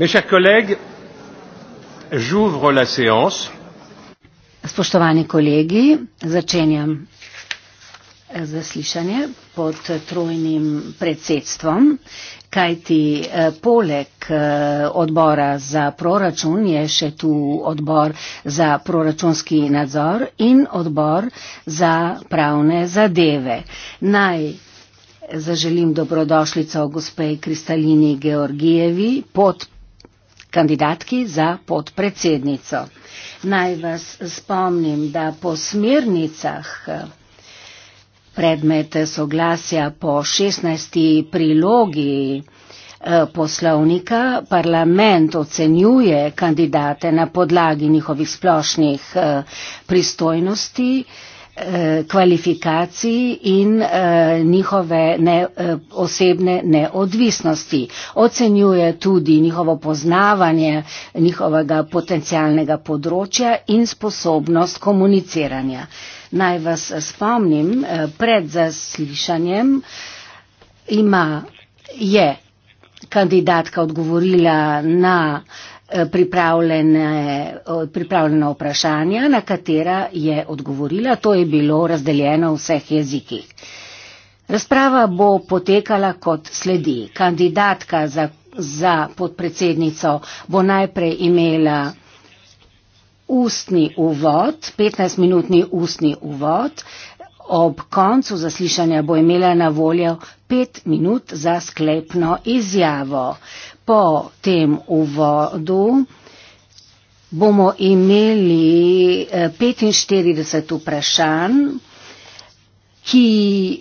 Mes chers collègues, j'ouvre la séance. Spoštovani kolegi, začenjam eh, zaslišanje pod trojnim predsedstvom, kajti eh, poleg eh, odbora za proračun je še tu odbor za proračunski nadzor in odbor za pravne zadeve. Naj zaželim dobrodošlico gospej Kristalini Georgijevi pod kandidatki za podpredsednico. Naj vas spomnim, da po smernicah eh, predmet soglasja po 16. prilogi eh, poslovnika parlament ocenjuje kandidate na podlagi njihovih splošnih eh, pristojnosti. Eh, kvalifikaciji in eh, njihove ne, eh, osebne neodvisnosti. Ocenjuje tudi njihovo poznavanje njihovega potencialnega področja in sposobnost komuniciranja. Naj vas spomnim, pred zaslišanjem ima, je kandidatka odgovorila na uh, Eh, pripravljene, pripravljena vprašanja, na katera je odgovorila. To je bilo razdeljeno v vseh jezikih. Razprava bo potekala kot sledi. Kandidatka za, za podpredsednico bo najprej imela ustni uvod, 15-minutni ustni uvod. Ob koncu zaslišanja bo imela na voljo pet minut za sklepno izjavo po tem uvodu bomo imeli 45 eh, vprašanj, ki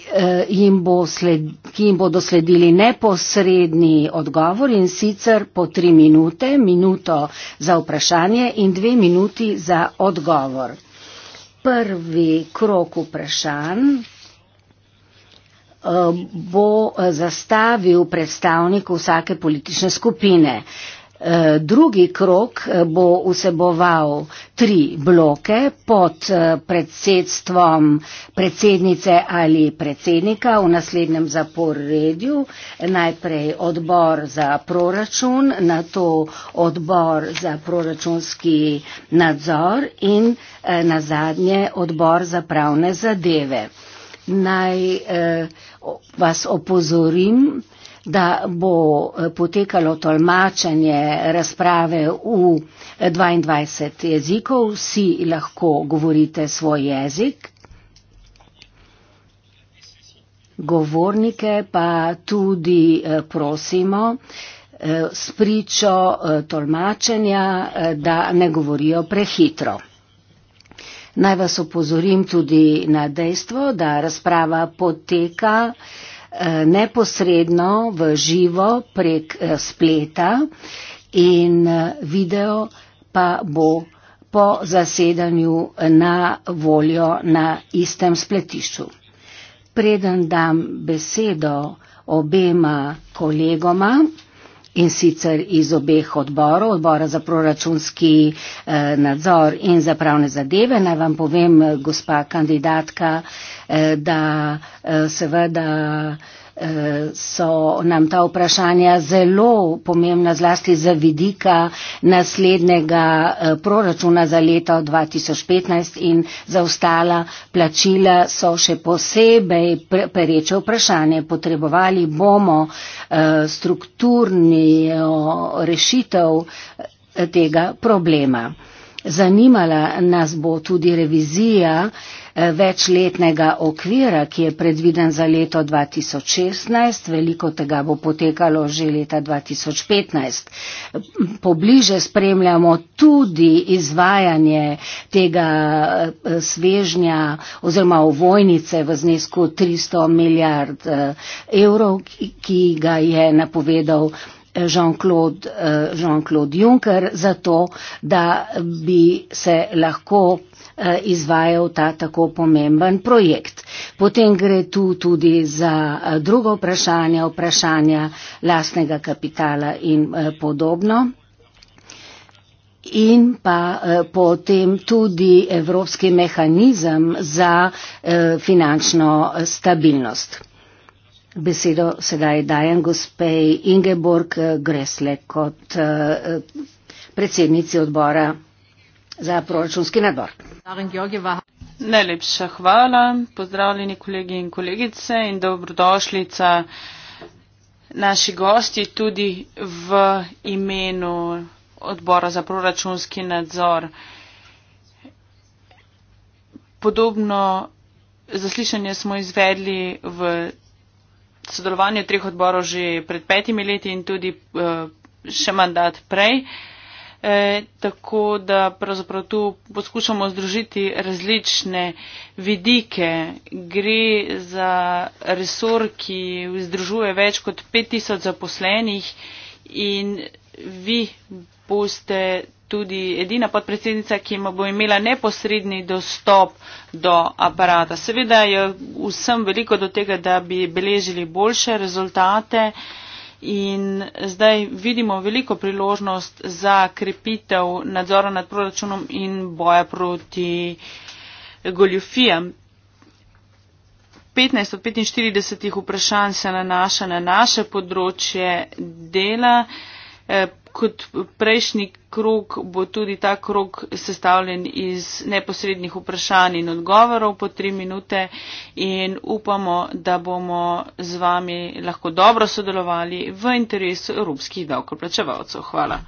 eh, jim, bo sled, ki jim bodo sledili neposredni odgovor in sicer po tri minute, minuto za vprašanje in dve minuti za odgovor. Prvi krok vprašanj. Eh, bo eh, zastavil predstavnik vsake politične skupine. Eh, drugi krok bo vseboval tri bloke pod predsedstvom predsednice ali predsednika v naslednjem zaporedju. Najprej odbor za proračun, na to odbor za proračunski nadzor in na zadnje odbor za pravne zadeve. Naj, eh, vas opozorim, da bo eh, potekalo tolmačenje razprave v 22 eh, jezikov, vsi lahko govorite svoj jezik. Govornike pa tudi eh, prosimo spričo tolmačenja, da ne govorijo prehitro. Naj vas opozorim tudi na dejstvo, da razprava poteka eh, neposredno v živo prek eh, spleta in eh, video pa bo po zasedanju na voljo na istem spletišču. Preden dam besedo obema kolegoma, in sicer iz obeh odborov, odbora za proračunski eh, nadzor in za pravne zadeve. Naj vam povem, gospa kandidatka, eh, da eh, seveda so nam ta vprašanja zelo pomembna, zlasti za vidika naslednjega eh, proračuna za leto 2015 in za ostala plačila so še posebej pereče vprašanje. Potrebovali bomo eh, strukturni rešitev eh, tega problema. Zanimala nas bo tudi revizija eh, večletnega okvira, ki je predviden za leto 2016. Veliko tega bo potekalo že leta 2015. Pobliže spremljamo tudi izvajanje tega eh, svežnja oziroma ovojnice v znesku 300 milijard eh, evrov, ki ga je napovedal. Jean-Claude eh, Jean Juncker za to, da bi se lahko eh, izvajal ta tako pomemben projekt. Potem gre tu tudi za eh, drugo vprašanje, vprašanja lastnega kapitala in podobno. In pa eh, potem tudi evropski mehanizem za eh, finančno stabilnost. Besedo sedaj dajem gospe Ingeborg eh, Gresle kot eh, eh, predsednici odbora za proračunski nadbor. Najlepša hvala, pozdravljeni kolegi in kolegice in dobrodošlica naši gosti tudi v imenu odbora za proračunski nadzor. Podobno zaslišanje smo izvedli v sodelovanju treh odborov že pred petimi leti in tudi eh, še mandat prej. E, tako da pravzaprav tu poskušamo združiti različne vidike. Gre za resor, ki združuje več kot 5000 zaposlenih in vi boste tudi edina podpredsednica, ki ima bo imela neposredni dostop do aparata. Seveda je vsem veliko do tega, da bi beležili boljše rezultate in zdaj vidimo veliko priložnost za krepitev nadzora nad proračunom in boja proti goljufijam. 15 od 45 vprašanj se nanaša na naše področje dela. Eh, kot prejšnji krok bo tudi ta krok sestavljen iz neposrednih vprašanj in odgovorov po tri minute in upamo, da bomo z vami lahko dobro sodelovali v interesu evropskih davkoplačevalcev. Hvala.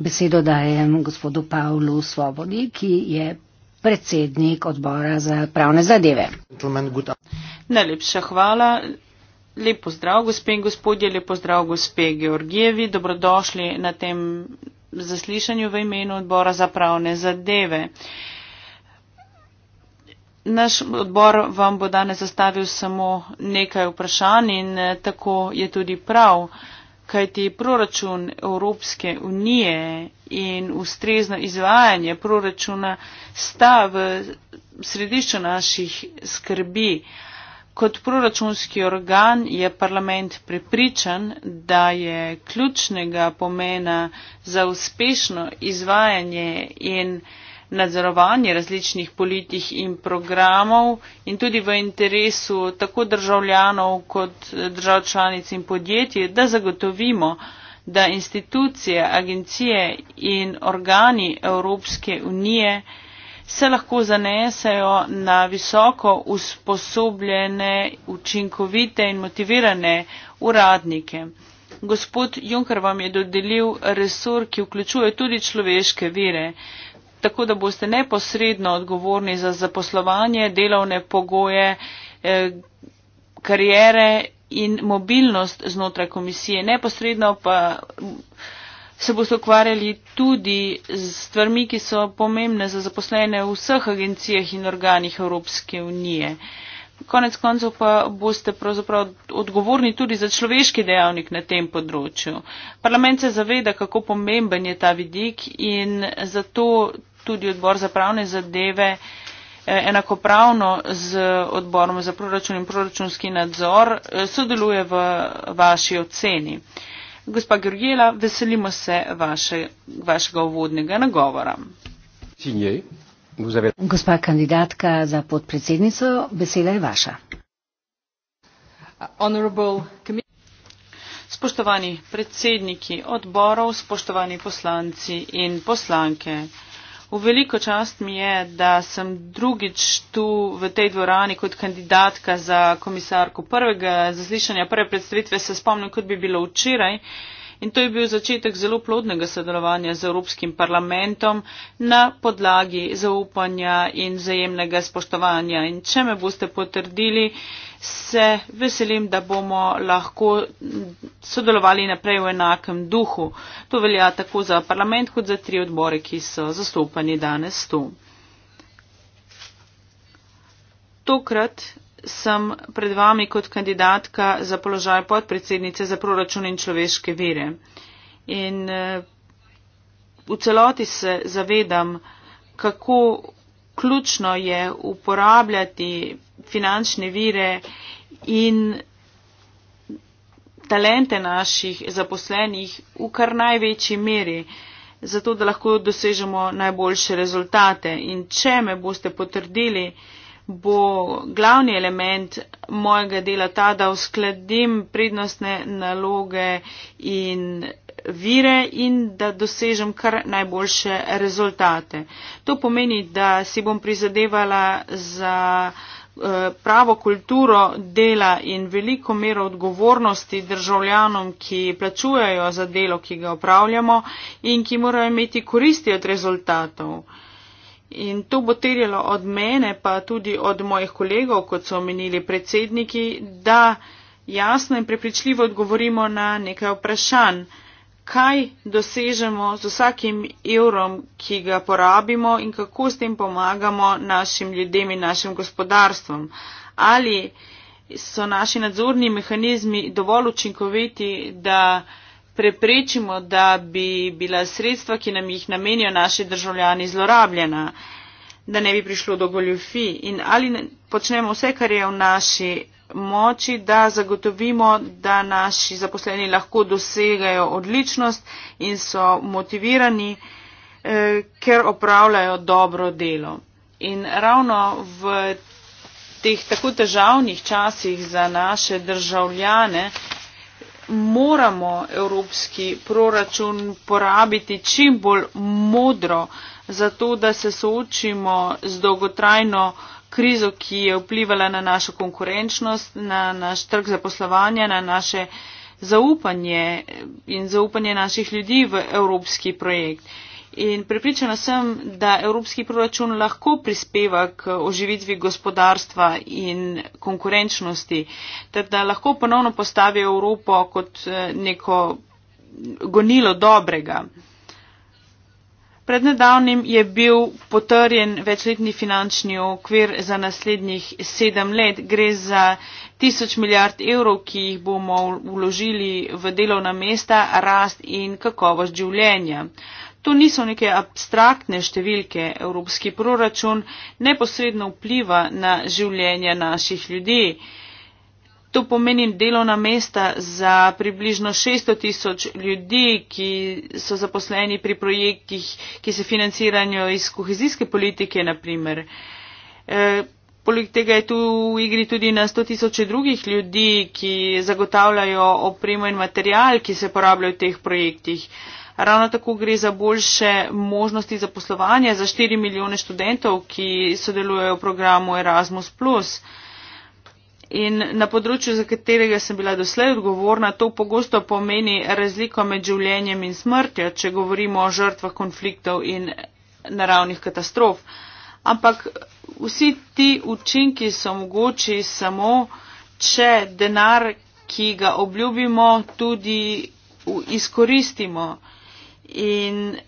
Besedo dajem gospodu Pavlu Svobodi, ki je predsednik odbora za pravne zadeve. Najlepša hvala. Lep pozdrav, gospe in gospodje, lep pozdrav, gospe Georgijevi. Dobrodošli na tem zaslišanju v imenu odbora za pravne zadeve. Naš odbor vam bo danes zastavil samo nekaj vprašanj in eh, tako je tudi prav, kajti proračun Evropske unije in ustrezno izvajanje proračuna sta v središču naših skrbi. Kot proračunski organ je parlament prepričan, da je ključnega pomena za uspešno izvajanje in nadzorovanje različnih politik in programov in tudi v interesu tako državljanov kot držav članic in podjetij, da zagotovimo, da institucije, agencije in organi Evropske unije se lahko zanesejo na visoko usposobljene, učinkovite in motivirane uradnike. Gospod Juncker vam je dodelil resor, ki vključuje tudi človeške vire, tako da boste neposredno odgovorni za zaposlovanje, delovne pogoje, eh, karijere in mobilnost znotraj komisije. Neposredno pa se boste ukvarjali tudi z stvarmi, ki so pomembne za zaposlene v vseh agencijah in organih Evropske unije. Konec koncev pa boste pravzaprav odgovorni tudi za človeški dejavnik na tem področju. Parlament se zaveda, kako pomemben je ta vidik in zato tudi odbor za pravne zadeve eh, enakopravno z odborom za proračun in proračunski nadzor eh, sodeluje v vaši oceni. Gospa Gergela, veselimo se vaše, vašega uvodnega nagovora. Gospa kandidatka za podpredsednico, beseda je vaša. Spoštovani predsedniki odborov, spoštovani poslanci in poslanke. V veliko čast mi je, da sem drugič tu v tej dvorani kot kandidatka za komisarko prvega zaslišanja, prve predstavitve se spomnim, kot bi bilo včeraj. Uh, in to je bil začetek zelo plodnega sodelovanja z Evropskim parlamentom na podlagi zaupanja in zajemnega spoštovanja. In če me boste potrdili, se veselim, da bomo lahko sodelovali naprej v enakem duhu. To velja tako za parlament kot za tri odbore, ki so zastopani danes tu. Tokrat sem pred vami kot kandidatka za položaj podpredsednice za proračun in človeške vire. In eh, v celoti se zavedam, kako ključno je uporabljati finančne vire in talente naših zaposlenih v kar največji meri, zato da lahko dosežemo najboljše rezultate. In če me boste potrdili, bo glavni element mojega dela ta, da uskladim prednostne naloge in vire in da dosežem kar najboljše rezultate. To pomeni, da si bom prizadevala za eh, pravo kulturo dela in veliko mero odgovornosti državljanom, ki plačujejo za delo, ki ga opravljamo in ki morajo imeti koristi od rezultatov. In to bo terjalo od mene, pa tudi od mojih kolegov, kot so omenili predsedniki, da jasno in prepričljivo odgovorimo na nekaj vprašanj. Kaj dosežemo z vsakim evrom, ki ga porabimo in kako s tem pomagamo našim ljudem in našim gospodarstvom? Ali so naši nadzorni mehanizmi dovolj učinkoviti, da preprečimo, da bi bila sredstva, ki nam jih namenijo naši državljani, zlorabljena, da ne bi prišlo do goljufi in ali ne, počnemo vse, kar je v naši moči, da zagotovimo, da naši zaposleni lahko dosegajo odličnost in so motivirani, eh, ker opravljajo dobro delo. In ravno v teh tako težavnih časih za naše državljane, moramo evropski proračun porabiti čim bolj modro, zato da se soočimo z dolgotrajno krizo, ki je vplivala na našo konkurenčnost, na naš trg zaposlovanja, na naše zaupanje in zaupanje naših ljudi v evropski projekt. In pripričana sem, da evropski proračun lahko prispeva k oživitvi gospodarstva in konkurenčnosti, ter da lahko ponovno postavi Evropo kot eh, neko gonilo dobrega. Pred nedavnim je bil potrjen večletni finančni okvir za naslednjih sedem let. Gre za tisoč milijard evrov, ki jih bomo vložili v delovna mesta, rast in kakovost življenja. To niso neke abstraktne številke. Evropski proračun neposredno vpliva na življenje naših ljudi. To pomeni delovna mesta za približno 600 tisoč ljudi, ki so zaposleni pri projektih, ki se financirajo iz kohezijske politike, naprimer. E, poleg tega je tu v igri tudi na 100 tisoče drugih ljudi, ki zagotavljajo opremo in material, ki se porabljajo v teh projektih ravno tako gre za boljše možnosti zaposlovanja za 4 milijone študentov, ki sodelujejo v programu Erasmus. In na področju, za katerega sem bila doslej odgovorna, to pogosto pomeni razliko med življenjem in smrtjo, če govorimo o žrtvah konfliktov in naravnih katastrof. Ampak vsi ti učinki so mogoči samo, če denar, ki ga obljubimo, tudi izkoristimo in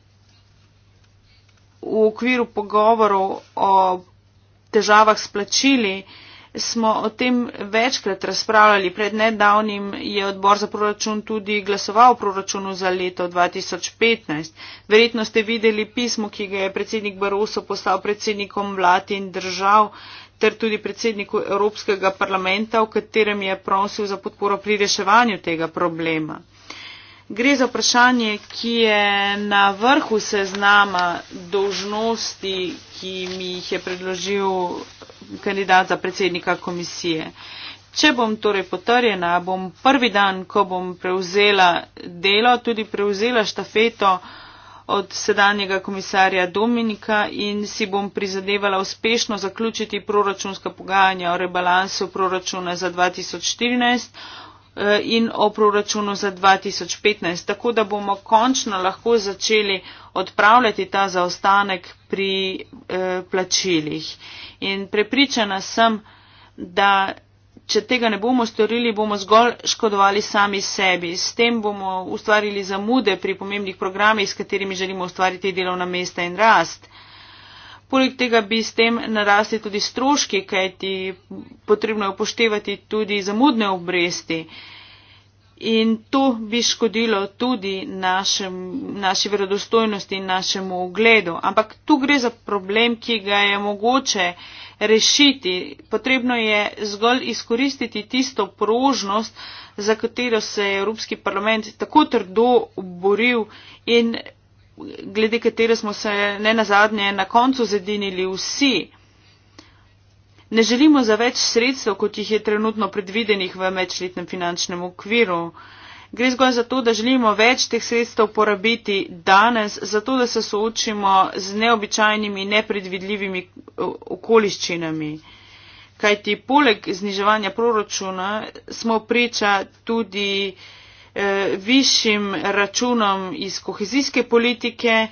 v okviru pogovorov o težavah s plačili smo o tem večkrat razpravljali. Pred nedavnim je odbor za proračun tudi glasoval o proračunu za leto 2015. Verjetno ste videli pismo, ki ga je predsednik Baroso postal predsednikom vlad in držav ter tudi predsedniku Evropskega parlamenta, v katerem je prosil za podporo pri reševanju tega problema. Uh, Gre za vprašanje, ki je na vrhu seznama dožnosti, ki mi jih je predložil kandidat za predsednika komisije. Če bom torej potrjena, bom prvi dan, ko bom prevzela delo, tudi prevzela štafeto od sedanjega komisarja Dominika in si bom prizadevala uspešno zaključiti proračunska pogajanja o rebalansu proračuna za 2014 Eh, in o proračunu za 2015, tako da bomo končno lahko začeli odpravljati ta zaostanek pri eh, plačilih. In prepričana sem, da če tega ne bomo storili, bomo zgolj škodovali sami sebi. S tem bomo ustvarili zamude pri pomembnih programih, s katerimi želimo ustvariti delovna mesta in rast. Poleg tega bi s tem narasli tudi stroški, kajti potrebno je upoštevati tudi zamudne obresti. In to bi škodilo tudi našem, naši verodostojnosti in našemu ugledu. Ampak tu gre za problem, ki ga je mogoče rešiti. Potrebno je zgolj izkoristiti tisto prožnost, za katero se je Evropski parlament tako trdo boril in glede katere smo se ne nazadnje na koncu zedinili vsi. Ne želimo za več sredstev, kot jih je trenutno predvidenih v večletnem finančnem okviru. Gre zgolj za to, da želimo več teh sredstev porabiti danes, zato da se soočimo z neobičajnimi, nepredvidljivimi eh, okoliščinami. Kajti poleg zniževanja proračuna smo priča tudi uh, Eh, višjim računom iz kohezijske politike,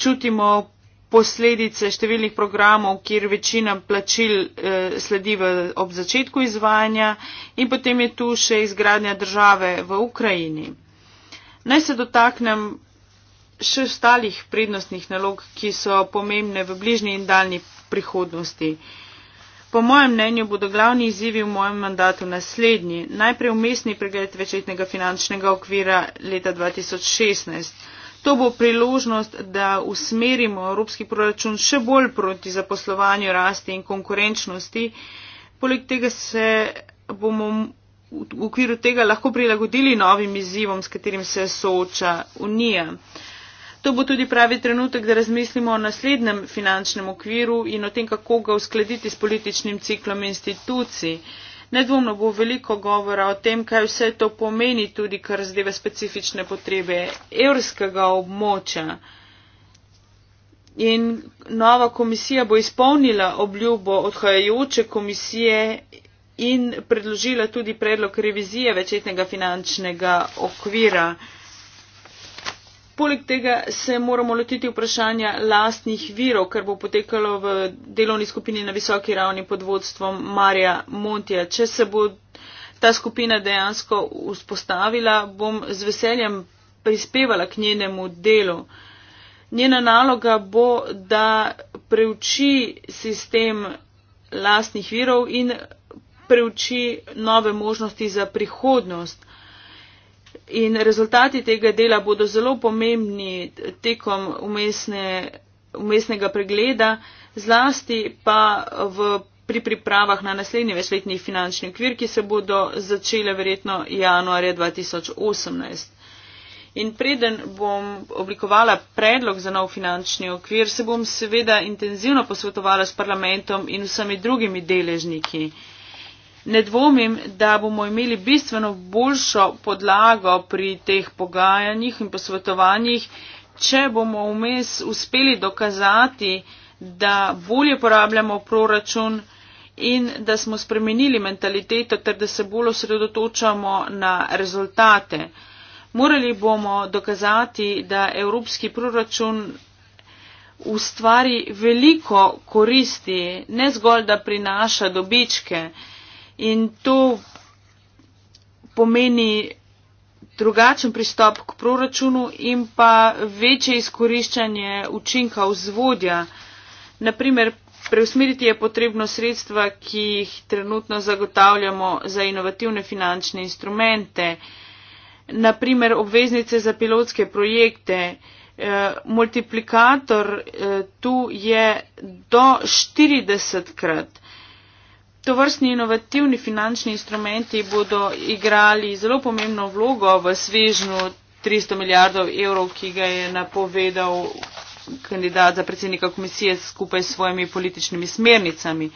čutimo posledice številnih programov, kjer večina plačil eh, sledi v, ob začetku izvajanja in potem je tu še izgradnja države v Ukrajini. Naj se dotaknem še ostalih prednostnih nalog, ki so pomembne v bližnji in daljni prihodnosti. Po mojem mnenju bodo glavni izzivi v mojem mandatu naslednji. Najprej umestni pregled večletnega finančnega okvira leta 2016. To bo priložnost, da usmerimo evropski proračun še bolj proti zaposlovanju, rasti in konkurenčnosti. Poleg tega se bomo v okviru tega lahko prilagodili novim izzivom, s katerim se sooča Unija. To bo tudi pravi trenutek, da razmislimo o naslednjem finančnem okviru in o tem, kako ga uskladiti s političnim ciklom institucij. Nedvomno bo veliko govora o tem, kaj vse to pomeni, tudi kar zdeva specifične potrebe evrskega območja. In nova komisija bo izpolnila obljubo odhajajoče komisije in predložila tudi predlog revizije večetnega finančnega okvira. Poleg tega se moramo lotiti vprašanja lastnih virov, kar bo potekalo v delovni skupini na visoki ravni pod vodstvom Marja Montija. Če se bo ta skupina dejansko vzpostavila, bom z veseljem prispevala k njenemu delu. Njena naloga bo, da preuči sistem lastnih virov in preuči nove možnosti za prihodnost. In rezultati tega dela bodo zelo pomembni tekom umestne, umestnega pregleda, zlasti pa v, pri pripravah na naslednji večletni finančni okvir, ki se bodo začele verjetno januarja 2018. In preden bom oblikovala predlog za nov finančni okvir, se bom seveda intenzivno posvetovala s parlamentom in vsemi drugimi deležniki ne dvomim, da bomo imeli bistveno boljšo podlago pri teh pogajanjih in posvetovanjih, če bomo vmes uspeli dokazati, da bolje porabljamo proračun in da smo spremenili mentaliteto ter da se bolj osredotočamo na rezultate. Morali bomo dokazati, da evropski proračun ustvari veliko koristi, ne zgolj, da prinaša dobičke. In to pomeni drugačen pristop k proračunu in pa večje izkoriščanje učinka vzvodja. Naprimer, preusmeriti je potrebno sredstva, ki jih trenutno zagotavljamo za inovativne finančne instrumente, naprimer obveznice za pilotske projekte. E, multiplikator e, tu je do 40 krat. To vrstni inovativni finančni instrumenti bodo igrali zelo pomembno vlogo v svežnju 300 milijardov evrov, ki ga je napovedal kandidat za predsednika komisije skupaj s svojimi političnimi smernicami.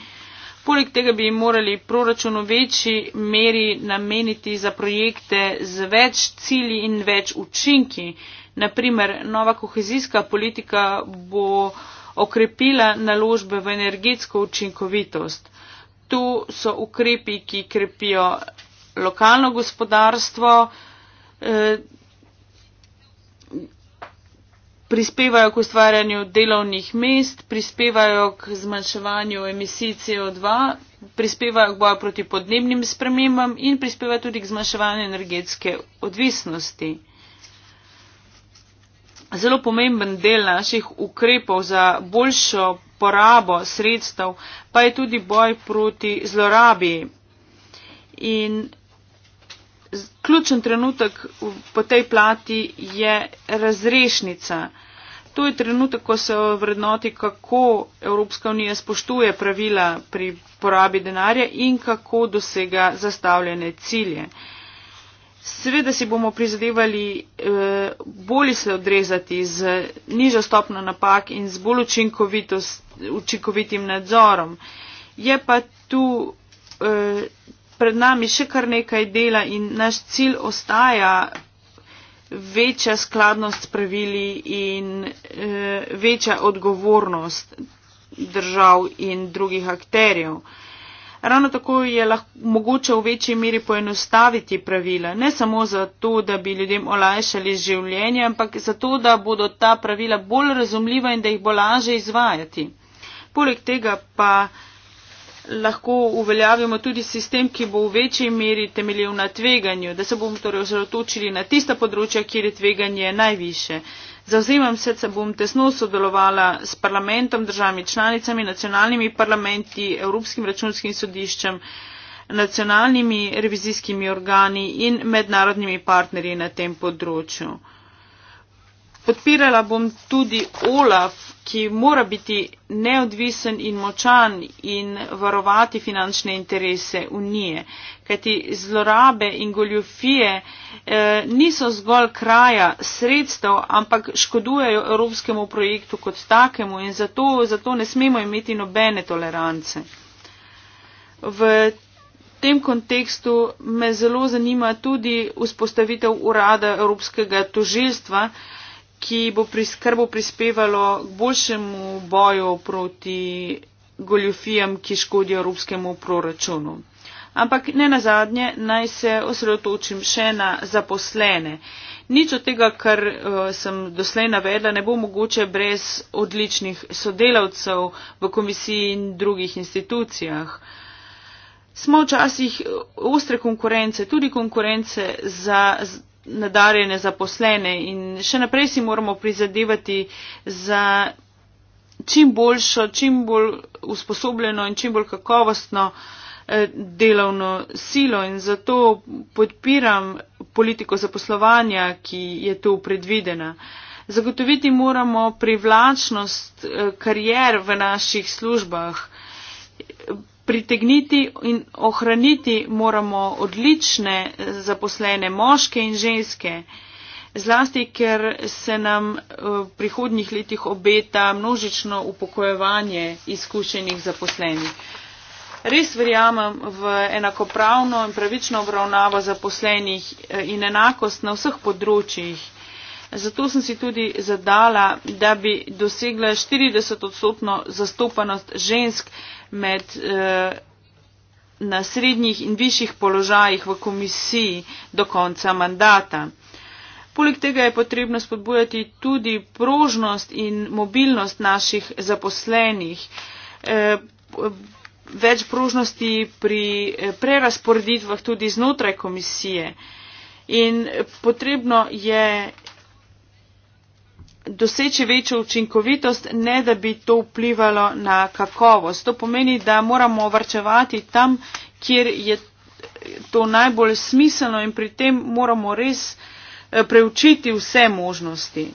Poleg tega bi morali proračun v večji meri nameniti za projekte z več cilji in več učinki. Naprimer, nova kohezijska politika bo okrepila naložbe v energetsko učinkovitost tu so ukrepi, ki krepijo lokalno gospodarstvo, eh, prispevajo k ustvarjanju delovnih mest, prispevajo k zmanjševanju emisij CO2, prispevajo k boju proti podnebnim spremembam in prispevajo tudi k zmanjševanju energetske odvisnosti. Zelo pomemben del naših ukrepov za boljšo porabo sredstev, pa je tudi boj proti zlorabi. In ključen trenutek po tej plati je razrešnica. To je trenutek, ko se vrednoti, kako Evropska unija spoštuje pravila pri porabi denarja in kako dosega zastavljene cilje. Seveda si bomo prizadevali eh, bolje se odrezati z nižjo stopno napak in z bolj učinkovitim nadzorom. Je pa tu eh, pred nami še kar nekaj dela in naš cilj ostaja večja skladnost s pravili in eh, večja odgovornost držav in drugih akterjev. Eh, Ravno tako je lahko mogoče v večji meri poenostaviti pravila, ne samo zato, da bi ljudem olajšali življenje, ampak zato, da bodo ta pravila bolj razumljiva in da jih bo lažje izvajati. Poleg tega pa lahko uveljavimo tudi sistem, ki bo v večji meri temeljil na tveganju, da se bomo torej osredotočili na tista področja, kjer je tveganje najviše. Zavzemam se, da bom tesno sodelovala s parlamentom, državami članicami, nacionalnimi parlamenti, Evropskim računskim sodiščem, nacionalnimi revizijskimi organi in mednarodnimi partnerji na tem področju. Podpirala bom tudi OLAF, ki mora biti neodvisen in močan in varovati finančne interese Unije. Kajti zlorabe in goljofije eh, niso zgolj kraja sredstev, ampak škodujejo evropskemu projektu kot takemu in zato, zato ne smemo imeti nobene tolerance. V V tem kontekstu me zelo zanima tudi vzpostavitev urada Evropskega tožilstva, eh, ki bo, pris, bo prispevalo k boljšemu boju proti goljofijam, ki škodijo evropskemu proračunu. Ampak ne na zadnje, naj se osredotočim še na zaposlene. Nič od tega, kar uh, sem doslej navedla, ne bo mogoče brez odličnih sodelavcev v komisiji in drugih institucijah. Smo včasih ostre konkurence, tudi konkurence za nadarjene zaposlene in še naprej si moramo prizadevati za čim boljšo, čim bolj usposobljeno in čim bolj kakovostno eh, delovno silo in zato podpiram politiko zaposlovanja, ki je tu predvidena. Zagotoviti moramo privlačnost eh, karijer v naših službah pritegniti in ohraniti moramo odlične eh, zaposlene moške in ženske. Zlasti, ker se nam eh, v prihodnjih letih obeta množično upokojevanje izkušenih zaposlenih. Res verjamem v enakopravno in pravično obravnavo zaposlenih eh, in enakost na vseh področjih. Zato sem si tudi zadala, da bi dosegla 40-odstotno zastopanost žensk med eh, na srednjih in višjih položajih v komisiji do konca mandata. Poleg tega je potrebno spodbujati tudi prožnost in mobilnost naših zaposlenih, eh, več prožnosti pri eh, prerasporeditvah tudi znotraj komisije. In potrebno je doseči večjo učinkovitost, ne da bi to vplivalo na kakovost. To pomeni, da moramo vrčevati tam, kjer je to najbolj smiselno in pri tem moramo res eh, preučiti vse možnosti.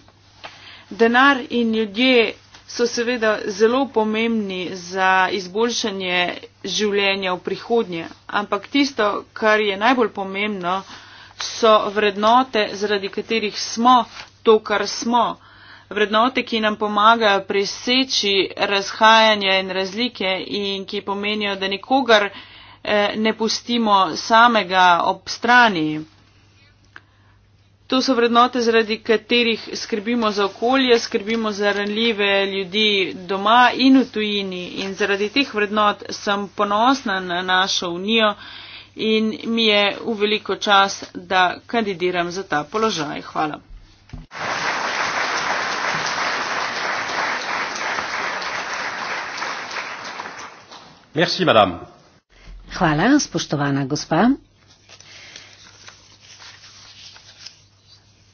Denar in ljudje so seveda zelo pomembni za izboljšanje življenja v prihodnje, ampak tisto, kar je najbolj pomembno, so vrednote, zaradi katerih smo to, kar smo vrednote, ki nam pomagajo preseči razhajanje in razlike in ki pomenijo, da nikogar eh, ne pustimo samega ob strani. To so vrednote, zaradi katerih skrbimo za okolje, skrbimo za ranljive ljudi doma in v tujini. In zaradi teh vrednot sem ponosna na našo unijo in mi je v veliko čas, da kandidiram za ta položaj. Hvala. Merci, madame. Hvala, spoštovana gospa.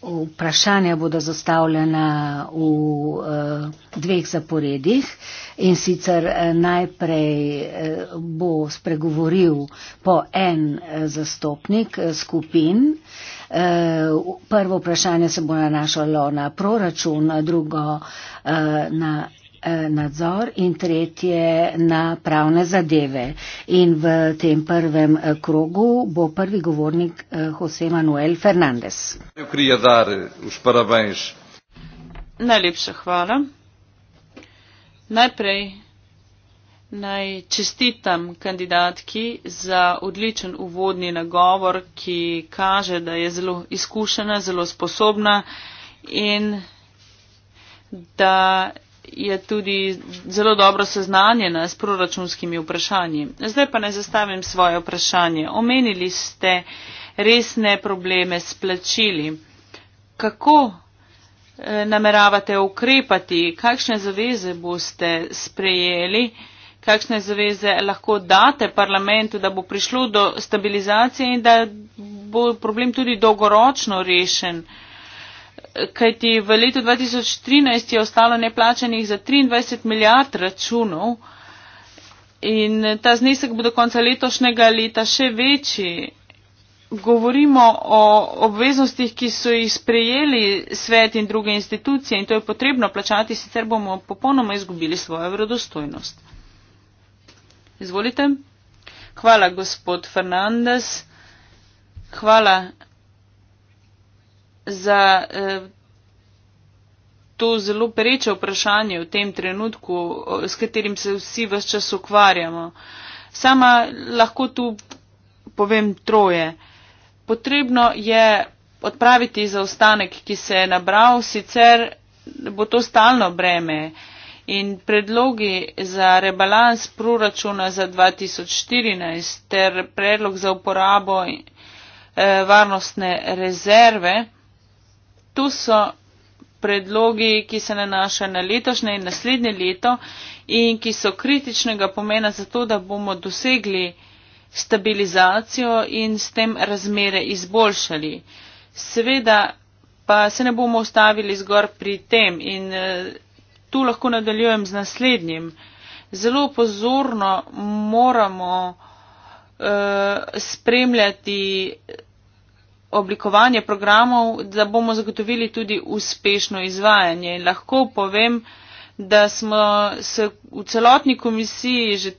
Vprašanja bodo zastavljena v uh, dveh zaporedih in sicer eh, najprej uh, bo spregovoril po en uh, zastopnik uh, skupin. Uh, prvo vprašanje se bo nanašalo na proračun, drugo uh, na Eh, nadzor in tretje na pravne zadeve. In v tem prvem eh, krogu bo prvi govornik eh, Jose Manuel Fernandez. Najlepša hvala. Najprej naj čestitam kandidatki za odličen uvodni nagovor, ki kaže, da je zelo izkušena, zelo sposobna in da je tudi zelo dobro seznanjena s proračunskimi vprašanji. Zdaj pa ne zastavim svoje vprašanje. Omenili ste resne probleme s plačili. Kako eh, nameravate ukrepati, kakšne zaveze boste sprejeli, kakšne zaveze lahko date parlamentu, da bo prišlo do stabilizacije in da bo problem tudi dolgoročno rešen kajti v letu 2013 je ostalo neplačanih za 23 milijard računov in ta znesek bo do konca letošnjega leta še večji. Govorimo o obveznostih, ki so jih sprejeli svet in druge institucije in to je potrebno plačati, sicer bomo popolnoma izgubili svojo vredostojnost. Izvolite. Hvala, gospod Fernandez. Hvala za eh, to zelo pereče vprašanje v tem trenutku, s katerim se vsi vse čas ukvarjamo. Sama lahko tu povem troje. Potrebno je odpraviti zaostanek, ki se je nabral, sicer bo to stalno breme. In predlogi za rebalans proračuna za 2014 ter predlog za uporabo eh, varnostne rezerve Tu so predlogi, ki se nanašajo na letošnje in naslednje leto in ki so kritičnega pomena za to, da bomo dosegli stabilizacijo in s tem razmere izboljšali. Seveda pa se ne bomo ustavili zgor pri tem in eh, tu lahko nadaljujem z naslednjim. Zelo pozorno moramo uh, spremljati oblikovanje programov, da bomo zagotovili tudi uspešno izvajanje. Lahko povem, da smo se v celotni komisiji že,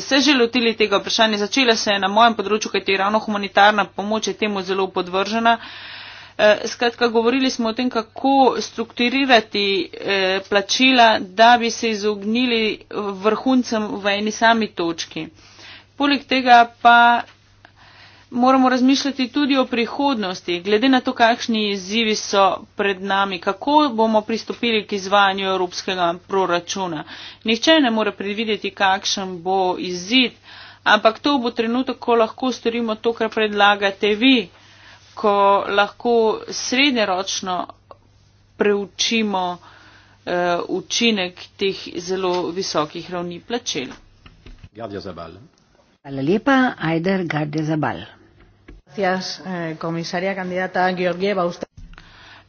se že lotili tega vprašanja. Začela se je na mojem področju, kajti ravno humanitarna pomoč je temu zelo podvržena. Eh, skratka, govorili smo o tem, kako strukturirati eh, plačila, da bi se izognili vrhuncem v eni sami točki. Poleg tega pa moramo razmišljati tudi o prihodnosti, glede na to, kakšni izzivi so pred nami, kako bomo pristopili k izvajanju evropskega proračuna. Nihče ne more predvideti, kakšen bo izid, ampak to bo trenutek, ko lahko storimo to, kar predlagate vi, ko lahko srednjeročno preučimo eh, učinek teh zelo visokih ravni plačil. Hvala lepa, Ajder Gardezabal gracias, eh, comisaria candidata Georgieva. Usted...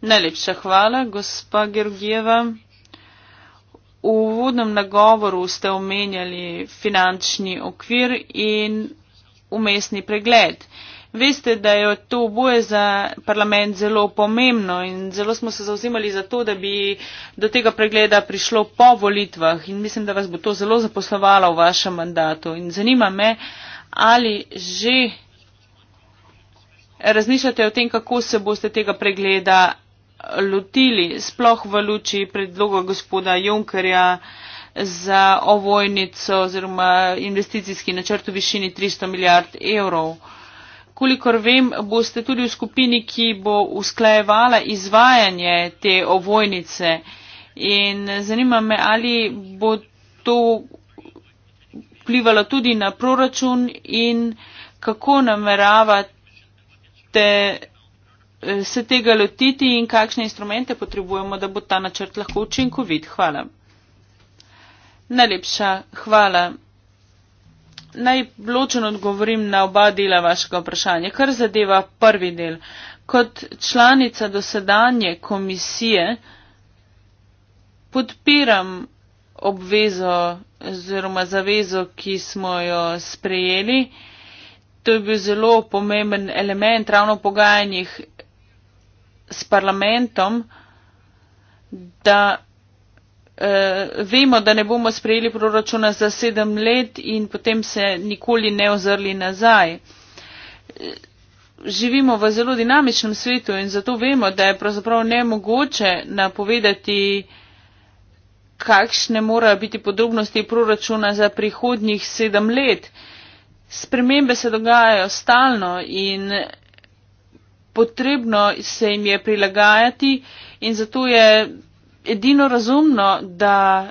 Najlepša hvala, gospa Georgieva. V uvodnem nagovoru ste omenjali finančni okvir in umestni pregled. Veste, da je to oboje za parlament zelo pomembno in zelo smo se zauzimali za to, da bi do tega pregleda prišlo po volitvah in mislim, da vas bo to zelo zaposlovalo v vašem mandatu. In zanima me, ali že razmišljate o tem, kako se boste tega pregleda lotili, sploh v luči predloga gospoda Junkerja za ovojnico oziroma investicijski načrt v višini 300 milijard evrov. Kolikor vem, boste tudi v skupini, ki bo usklajevala izvajanje te ovojnice. In zanima me, ali bo to vplivalo tudi na proračun in kako nameravate želite eh, se tega lotiti in kakšne instrumente potrebujemo, da bo ta načrt lahko učinkovit? Hvala. Najlepša hvala. Naj ločen odgovorim na oba dela vašega vprašanja, kar zadeva prvi del. Kot članica dosedanje komisije podpiram obvezo oziroma zavezo, ki smo jo sprejeli. To je bil zelo pomemben element ravno v pogajanjih s parlamentom, da eh, vemo, da ne bomo sprejeli proračuna za sedem let in potem se nikoli ne ozrli nazaj. Živimo v zelo dinamičnem svetu in zato vemo, da je pravzaprav nemogoče napovedati, kakšne morajo biti podrobnosti proračuna za prihodnjih sedem let. Eh, Spremembe se dogajajo stalno in potrebno se jim je prilagajati in zato je edino razumno, da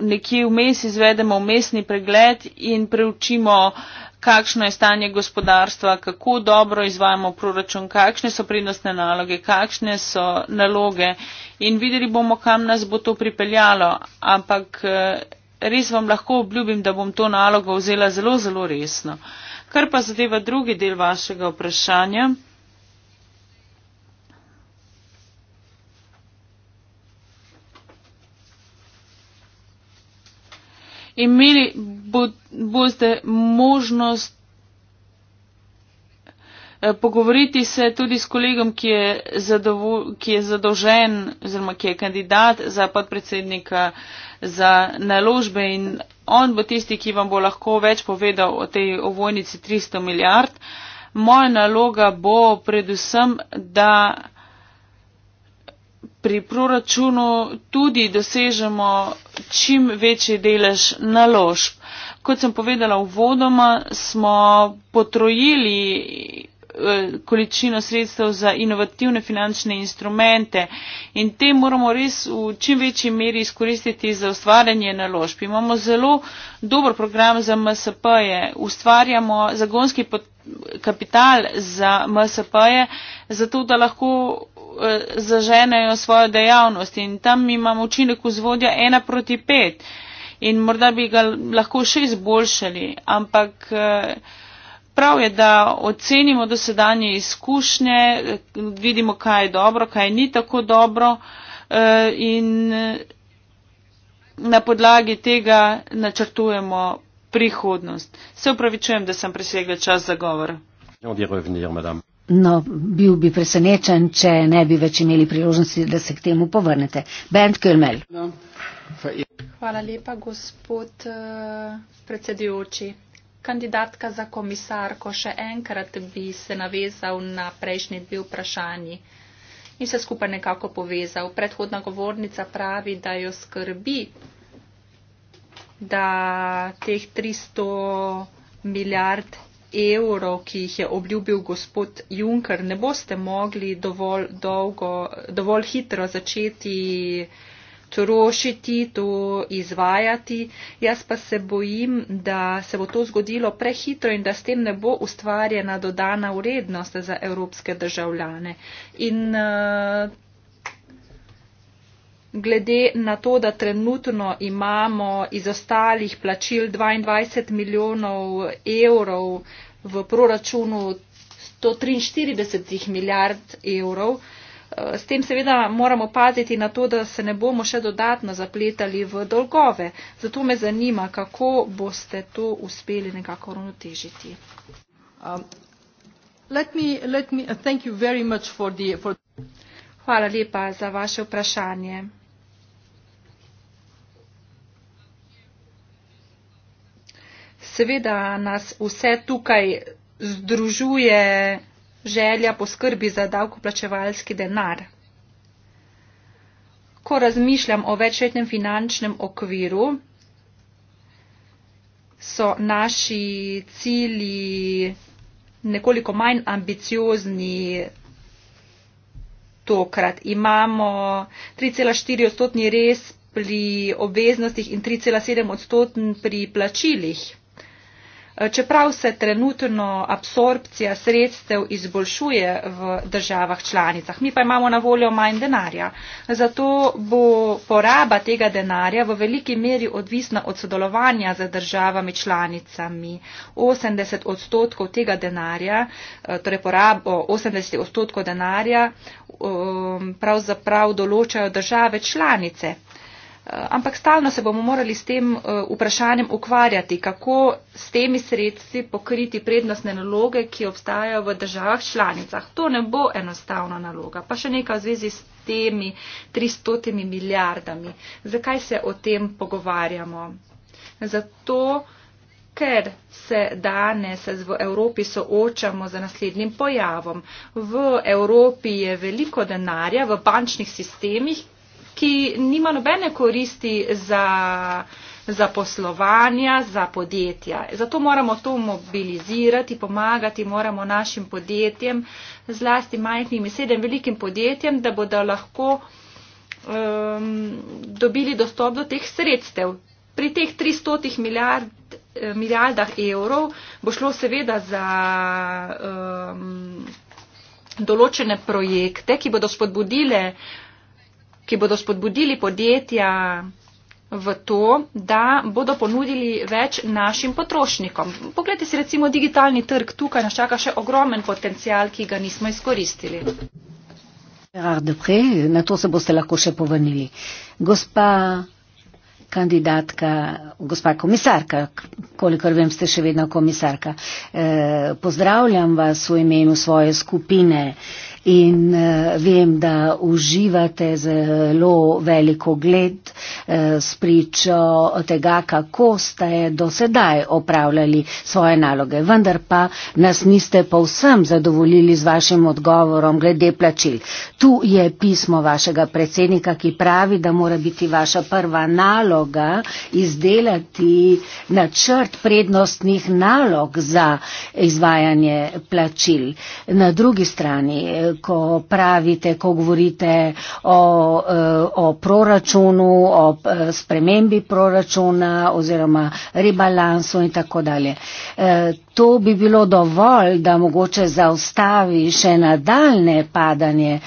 nekje vmes izvedemo umestni pregled in preučimo, kakšno je stanje gospodarstva, kako dobro izvajamo proračun, kakšne so prednostne naloge, kakšne so naloge in videli bomo, kam nas bo to pripeljalo. Ampak eh, res vam lahko obljubim, da bom to nalogo vzela zelo, zelo resno. Kar pa zadeva drugi del vašega vprašanja. Imeli boste možnost Eh, pogovoriti se tudi s kolegom, ki je, zadovo, ki je zadolžen oziroma ki je kandidat za podpredsednika za naložbe in on bo tisti, ki vam bo lahko več povedal o tej ovojnici 300 milijard. Moja naloga bo predvsem, da pri proračunu tudi dosežemo čim večji delež naložb. Kot sem povedala uvodoma, smo potrojili Eh, količino sredstev za inovativne finančne instrumente in te moramo res v čim večji meri izkoristiti za ustvarjanje naložb. Imamo zelo dober program za MSP-je, ustvarjamo zagonski kapital za MSP-je, zato da lahko eh, zaženejo svojo dejavnost in tam imamo učinek vzvodja ena proti pet in morda bi ga lahko še izboljšali, ampak eh, prav je, da ocenimo dosedanje izkušnje, vidimo, kaj je dobro, kaj ni tako dobro eh, in na podlagi tega načrtujemo prihodnost. Se upravičujem, da sem presegla čas za govor. No, bil bi presenečen, če ne bi več imeli priložnosti, da se k temu povrnete. Bernd Kölmel. Hvala lepa, gospod uh, predsedujoči kandidatka za komisarko, še enkrat bi se navezal na prejšnji dve vprašanji in se skupaj nekako povezal. Predhodna govornica pravi, da jo skrbi, da teh 300 milijard evrov, ki jih je obljubil gospod Juncker, ne boste mogli dovolj, dolgo, dovolj hitro začeti trošiti, to izvajati. Jaz pa se bojim, da se bo to zgodilo prehitro in da s tem ne bo ustvarjena dodana urednost za evropske državljane. In eh, glede na to, da trenutno imamo iz ostalih plačil 22 milijonov evrov v proračunu 143 milijard evrov, Eh, s tem seveda moramo paziti na to, da se ne bomo še dodatno zapletali v dolgove. Zato me zanima, kako boste to uspeli nekako uravnotežiti. Um, uh, for... Hvala lepa za vaše vprašanje. Seveda nas vse tukaj združuje želja poskrbi za davkoplačevalski denar. Ko razmišljam o večletnem finančnem okviru, so naši cilji nekoliko manj ambiciozni tokrat. Imamo 3,4 odstotni res pri obveznostih in 3,7 odstotni pri plačilih čeprav se trenutno absorpcija sredstev izboljšuje v državah članicah. Mi pa imamo na voljo manj denarja. Zato bo poraba tega denarja v veliki meri odvisna od sodelovanja z državami članicami. 80 odstotkov tega denarja, eh, torej porabo 80 odstotkov denarja, um, pravzaprav določajo države članice. Eh, ampak stalno se bomo morali s tem eh, vprašanjem ukvarjati, kako s temi sredstvi pokriti prednostne naloge, ki obstajajo v državah članicah. To ne bo enostavna naloga. Pa še nekaj v zvezi s temi 300 milijardami. Zakaj se o tem pogovarjamo? Zato, ker se danes v Evropi soočamo z naslednjim pojavom. V Evropi je veliko denarja v bančnih sistemih, ki nima nobene koristi za za poslovanja, za podjetja. Zato moramo to mobilizirati, pomagati moramo našim podjetjem, zlasti majhnim in sedem velikim podjetjem, da bodo lahko um, dobili dostop do teh sredstev. Pri teh 300 milijard, eh, milijardah evrov bo šlo seveda za um, določene projekte, ki bodo spodbudile uh, ki bodo spodbudili podjetja v to, da bodo ponudili več našim potrošnikom. Poglejte si recimo digitalni trg, tukaj nas čaka še ogromen potencial, ki ga nismo izkoristili. Na to se boste lahko še povrnili. Gospa kandidatka, gospa komisarka, kolikor vem, ste še vedno komisarka. Eh, pozdravljam vas v imenu svoje skupine in eh, vem, da uživate zelo veliko gled eh, s pričo tega, kako ste do sedaj opravljali svoje naloge. Vendar pa nas niste povsem zadovoljili z vašim odgovorom glede plačil. Tu je pismo vašega predsednika, ki pravi, da mora biti vaša prva naloga izdelati načrt prednostnih nalog za izvajanje plačil. Na drugi strani eh, ko pravite, ko govorite o, e, o proračunu, o e, spremembi proračuna oziroma rebalansu in tako dalje. E, to bi bilo dovolj, da mogoče zaustavi še nadaljne padanje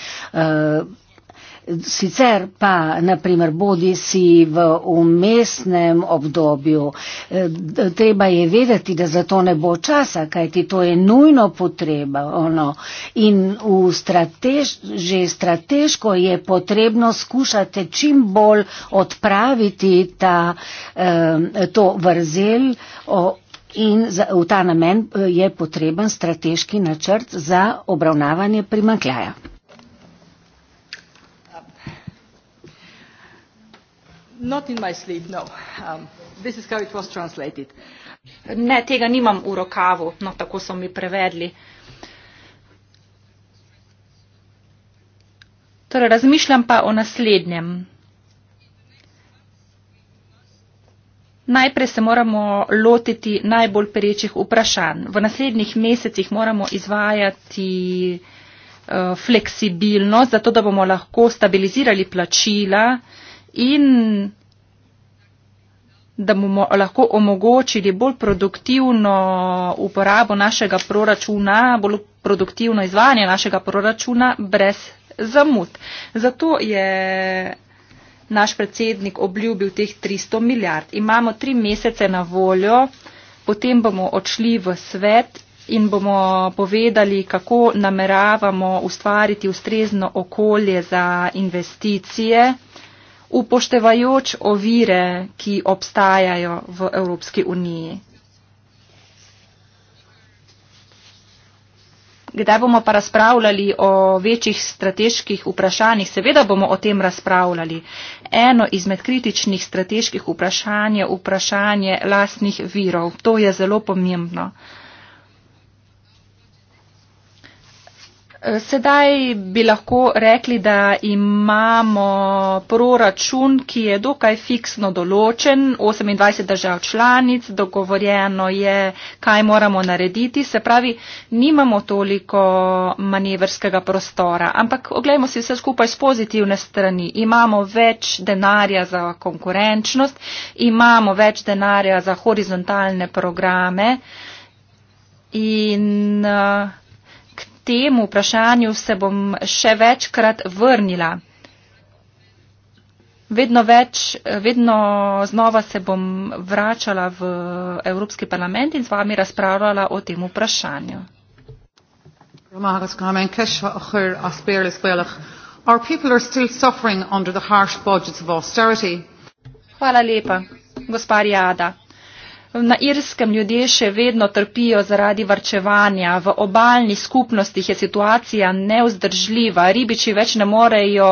Sicer pa, naprimer, bodi si v umestnem obdobju. Eh, treba je vedeti, da za to ne bo časa, kajti to je nujno potreba. Ono. In stratež, že strateško je potrebno skušati čim bolj odpraviti ta, eh, to vrzel. In za, v ta namen eh, je potreben strateški načrt za obravnavanje primankljaja. No. Um, ne, tega nimam v rokavu, no tako so mi prevedli. Torej, razmišljam pa o naslednjem. Najprej se moramo lotiti najbolj perečih vprašanj. V naslednjih mesecih moramo izvajati uh, fleksibilnost, zato da bomo lahko stabilizirali plačila in da bomo lahko omogočili bolj produktivno uporabo našega proračuna, bolj produktivno izvajanje našega proračuna brez zamud. Zato je naš predsednik obljubil teh 300 milijard. Imamo tri mesece na voljo, potem bomo odšli v svet in bomo povedali, kako nameravamo ustvariti ustrezno okolje za investicije upoštevajoč ovire, ki obstajajo v Evropski uniji. Kdaj bomo pa razpravljali o večjih strateških vprašanjih? Seveda bomo o tem razpravljali. Eno izmed kritičnih strateških vprašanj je vprašanje lastnih virov. To je zelo pomembno. Sedaj bi lahko rekli, da imamo proračun, ki je dokaj fiksno določen, 28 držav članic, dogovorjeno je, kaj moramo narediti, se pravi, nimamo toliko manevrskega prostora. Ampak oglejmo si vse skupaj z pozitivne strani. Imamo več denarja za konkurenčnost, imamo več denarja za horizontalne programe in. Uh, temu vprašanju se bom še večkrat vrnila. Vedno več, vedno znova se bom vračala v Evropski parlament in z vami razpravljala o tem vprašanju. Hvala lepa, gospod Jada. Na irskem ljudje še vedno trpijo zaradi varčevanja, v obaljnih skupnostih je situacija neuzdržljiva, ribiči več ne morejo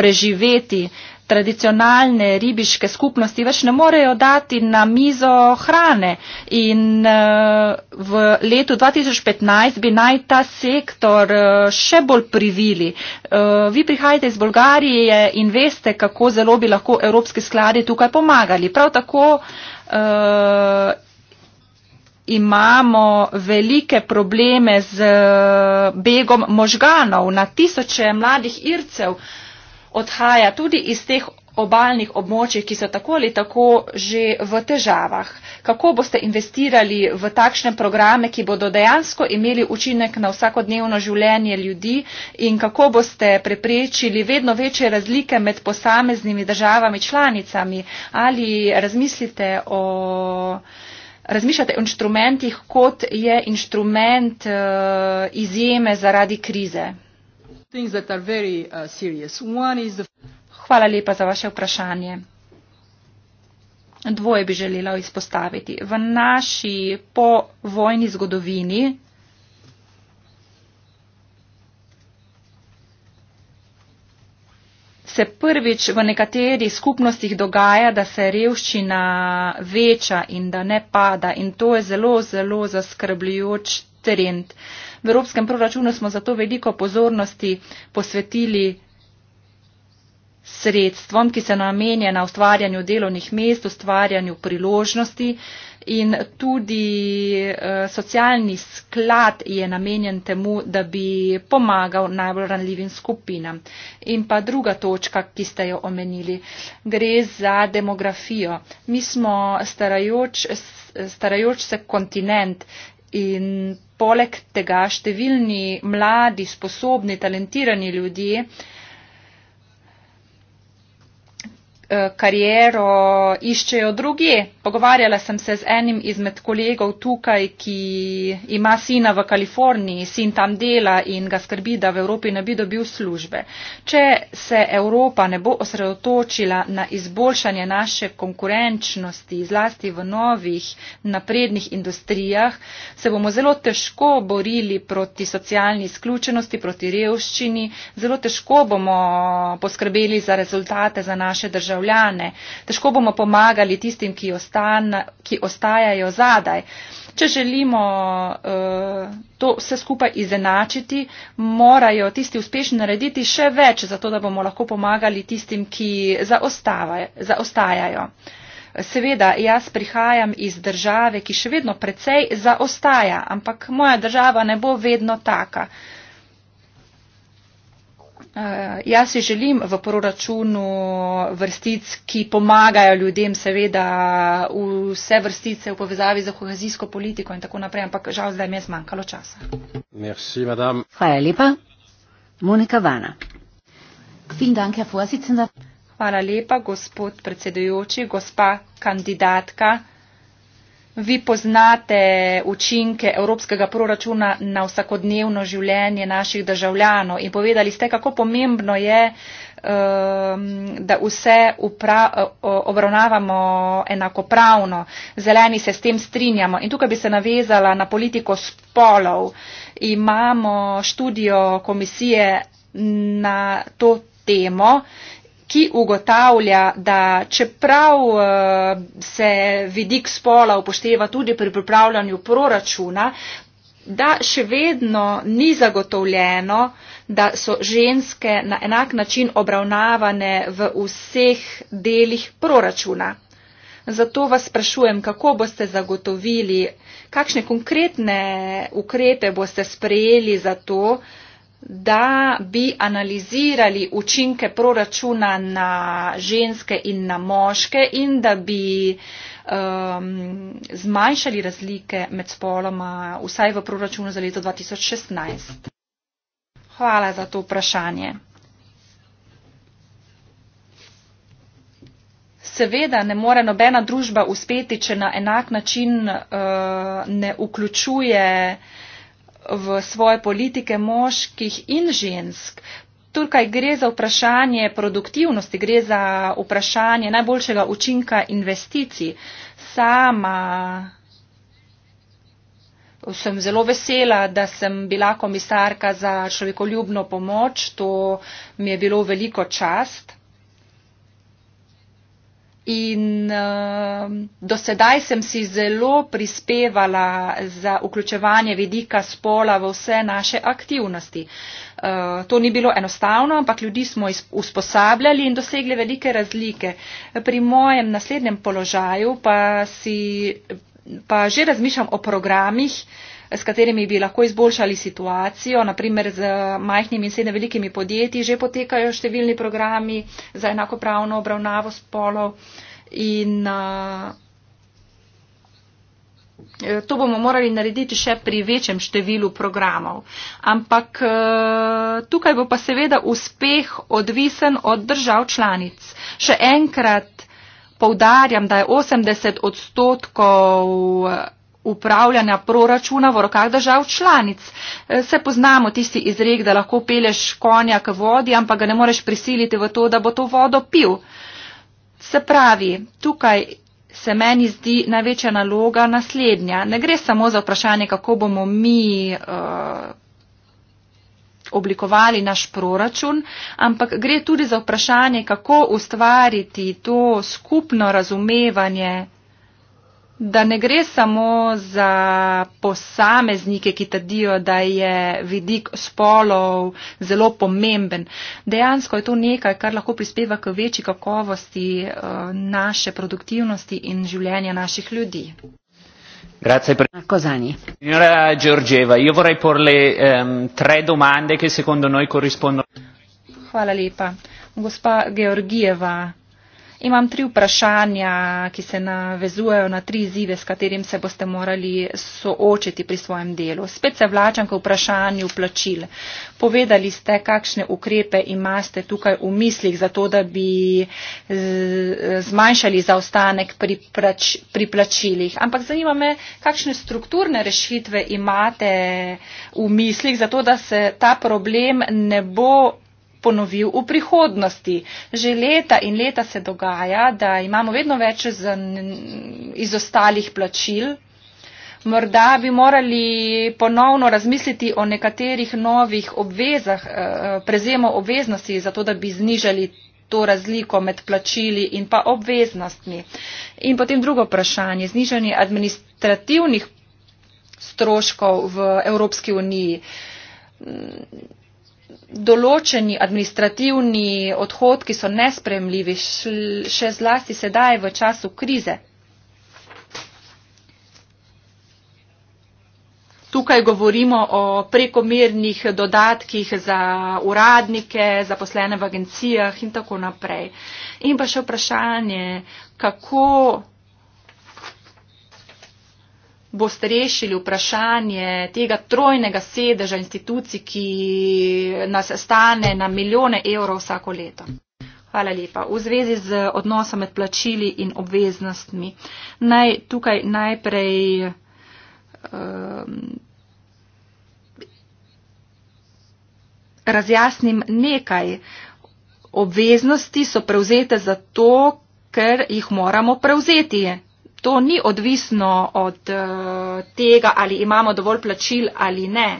preživeti, tradicionalne ribiške skupnosti več ne morejo dati na mizo hrane in eh, v letu 2015 bi naj ta sektor eh, še bolj privili. Eh, vi prihajate iz Bolgarije in veste, kako zelo bi lahko evropski skladi tukaj pomagali. Prav tako uh, imamo velike probleme z eh, begom možganov. Na tisoče mladih Ircev odhaja tudi iz teh obaljnih območjih, ki so tako ali tako že v težavah? Kako boste investirali v takšne programe, ki bodo dejansko imeli učinek na vsakodnevno življenje ljudi in kako boste preprečili vedno večje razlike med posameznimi državami članicami? Ali razmislite o. Razmišljate o inštrumentih, kot je inštrument uh, izjeme zaradi krize. Hvala lepa za vaše vprašanje. Dvoje bi želela izpostaviti. V naši povojni zgodovini se prvič v nekaterih skupnostih dogaja, da se revščina veča in da ne pada in to je zelo, zelo zaskrbljujoč trend. V evropskem proračunu smo zato veliko pozornosti posvetili sredstvom, ki se namenja na ustvarjanju delovnih mest, ustvarjanju priložnosti in tudi uh, socialni sklad je namenjen temu, da bi pomagal najbolj ranljivim skupinam. In pa druga točka, ki ste jo omenili, gre za demografijo. Mi smo starajoč, starajoč se kontinent in poleg tega številni mladi, sposobni, talentirani ljudje, uh, Eh, kariero iščejo druge. Pogovarjala sem se z enim izmed kolegov tukaj, ki ima sina v Kaliforniji, sin tam dela in ga skrbi, da v Evropi ne bi dobil službe. Če se Evropa ne bo osredotočila na izboljšanje naše konkurenčnosti, zlasti v novih naprednih industrijah, se bomo zelo težko borili proti socialni izključenosti, proti revščini, zelo težko bomo poskrbeli za rezultate za naše državljane, težko bomo pomagali tistim, ki ostajajo stan, ki ostajajo zadaj. Če želimo uh, to vse skupaj izenačiti, morajo tisti uspešni narediti še več, zato da bomo lahko pomagali tistim, ki zaostajajo. Seveda, jaz prihajam iz države, ki še vedno precej zaostaja, ampak moja država ne bo vedno taka. Uh, Eh, jaz si želim v proračunu vrstic, ki pomagajo ljudem, seveda vse vrstice v povezavi za kohezijsko politiko in tako naprej, ampak žal zdaj mi je zmanjkalo časa. Merci, Hvala lepa. Monika Vana. Dank, Hvala lepa, gospod predsedujoči, gospa kandidatka. Vi poznate učinke evropskega proračuna na vsakodnevno življenje naših državljanov in povedali ste, kako pomembno je, um, da vse upra, obravnavamo enakopravno. Zeleni se s tem strinjamo. In tukaj bi se navezala na politiko spolov. Imamo študijo komisije na to temo ki ugotavlja, da čeprav eh, se vidik spola upošteva tudi pri pripravljanju proračuna, da še vedno ni zagotovljeno, da so ženske na enak način obravnavane v vseh delih proračuna. Zato vas sprašujem, kako boste zagotovili, kakšne konkretne ukrepe boste sprejeli za to, da bi analizirali učinke proračuna na ženske in na moške in da bi um, zmanjšali razlike med spoloma, vsaj v proračunu za leto 2016. Hvala za to vprašanje. Seveda ne more nobena družba uspeti, če na enak način uh, ne vključuje uh, v svoje politike moških in žensk. Tukaj gre za vprašanje produktivnosti, gre za vprašanje najboljšega učinka investicij. Sama sem zelo vesela, da sem bila komisarka za človekoljubno pomoč, to mi je bilo veliko čast. In uh, um, dosedaj sem si zelo prispevala za vključevanje vidika spola v vse naše aktivnosti. Uh, to ni bilo enostavno, ampak ljudi smo usposabljali in dosegli velike razlike. Pri mojem naslednjem položaju pa, si, pa že razmišljam o programih, uh, s katerimi bi lahko izboljšali situacijo, naprimer z eh, majhnimi in srednje velikimi podjetji, že potekajo številni programi za enakopravno obravnavo spolov in eh, eh, To bomo morali narediti še pri večjem številu programov. Ampak tukaj bo pa seveda uspeh odvisen od držav članic. Še enkrat povdarjam, da je 80 odstotkov upravljanja proračuna v rokah držav članic. E, se poznamo tisti izrek, da lahko peleš konja k vodi, ampak ga ne moreš prisiliti v to, da bo to vodo pil. Se pravi, tukaj se meni zdi največja naloga naslednja. Ne gre samo za vprašanje, kako bomo mi uh, oblikovali naš proračun, ampak gre tudi za vprašanje, kako ustvariti to skupno razumevanje da ne gre samo za posameznike, ki trdijo, da je vidik spolov zelo pomemben. Dejansko je to nekaj, kar lahko prispeva k večji kakovosti eh, naše produktivnosti in življenja naših ljudi. Grazie per la cosani. Signora Giorgeva, io vorrei porle um, tre domande che secondo noi corrispondono. Hvala lepa. Gospa Georgieva, Imam tri vprašanja, ki se navezujejo na tri izzive, s katerim se boste morali soočiti pri svojem delu. Spet se vlačam k vprašanju plačil. Povedali ste, kakšne ukrepe imate tukaj v mislih, zato da bi zmanjšali zaostanek pri, plač, pri plačilih. Ampak zanima me, kakšne strukturne rešitve imate v mislih, zato da se ta problem ne bo ponovil v prihodnosti. Že leta in leta se dogaja, da imamo vedno več iz ostalih plačil. Morda bi morali ponovno razmisliti o nekaterih novih obvezah, eh, prezemo obveznosti, zato da bi znižali to razliko med plačili in pa obveznostmi. In potem drugo vprašanje, znižanje administrativnih stroškov v Evropski uniji določeni administrativni odhodki so nespremljivi, še zlasti sedaj v času krize. Tukaj govorimo o prekomernih dodatkih za uradnike, zaposlene v agencijah in tako naprej. In pa še vprašanje, kako boste rešili vprašanje tega trojnega sedeža institucij, ki nas stane na milijone evrov vsako leto. Hvala lepa. V zvezi z odnosom med plačili in obveznostmi. Naj tukaj najprej. Um, Razjasnim nekaj. Obveznosti so prevzete zato, ker jih moramo prevzeti, To ni odvisno od uh, tega, ali imamo dovolj plačil ali ne.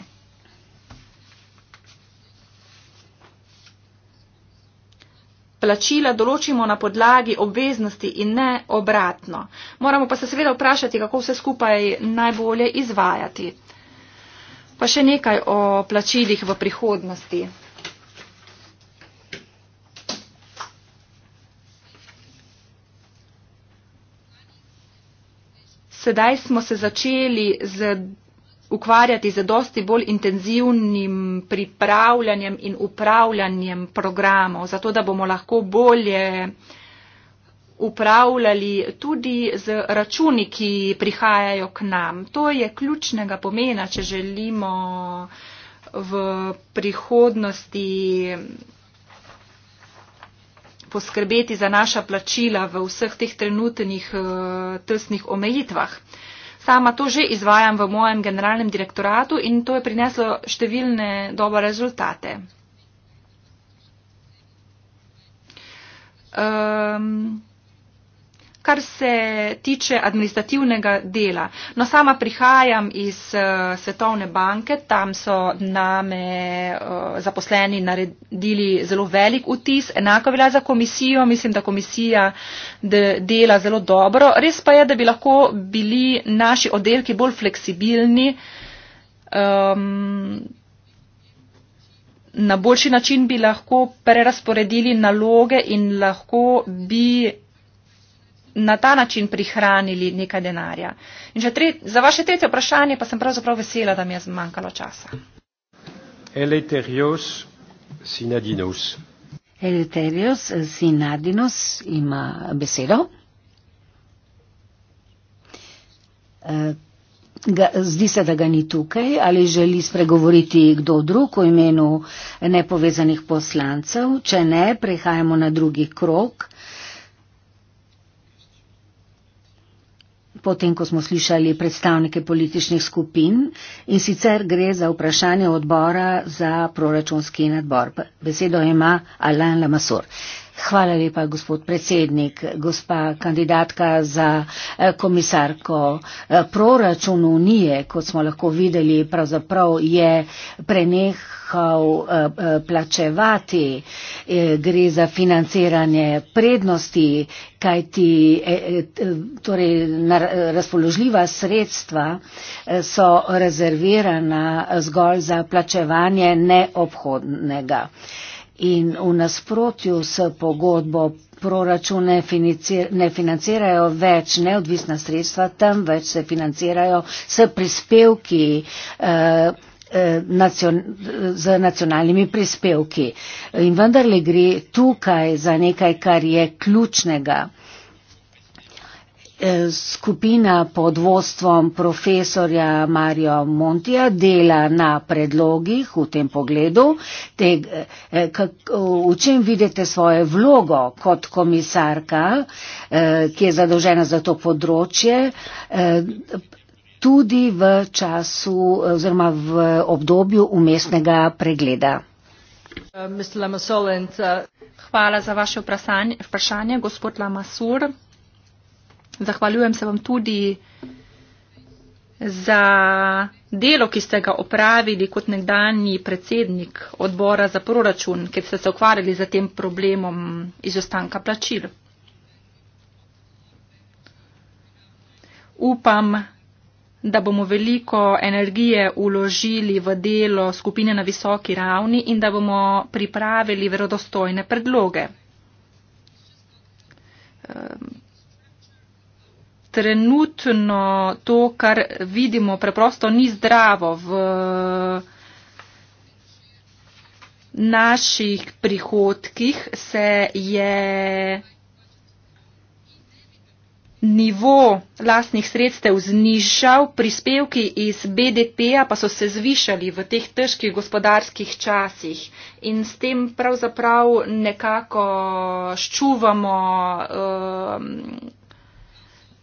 Plačila določimo na podlagi obveznosti in ne obratno. Moramo pa se seveda vprašati, kako vse skupaj najbolje izvajati. Pa še nekaj o plačilih v prihodnosti. Sedaj smo se začeli z ukvarjati z dosti bolj intenzivnim pripravljanjem in upravljanjem programov, zato da bomo lahko bolje upravljali tudi z računi, ki prihajajo k nam. To je ključnega pomena, če želimo v prihodnosti poskrbeti za naša plačila v vseh teh trenutnih eh, tesnih omejitvah. Sama to že izvajam v mojem generalnem direktoratu in to je prineslo številne dobre rezultate. Um, kar se tiče administrativnega dela. No, sama prihajam iz uh, Svetovne banke, tam so name uh, zaposleni naredili zelo velik vtis, enako velja za komisijo, mislim, da komisija de, dela zelo dobro. Res pa je, da bi lahko bili naši oddelki bolj fleksibilni. Um, Na boljši način bi lahko prerasporedili naloge in lahko bi na ta način prihranili nekaj denarja. In tre, za vaše tretje vprašanje pa sem pravzaprav vesela, da mi je zmanjkalo časa. Eleterios sinadinus. Eleterios sinadinus ima besedo. Eh, ga, zdi se, da ga ni tukaj ali želi spregovoriti kdo drug v imenu nepovezanih poslancev. Če ne, prehajamo na drugi krok. potem, ko smo slišali predstavnike političnih skupin in sicer gre za vprašanje odbora za proračunski nadbor. Besedo ima Alain Lamasur. Hvala lepa, gospod predsednik, gospa kandidatka za eh, komisarko. Eh, proračun unije, kot smo lahko videli, pravzaprav je preneh nehal eh, eh, plačevati. Eh, gre za financiranje prednosti, kajti torej, razpoložljiva sredstva so rezervirana zgolj za plačevanje neobhodnega. In v nasprotju s pogodbo proračune ne financirajo več neodvisna sredstva, temveč se financirajo s prispevki. Eh, z nacionalnimi prispevki. In vendarle gre tukaj za nekaj, kar je ključnega. E, skupina pod vodstvom profesorja Mario Montija dela na predlogih v tem pogledu, te, e, kak, v čem vidite svojo vlogo kot komisarka, e, ki je zadolžena za to področje tudi v času eh, oziroma v obdobju umestnega pregleda. Eh, eh, Hvala za vaše vprašanje, vprašanje gospod Lamasur. Zahvaljujem se vam tudi za delo, ki ste ga opravili kot nekdani predsednik odbora za proračun, ker ste se ukvarjali z tem problemom izostanka plačil. Upam, da bomo veliko energije uložili v delo skupine na visoki ravni in da bomo pripravili verodostojne predloge. Ehm, trenutno to, kar vidimo, preprosto ni zdravo v naših prihodkih, se je nivo lastnih sredstev znižal, prispevki iz BDP-a pa so se zvišali v teh težkih gospodarskih časih in s tem pravzaprav nekako ščuvamo. Uh,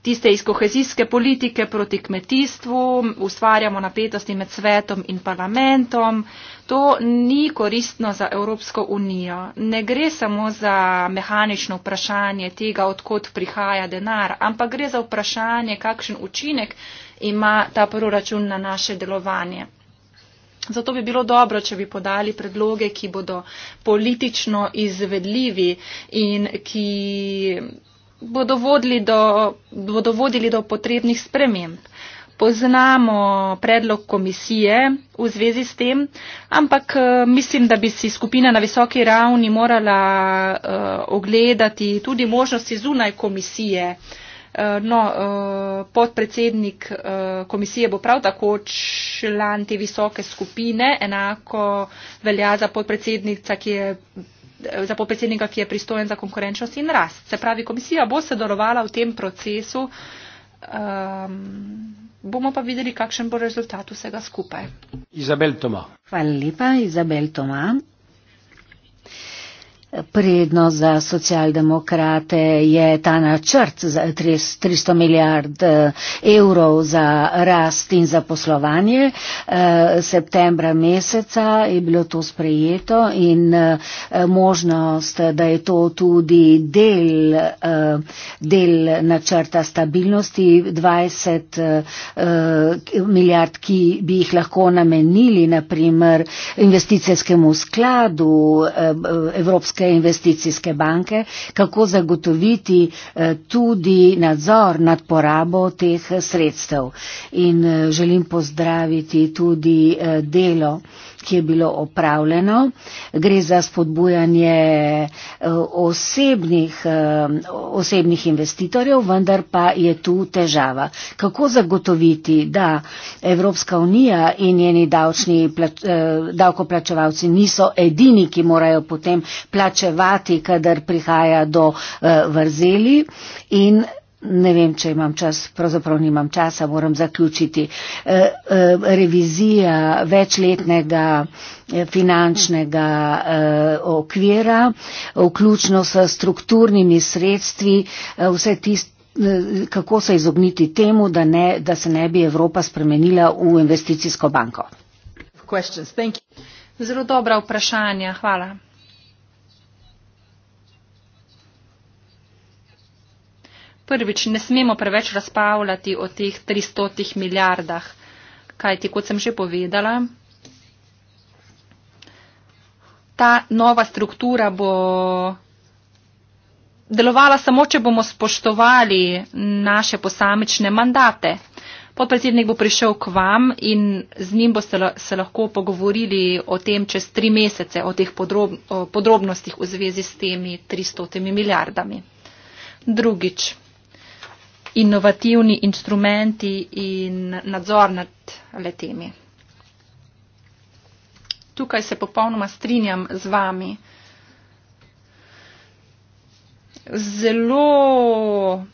tiste iz kohezijske politike proti kmetijstvu, ustvarjamo napetosti med svetom in parlamentom. To ni koristno za Evropsko unijo. Ne gre samo za mehanično vprašanje tega, odkot prihaja denar, ampak gre za vprašanje, kakšen učinek ima ta proračun na naše delovanje. Zato bi bilo dobro, če bi podali predloge, ki bodo politično izvedljivi in ki bodo vodili do, bodo vodili do potrebnih sprememb. Poznamo predlog komisije v zvezi s tem, ampak eh, mislim, da bi si skupina na visoki ravni morala uh, ogledati tudi možnosti zunaj komisije. Uh, no, uh, podpredsednik uh, komisije bo prav tako član te visoke skupine, enako velja za podpredsednica, ki je za podpredsednika, ki je pristojen za konkurenčnost in rast. Se pravi, komisija bo sodelovala v tem procesu, um, bomo pa videli, kakšen bo rezultat vsega skupaj. Izabel Toma. Hvala lepa, Izabel Toma prednost za socialdemokrate je ta načrt za 300 milijard eh, evrov za rast in za poslovanje. Eh, septembra meseca je bilo to sprejeto in eh, možnost, da je to tudi del, del načrta stabilnosti 20 milijard, ki bi jih lahko namenili naprimer investicijskemu skladu Evropske Evropske investicijske banke, kako zagotoviti eh, tudi nadzor nad porabo teh sredstev. In eh, želim pozdraviti tudi eh, delo ki je bilo opravljeno. Gre za spodbujanje eh, osebnih, eh, osebnih investitorjev, vendar pa je tu težava. Kako zagotoviti, da Evropska unija in njeni davčni, eh, davkoplačevalci niso edini, ki morajo potem plačevati, kadar prihaja do vrzeli in Ne vem, če imam čas, pravzaprav nimam časa, moram zaključiti. Eh, eh, revizija večletnega eh, finančnega okvira, vključno s strukturnimi sredstvi, vse tisto kako se izogniti temu, da, ne, da se ne bi Evropa spremenila v investicijsko banko. Zelo dobra vprašanja, hvala. Prvič, ne smemo preveč razpavljati o teh 300 milijardah, kajti, kot sem že povedala, ta nova struktura bo delovala samo, če bomo spoštovali naše posamične mandate. Podpredsednik bo prišel k vam in z njim boste se lahko pogovorili o tem čez tri mesece, o teh podrobnostih v zvezi s temi 300 milijardami. Drugič inovativni instrumenti in nadzor nad le temi. Tukaj se popolnoma strinjam z vami. Zelo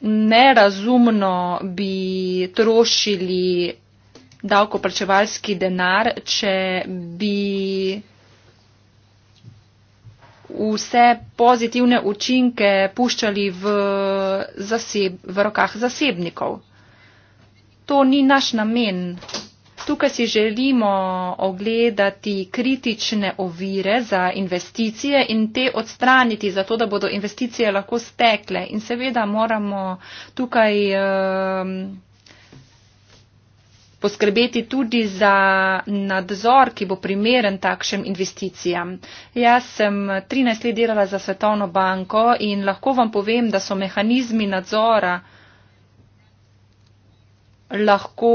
nerazumno bi trošili davkoplačevalski denar, če bi vse pozitivne učinke puščali v, zaseb, v rokah zasebnikov. To ni naš namen. Tukaj si želimo ogledati kritične ovire za investicije in te odstraniti, zato da bodo investicije lahko stekle. In seveda moramo tukaj. Um, poskrbeti tudi za nadzor, ki bo primeren takšnim investicijam. Jaz sem 13 let delala za Svetovno banko in lahko vam povem, da so mehanizmi nadzora lahko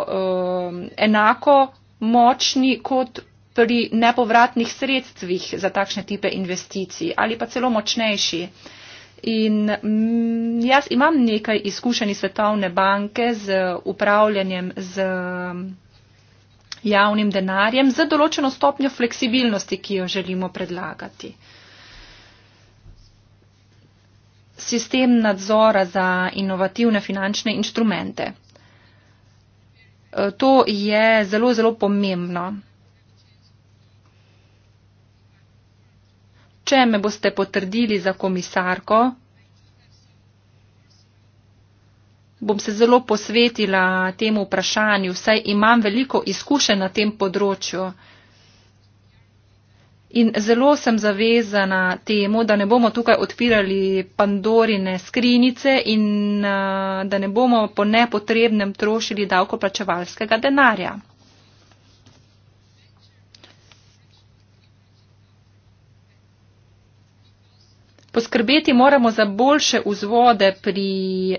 um, enako močni kot pri nepovratnih sredstvih za takšne type investicij ali pa celo močnejši. Uh, In mm, jaz imam nekaj izkušenj iz Svetovne banke z upravljanjem z javnim denarjem, z določeno stopnjo fleksibilnosti, ki jo želimo predlagati. Sistem nadzora za inovativne finančne inštrumente. E, to je zelo, zelo pomembno. Če me boste potrdili za komisarko, bom se zelo posvetila temu vprašanju, saj imam veliko izkušen na tem področju. In zelo sem zavezana temu, da ne bomo tukaj odpirali pandorine skrinice in eh, da ne bomo po nepotrebnem trošili davkoplačevalskega denarja. Poskrbeti moramo za boljše vzvode pri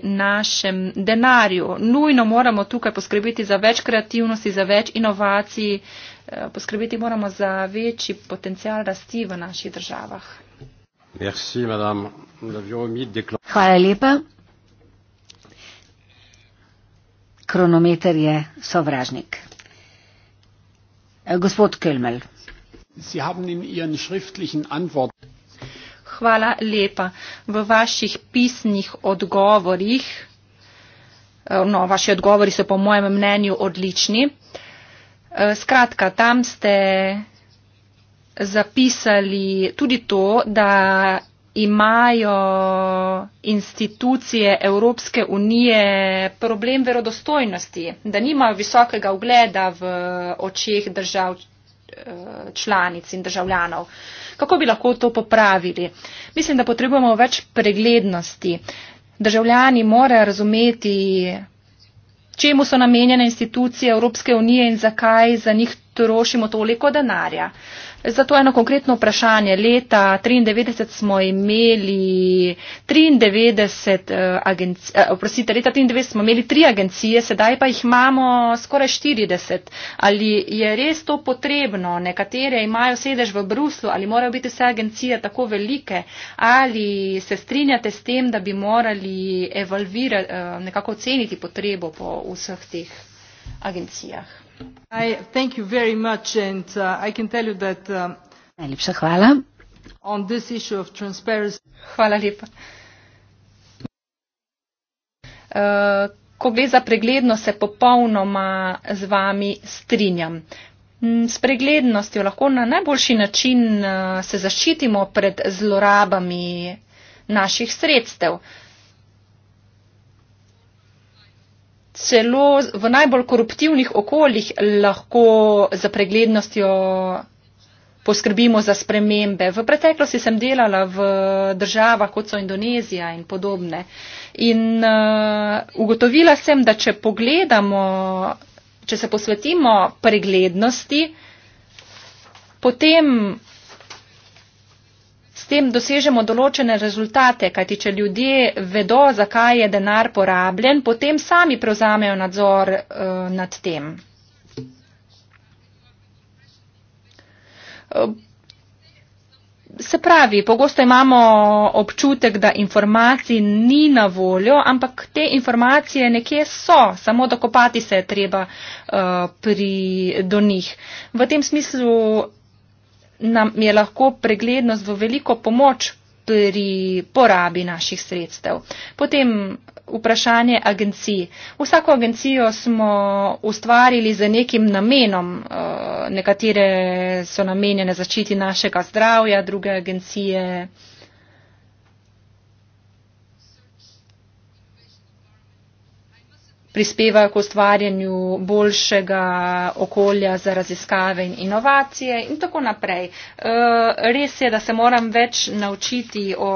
našem denarju. Nujno moramo tukaj poskrbeti za več kreativnosti, za več inovacij. Eh, poskrbeti moramo za večji potencial rasti v naših državah. Merci, Hvala lepa. Kronometer je sovražnik. Eh, gospod Kölmel hvala lepa. V vaših pisnih odgovorih, eh, no, vaši odgovori so po mojem mnenju odlični. Eh, skratka, tam ste zapisali tudi to, da imajo institucije Evropske unije problem verodostojnosti, da nimajo visokega ugleda v očeh držav Eh, članic in državljanov. Kako bi lahko to popravili? Mislim, da potrebujemo več preglednosti. Državljani morajo razumeti, čemu so namenjene institucije Evropske unije in zakaj za njih trošimo toliko denarja. Zato eno konkretno vprašanje. Leta 93 smo imeli 93 eh, agencije, eh, oprostite, leta 93 smo imeli tri agencije, sedaj pa jih imamo skoraj 40. Ali je res to potrebno? Nekatere imajo sedež v Bruslu, ali morajo biti vse agencije tako velike? Ali se strinjate s tem, da bi morali evalvirati, eh, nekako oceniti potrebo po vseh teh agencijah? Uh, uh, Najlepša hvala. Hvala lepa. Uh, ko gre za pregledno, se popolnoma z vami strinjam. Mm, s preglednostjo lahko na najboljši način se zaščitimo pred zlorabami naših sredstev. celo v najbolj koruptivnih okoljih lahko za preglednostjo poskrbimo za spremembe. V preteklosti sem delala v državah, kot so Indonezija in podobne. In uh, ugotovila sem, da če pogledamo, če se posvetimo preglednosti, potem s tem dosežemo določene rezultate, kajti če ljudje vedo, zakaj je denar porabljen, potem sami prevzamejo nadzor uh, nad tem. Eh, se pravi, pogosto imamo občutek, da informacij ni na voljo, ampak te informacije nekje so, samo dokopati se je treba uh, pri, do njih. V tem smislu nam je lahko preglednost v veliko pomoč pri porabi naših sredstev. Potem vprašanje agencij. Vsako agencijo smo ustvarili z nekim namenom. Eh, nekatere so namenjene zaščiti našega zdravja, druge agencije. prispevajo k ustvarjanju boljšega okolja za raziskave in inovacije in tako naprej. Eh, res je, da se moram več naučiti o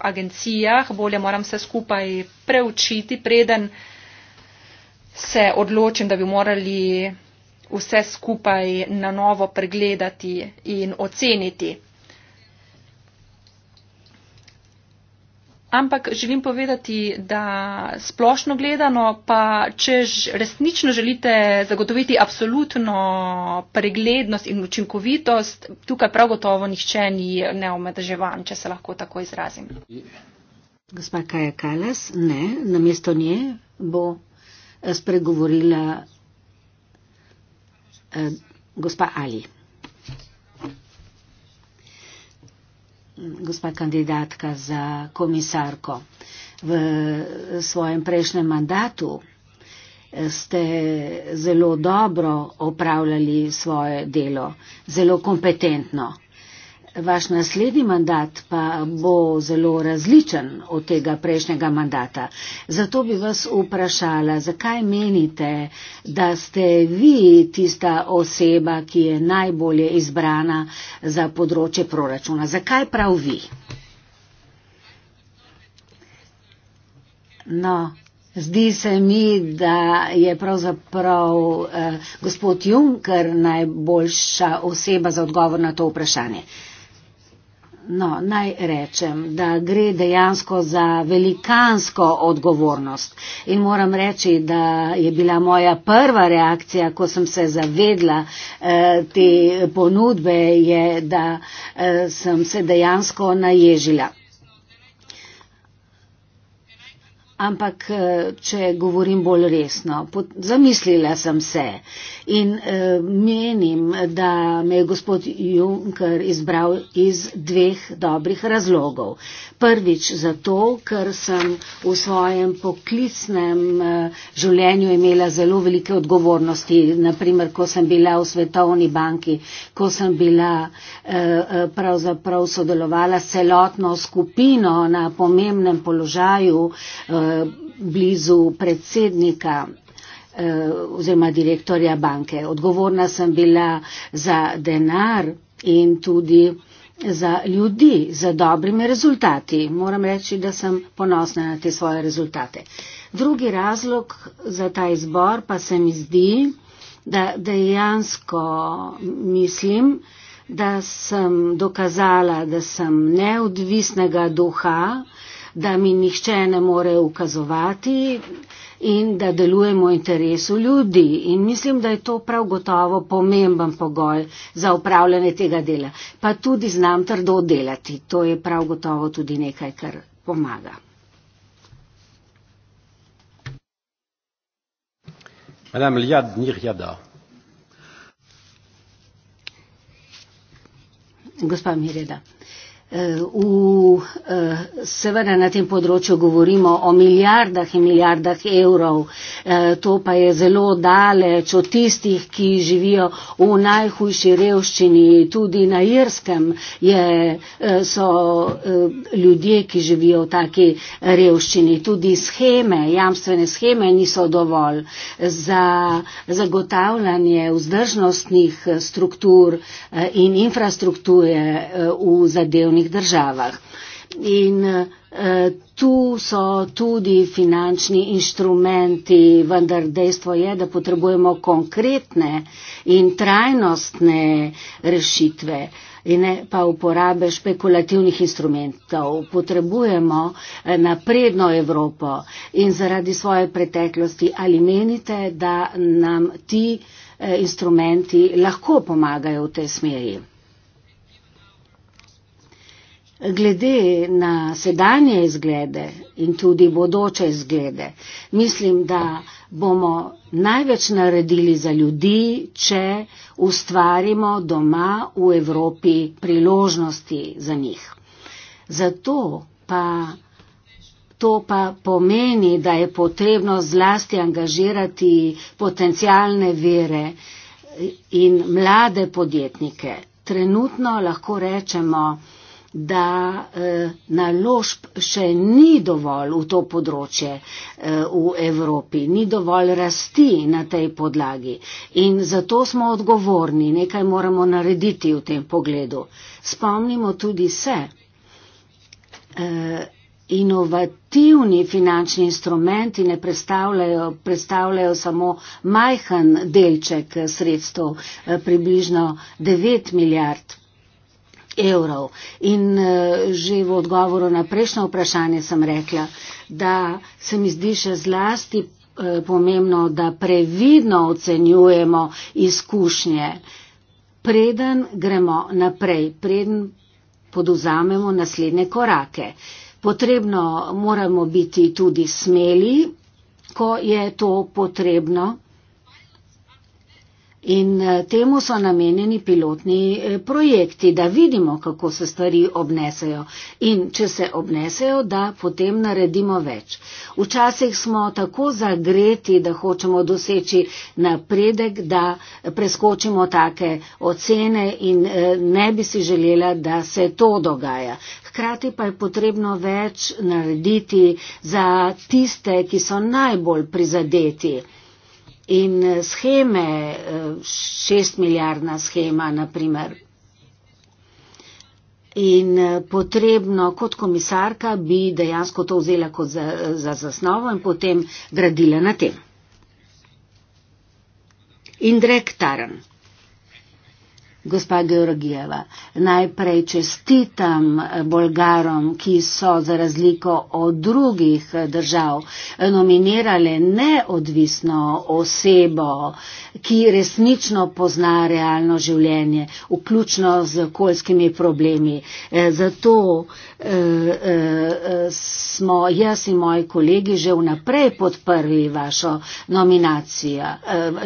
agencijah, bolje moram se skupaj preučiti, preden se odločim, da bi morali vse skupaj na novo pregledati in oceniti. Ampak želim povedati, da splošno gledano, pa če resnično želite zagotoviti absolutno preglednost in učinkovitost, tukaj prav gotovo nihče ni neomedeževan, če se lahko tako izrazim. Gospa Kaja Kalas, ne, na mesto nje bo eh, spregovorila eh, gospa Ali. gospa kandidatka za komisarko. V svojem prejšnjem mandatu eh, ste zelo dobro opravljali svoje delo, zelo kompetentno. Vaš naslednji mandat pa bo zelo različen od tega prejšnjega mandata. Zato bi vas vprašala, zakaj menite, da ste vi tista oseba, ki je najbolje izbrana za področje proračuna. Zakaj prav vi? No, zdi se mi, da je pravzaprav eh, gospod Juncker najboljša oseba za odgovor na to vprašanje. Eh, No, naj rečem, da gre dejansko za velikansko odgovornost. In moram reči, da je bila moja prva reakcija, ko sem se zavedla eh, te ponudbe, je, da eh, sem se dejansko naježila. Ampak, eh, če govorim bolj resno, zamislila sem se. Eh, in eh, menim, da me je gospod Juncker izbral iz dveh dobrih razlogov. Prvič zato, ker sem v svojem poklicnem eh, življenju imela zelo velike odgovornosti, naprimer, ko sem bila v Svetovni banki, ko sem bila eh, pravzaprav sodelovala s celotno skupino na pomembnem položaju blizu predsednika Eh, oziroma direktorja banke. Odgovorna sem bila za denar in tudi za ljudi, za dobrimi rezultati. Moram reči, da sem ponosna na te svoje rezultate. Drugi razlog za ta izbor pa se mi zdi, da dejansko mislim, da sem dokazala, da sem neodvisnega duha, da mi nihče ne more ukazovati, in da delujemo v interesu ljudi. In mislim, da je to prav gotovo pomemben pogoj za upravljanje tega dela. Pa tudi znam trdo delati. To je prav gotovo tudi nekaj, kar pomaga. Gospa Mirjada v, eh, seveda na tem področju govorimo o milijardah in milijardah evrov, eh, to pa je zelo daleč od tistih, ki živijo v najhujši revščini, tudi na Irskem je, eh, so ljudje, ki živijo v taki revščini, tudi scheme, jamstvene scheme niso dovolj za zagotavljanje vzdržnostnih struktur in infrastrukture v zadevni Združenih državah. In eh, tu so tudi finančni inštrumenti, vendar dejstvo je, da potrebujemo konkretne in trajnostne rešitve in ne pa uporabe špekulativnih instrumentov. Potrebujemo eh, napredno Evropo in zaradi svoje preteklosti ali menite, da nam ti eh, instrumenti lahko pomagajo v tej smeri? Glede na sedanje izglede in tudi bodoče izglede, mislim, da bomo največ naredili za ljudi, če ustvarimo doma v Evropi priložnosti za njih. Zato pa to pa pomeni, da je potrebno zlasti angažirati potencijalne vere in mlade podjetnike. Trenutno lahko rečemo, da eh, naložb še ni dovolj v to področje eh, v Evropi, ni dovolj rasti na tej podlagi. In zato smo odgovorni, nekaj moramo narediti v tem pogledu. Spomnimo tudi se, eh, inovativni finančni instrumenti ne predstavljajo, predstavljajo samo majhen delček eh, sredstev, eh, približno 9 milijard evrov. In eh, že v odgovoru na prejšnjo vprašanje sem rekla, da se mi zdi še zlasti eh, pomembno, da previdno ocenjujemo izkušnje. Preden gremo naprej, preden poduzamemo naslednje korake. Potrebno moramo biti tudi smeli, ko je to potrebno. In eh, temu so namenjeni pilotni eh, projekti, da vidimo, kako se stvari obnesejo in če se obnesejo, da potem naredimo več. Včasih smo tako zagreti, da hočemo doseči napredek, da preskočimo take ocene in eh, ne bi si želela, da se to dogaja. Hkrati pa je potrebno več narediti za tiste, ki so najbolj prizadeti. In eh, scheme, eh, šestmiljardna schema, naprimer. In eh, potrebno kot komisarka bi dejansko to vzela kot za, za zasnovo in potem gradila na tem. Indrek Taran. Gospa Georgijeva, najprej čestitam eh, Bolgarom, ki so za razliko od drugih eh, držav eh, nominirale neodvisno osebo, ki resnično pozna realno življenje, vključno z okoljskimi problemi. Zato eh, Eh, eh, eh, smo jaz in moji kolegi že vnaprej podprli vašo eh,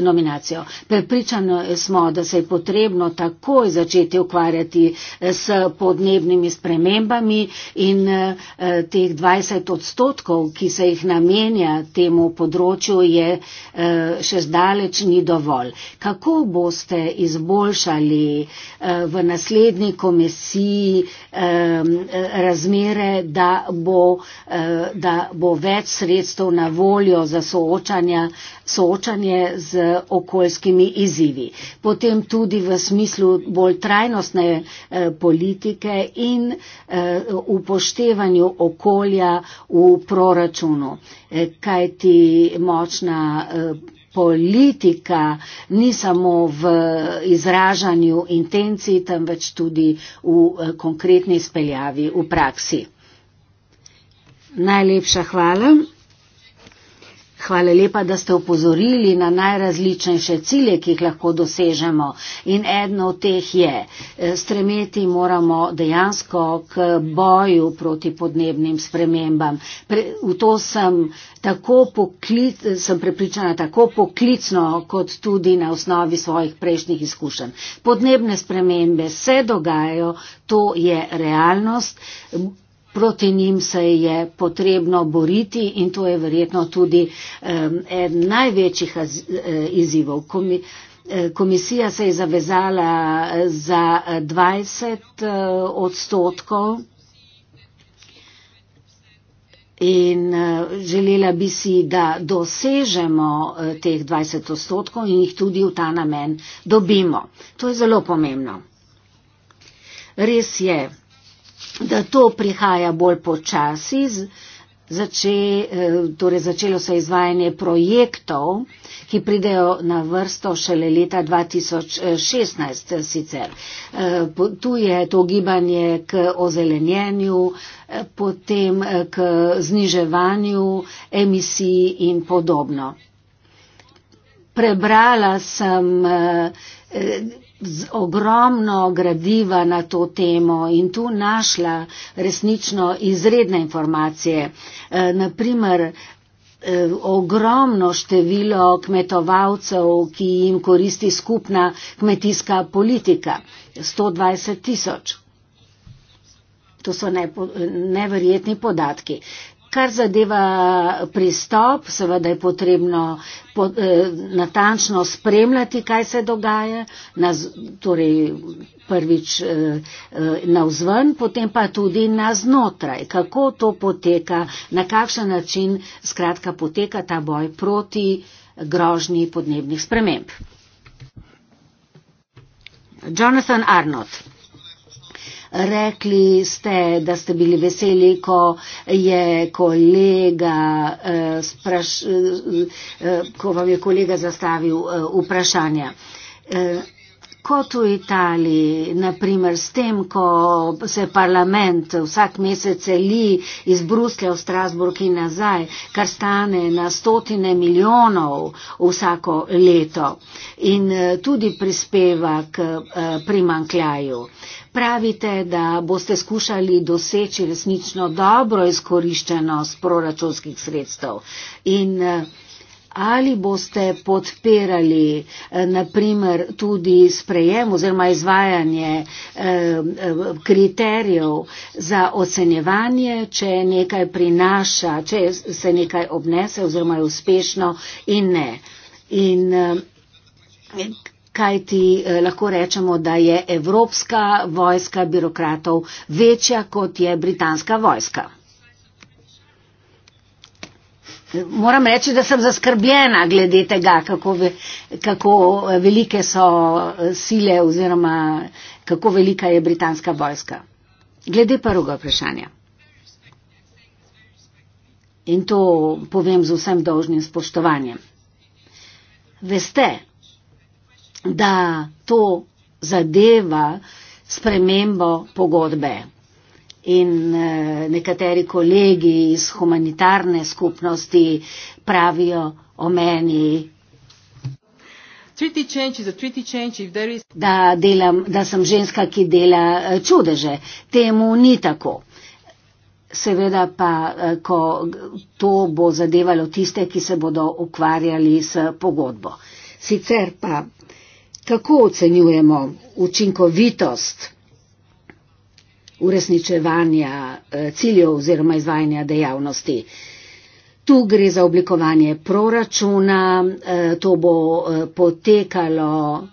nominacijo. Pripričani smo, da se je potrebno takoj začeti ukvarjati eh, s podnebnimi spremembami in eh, teh 20 odstotkov, ki se jih namenja temu področju, je eh, še zdaleč ni dovolj. Kako boste izboljšali eh, v naslednji komisiji eh, razmere, da bo, eh, da bo več sredstev na voljo za soočanje z okoljskimi izzivi. Potem tudi v smislu bolj trajnostne eh, politike in eh, upoštevanju okolja v proračunu, kajti močna politika ni samo v izražanju intenciji, temveč tudi v eh, konkretni izpeljavi v praksi. Najlepša hvala. Hvala lepa, da ste upozorili na najrazličnejše cilje, ki jih lahko dosežemo. In eno od teh je, eh, stremeti moramo dejansko k boju proti podnebnim spremembam. Pre, v to sem, tako poklic, sem prepričana tako poklicno, kot tudi na osnovi svojih prejšnjih izkušenj. Podnebne spremembe se dogajajo, to je realnost proti njim se je potrebno boriti in to je verjetno tudi eden največjih eh, izzivov. Eh, komisija se je zavezala eh, za 20 odstotkov in želela bi si, da dosežemo teh 20 odstotkov in jih tudi v ta namen dobimo. To je zelo pomembno. Res je da to prihaja bolj počasi. Zače, eh, torej začelo se izvajanje projektov, ki pridejo na vrsto šele leta 2016 eh, sicer. Eh, tu je to gibanje k ozelenjenju, potem k zniževanju emisij in podobno. Prebrala sem z ogromno gradiva na to temo in tu našla resnično izredne informacije. E, Naprimer, e, ogromno število kmetovalcev, ki jim koristi skupna kmetijska politika. 120 tisoč. To so nevrjetni podatki. Kar zadeva pristop, seveda je potrebno po, eh, natančno spremljati, kaj se dogaja, na, torej prvič eh, eh, navzven, potem pa tudi na znotraj, kako to poteka, na kakšen način skratka poteka ta boj proti grožnji podnebnih sprememb. Jonathan Arnott. Rekli ste, da ste bili veseli, ko je kolega, eh, spraš, eh, eh ko vam je kolega zastavil eh, vprašanja. Eh, kot v Italiji, naprimer s tem, ko se parlament vsak mesec li iz Bruslja v Strasburg in nazaj, kar stane na stotine milijonov vsako leto in eh, tudi prispeva k eh, primankljaju. Eh, Pravite, da boste skušali doseči resnično dobro izkoriščenost proračunskih sredstev in eh, ali boste podpirali eh, naprimer tudi sprejem oziroma izvajanje eh, kriterijev za ocenjevanje, če nekaj prinaša, če se nekaj obnese oziroma je uspešno in ne. In kajti eh, lahko rečemo, da je evropska vojska birokratov večja kot je britanska vojska. Moram reči, da sem zaskrbljena glede tega, kako, ve, kako eh, velike so eh, sile oziroma kako velika je britanska vojska. Glede prvega vprašanja. In to povem z vsem dolžnim spoštovanjem. Veste, da to zadeva spremembo pogodbe. In eh, nekateri kolegi iz humanitarne skupnosti pravijo o meni, da, delam, da sem ženska, ki dela eh, čudeže. Temu ni tako. Seveda pa, eh, ko to bo zadevalo tiste, ki se bodo ukvarjali s pogodbo. Sicer pa kako ocenjujemo učinkovitost uresničevanja eh, ciljev oziroma izvajanja dejavnosti. Tu gre za oblikovanje proračuna, eh, to bo eh, potekalo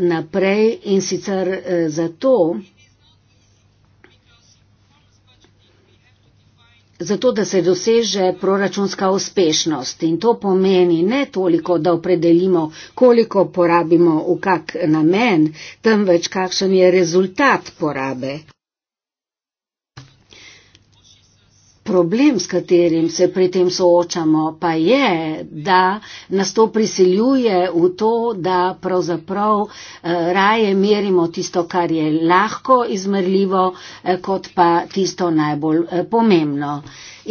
naprej in sicer zato, zato, da se doseže proračunska uspešnost. In to pomeni ne toliko, da opredelimo, koliko porabimo v kak namen, temveč kakšen je rezultat porabe. Problem, s katerim se pri tem soočamo, pa je, da nas to prisiljuje v to, da pravzaprav eh, raje merimo tisto, kar je lahko izmerljivo, eh, kot pa tisto najbolj eh, pomembno.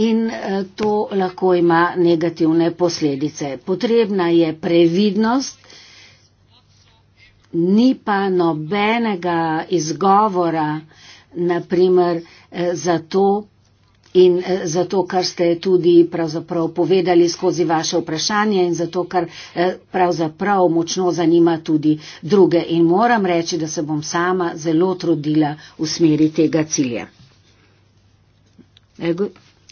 In eh, to lahko ima negativne posledice. Potrebna je previdnost, ni pa nobenega izgovora, naprimer, eh, za to, in eh, za to, kar ste tudi pravzaprav povedali skozi vaše vprašanje in za to, kar eh, pravzaprav močno zanima tudi druge. In moram reči, da se bom sama zelo trudila v smeri tega cilja. Eh,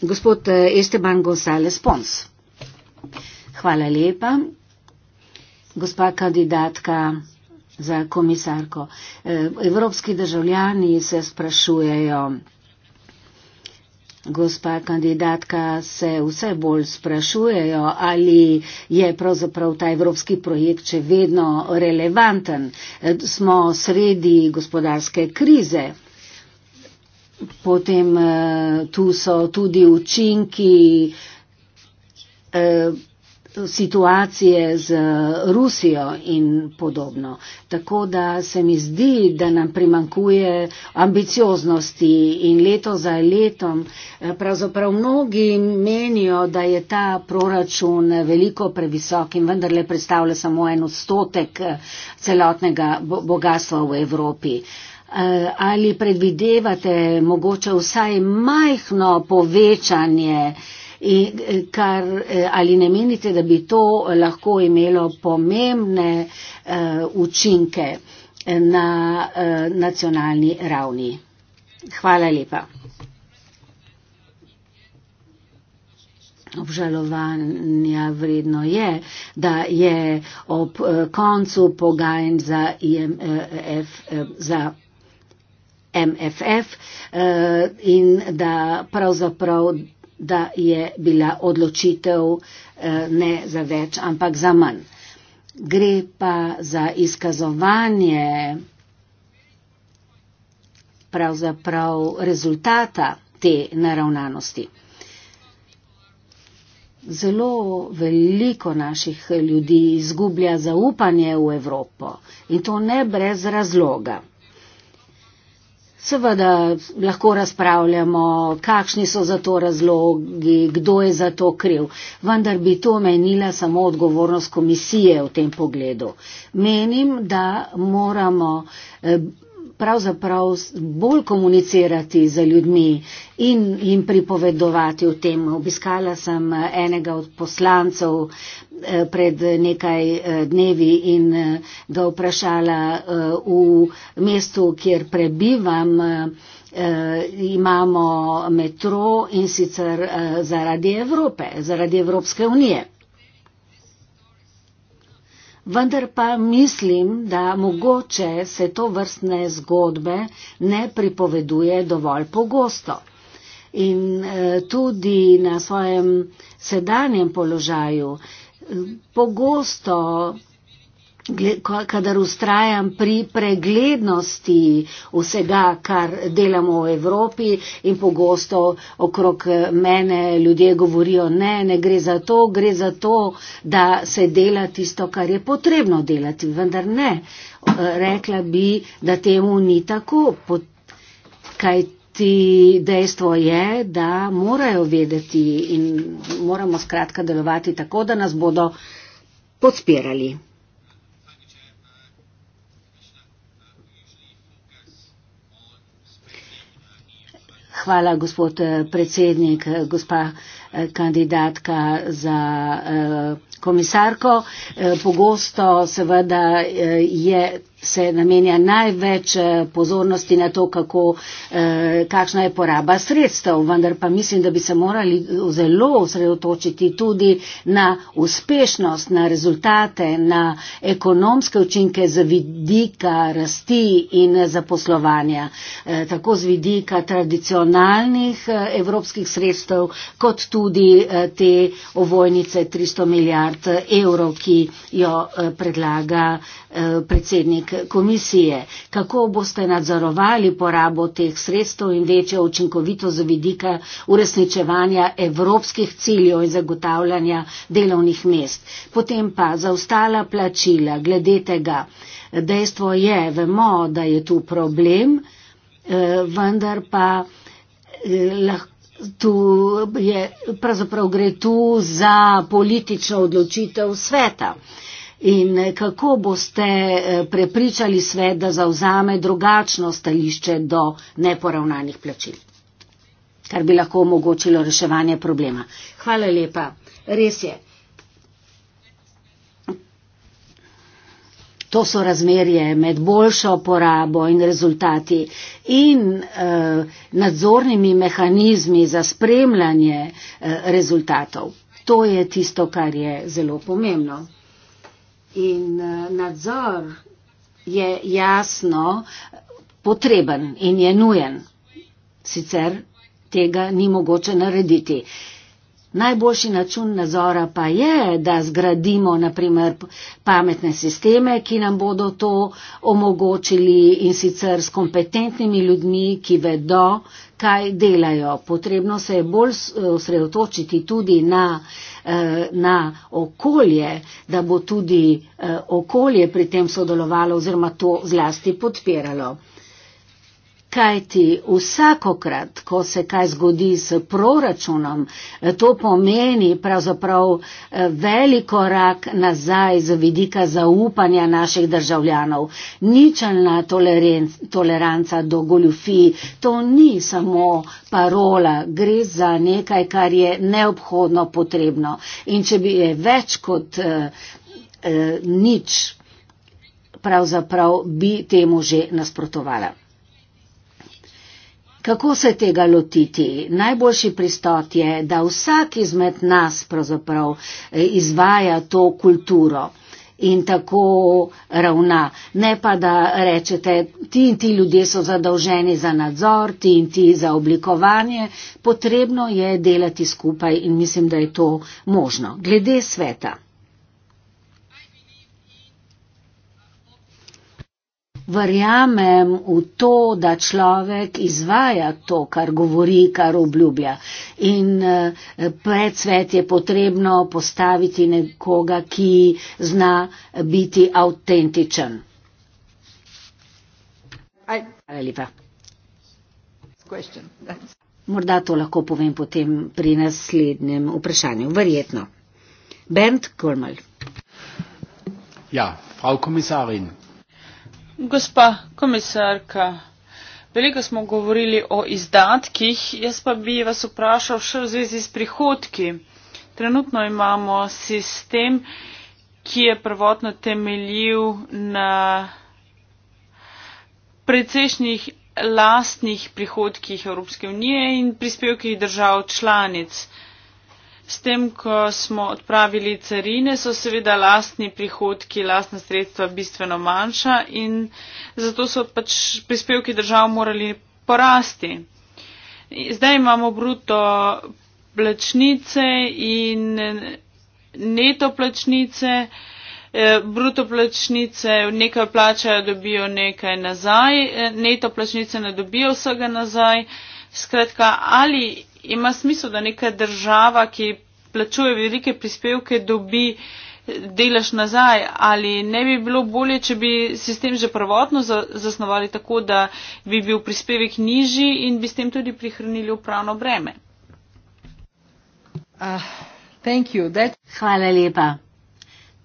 gospod Esteban Gonzales Pons. Hvala lepa. Gospa kandidatka za komisarko. Evropski državljani se sprašujejo, Gospa kandidatka, se vse bolj sprašujejo, ali je pravzaprav ta evropski projekt še vedno relevanten. Smo sredi gospodarske krize. Potem eh, tu so tudi učinki eh, situacije z Rusijo in podobno. Tako da se mi zdi, da nam primankuje ambicioznosti in leto za letom. Eh, pravzaprav mnogi menijo, da je ta proračun veliko previsok in vendarle predstavlja samo en odstotek eh, celotnega bogatstva v Evropi. Eh, ali predvidevate mogoče vsaj majhno povečanje Eh, kar, eh, ali ne menite, da bi to lahko imelo pomembne eh, učinke na nacionalni ravni. Hvala lepa. Obžalovanja vredno je, da je ob koncu pogajanj za, za MFF in da pravzaprav da je bila odločitev eh, ne za več, ampak za manj. Gre pa za izkazovanje pravzaprav rezultata te naravnanosti. Zelo veliko naših ljudi izgublja zaupanje v Evropo in to ne brez razloga. Seveda lahko razpravljamo, kakšni so za to razlogi, kdo je za to kriv, vendar bi to menila samo odgovornost komisije v tem pogledu. Menim, da moramo. Eh, pravzaprav bolj komunicirati z ljudmi in jim pripovedovati o tem. Obiskala sem eh, enega od poslancev eh, pred eh, nekaj dnevi in ga vprašala v mestu, kjer prebivam. Uh, imamo metro in sicer uh, zaradi Evrope, zaradi Evropske unije. Vendar pa mislim, da mogoče se to vrstne zgodbe ne pripoveduje dovolj pogosto. In eh, tudi na svojem sedanjem položaju eh, pogosto kadar ustrajam pri preglednosti vsega, kar delamo v Evropi in pogosto okrog eh, mene ljudje govorijo, ne, ne gre za to, gre za to, da se dela tisto, kar je potrebno delati, vendar ne. Eh, rekla bi, da temu ni tako, kajti dejstvo je, da morajo vedeti in moramo skratka delovati tako, da nas bodo podpirali. Hvala, gospod eh, predsednik, eh, gospa eh, kandidatka za. Uh, komisarko. Eh, pogosto seveda eh, je, se namenja največ eh, pozornosti na to, kako, kakšna je poraba sredstev, vendar pa mislim, da bi se morali zelo osredotočiti tudi na uspešnost, na rezultate, na ekonomske učinke z vidika rasti in zaposlovanja, tako z vidika tradicionalnih evropskih sredstev, kot tudi te ovojnice 300 milijard milijard evrov, ki jo eh, predlaga eh, predsednik komisije. Kako boste nadzorovali porabo teh sredstev in večjo učinkovitost z vidika uresničevanja evropskih ciljev in zagotavljanja delovnih mest? Potem pa zaostala plačila, glede tega, eh, dejstvo je, vemo, da je tu problem, vendar pa lahko. Tu je, pravzaprav gre tu za politično odločitev sveta. In eh, kako boste eh, prepričali svet, da zauzame drugačno stališče do neporavnanih plačil, kar bi lahko omogočilo reševanje problema. Hvala lepa. Res je. to so razmerje med boljšo porabo in rezultati in eh, nadzornimi mehanizmi za spremljanje eh, rezultatov. To je tisto, kar je zelo pomembno. In eh, nadzor je jasno eh, potreben in je nujen. Sicer tega ni mogoče narediti. Eh, Najboljši način nazora pa je, da zgradimo naprimer pametne sisteme, ki nam bodo to omogočili in sicer s kompetentnimi ljudmi, ki vedo, kaj delajo. Potrebno se je bolj eh, osredotočiti tudi na, eh, na okolje, da bo tudi eh, okolje pri tem sodelovalo oziroma to zlasti podpiralo. Kajti vsakokrat, ko se kaj zgodi s proračunom, to pomeni pravzaprav eh, veliko rak nazaj z vidika zaupanja naših državljanov. Ničelna toleranca do goljufij, to ni samo parola, gre za nekaj, kar je neobhodno potrebno. In če bi je več kot eh, eh, nič, pravzaprav bi temu že nasprotovala. Kako se tega lotiti? Najboljši pristop je, da vsak izmed nas pravzaprav eh, izvaja to kulturo in tako ravna. Ne pa, da rečete, ti in ti ljudje so zadolženi za nadzor, ti in ti za oblikovanje. Potrebno je delati skupaj in mislim, da je to možno. Glede sveta. verjamem v to, da človek izvaja to, kar govori, kar obljublja. In eh, pred svet je potrebno postaviti nekoga, ki zna biti avtentičen. Hvala lepa. Morda to lahko povem potem pri naslednjem vprašanju. Verjetno. Bernd Kurmal. Ja, frau Kommissarin. Gospa komisarka, veliko smo govorili o izdatkih, jaz pa bi vas vprašal še v zvezi s prihodki. Trenutno imamo sistem, ki je prvotno temeljil na precejšnjih lastnih prihodkih Evropske unije in prispevkih držav članic. S tem, ko smo odpravili carine, so seveda lastni prihodki, lastna sredstva bistveno manjša in zato so pač prispevki držav morali porasti. Zdaj imamo bruto plačnice in neto plačnice. E, bruto plačnice nekaj plačajo, dobijo nekaj nazaj, e, neto plačnice ne dobijo vsega nazaj. Skratka, ali ima smisel, da neka država, ki plačuje velike prispevke, dobi delež nazaj ali ne bi bilo bolje, če bi sistem že prvotno zasnovali tako, da bi bil prispevek nižji in bi s tem tudi prihranili upravno breme. Uh, Hvala lepa.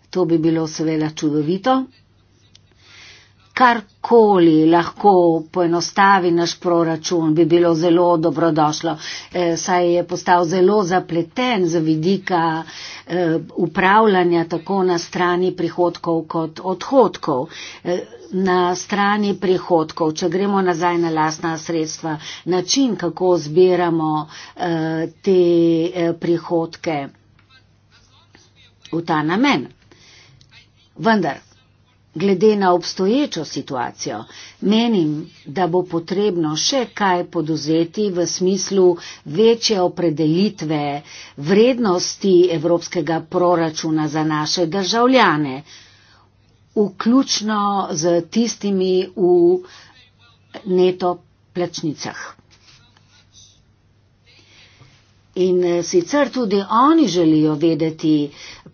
To bi bilo seveda čudovito karkoli lahko poenostavi naš proračun, bi bilo zelo dobrodošlo. E, saj je postal zelo zapleten z vidika e, upravljanja tako na strani prihodkov kot odhodkov. E, na strani prihodkov, če gremo nazaj na lasna sredstva, način, kako zbiramo e, te e, prihodke v ta namen. Vendar, Glede na obstoječo situacijo, menim, da bo potrebno še kaj poduzeti v smislu večje opredelitve vrednosti evropskega proračuna za naše državljane, vključno z tistimi v neto plačnicah. In eh, sicer tudi oni želijo vedeti,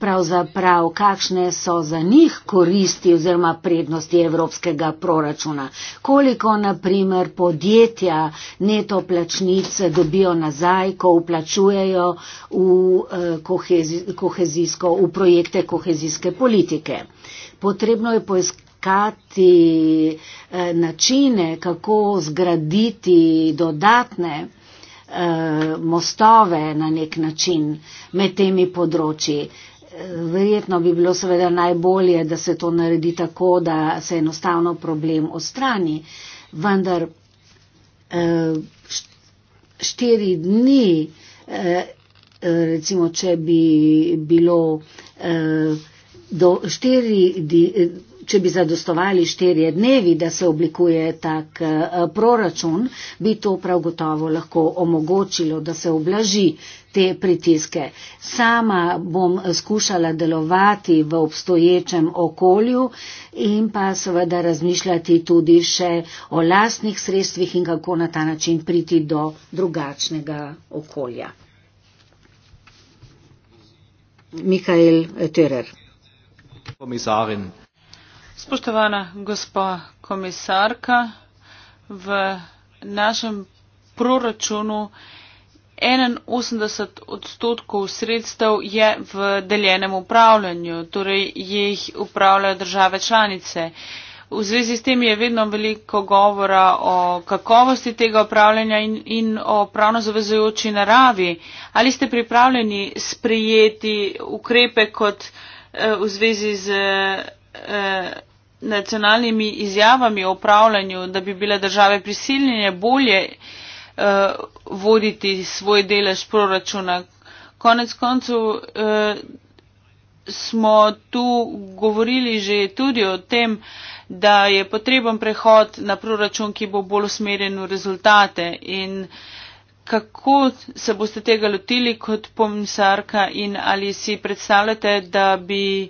pravzaprav, kakšne so za njih koristi oziroma prednosti evropskega proračuna. Koliko, naprimer, podjetja neto plačnice dobijo nazaj, ko uplačujejo v, eh, kohezi, v projekte kohezijske politike. Potrebno je poiskati eh, načine, kako zgraditi dodatne eh, mostove na nek način med temi področji verjetno bi bilo seveda najbolje, da se to naredi tako, da se enostavno problem odstrani. Vendar eh, štiri dni, eh, recimo, če bi bilo eh, do štiri dni če bi zadostovali štirje dnevi, da se oblikuje tak eh, proračun, bi to prav gotovo lahko omogočilo, da se oblaži te pritiske. Sama bom eh, skušala delovati v obstoječem okolju in pa seveda razmišljati tudi še o lastnih sredstvih in kako na ta način priti do drugačnega okolja. Mihael Terer. Komisarin. Spoštovana gospa komisarka, v našem proračunu 81 odstotkov sredstev je v deljenem upravljanju, torej jih upravljajo države članice. V zvezi s tem je vedno veliko govora o kakovosti tega upravljanja in, in o pravno zavezujoči naravi. Ali ste pripravljeni sprijeti ukrepe kot eh, v zvezi z. Eh, nacionalnimi izjavami o upravljanju, da bi bile države prisiljene bolje eh, voditi svoj delež proračuna. Konec koncev eh, smo tu govorili že tudi o tem, da je potreben prehod na proračun, ki bo bolj usmerjen v rezultate in kako se boste tega lotili kot pomisarka in ali si predstavljate, da bi eh,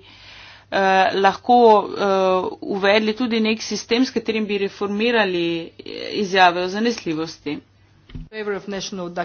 Eh, lahko uh, uvedli tudi nek sistem, s katerim bi reformirali eh, izjave o zanesljivosti. Uh,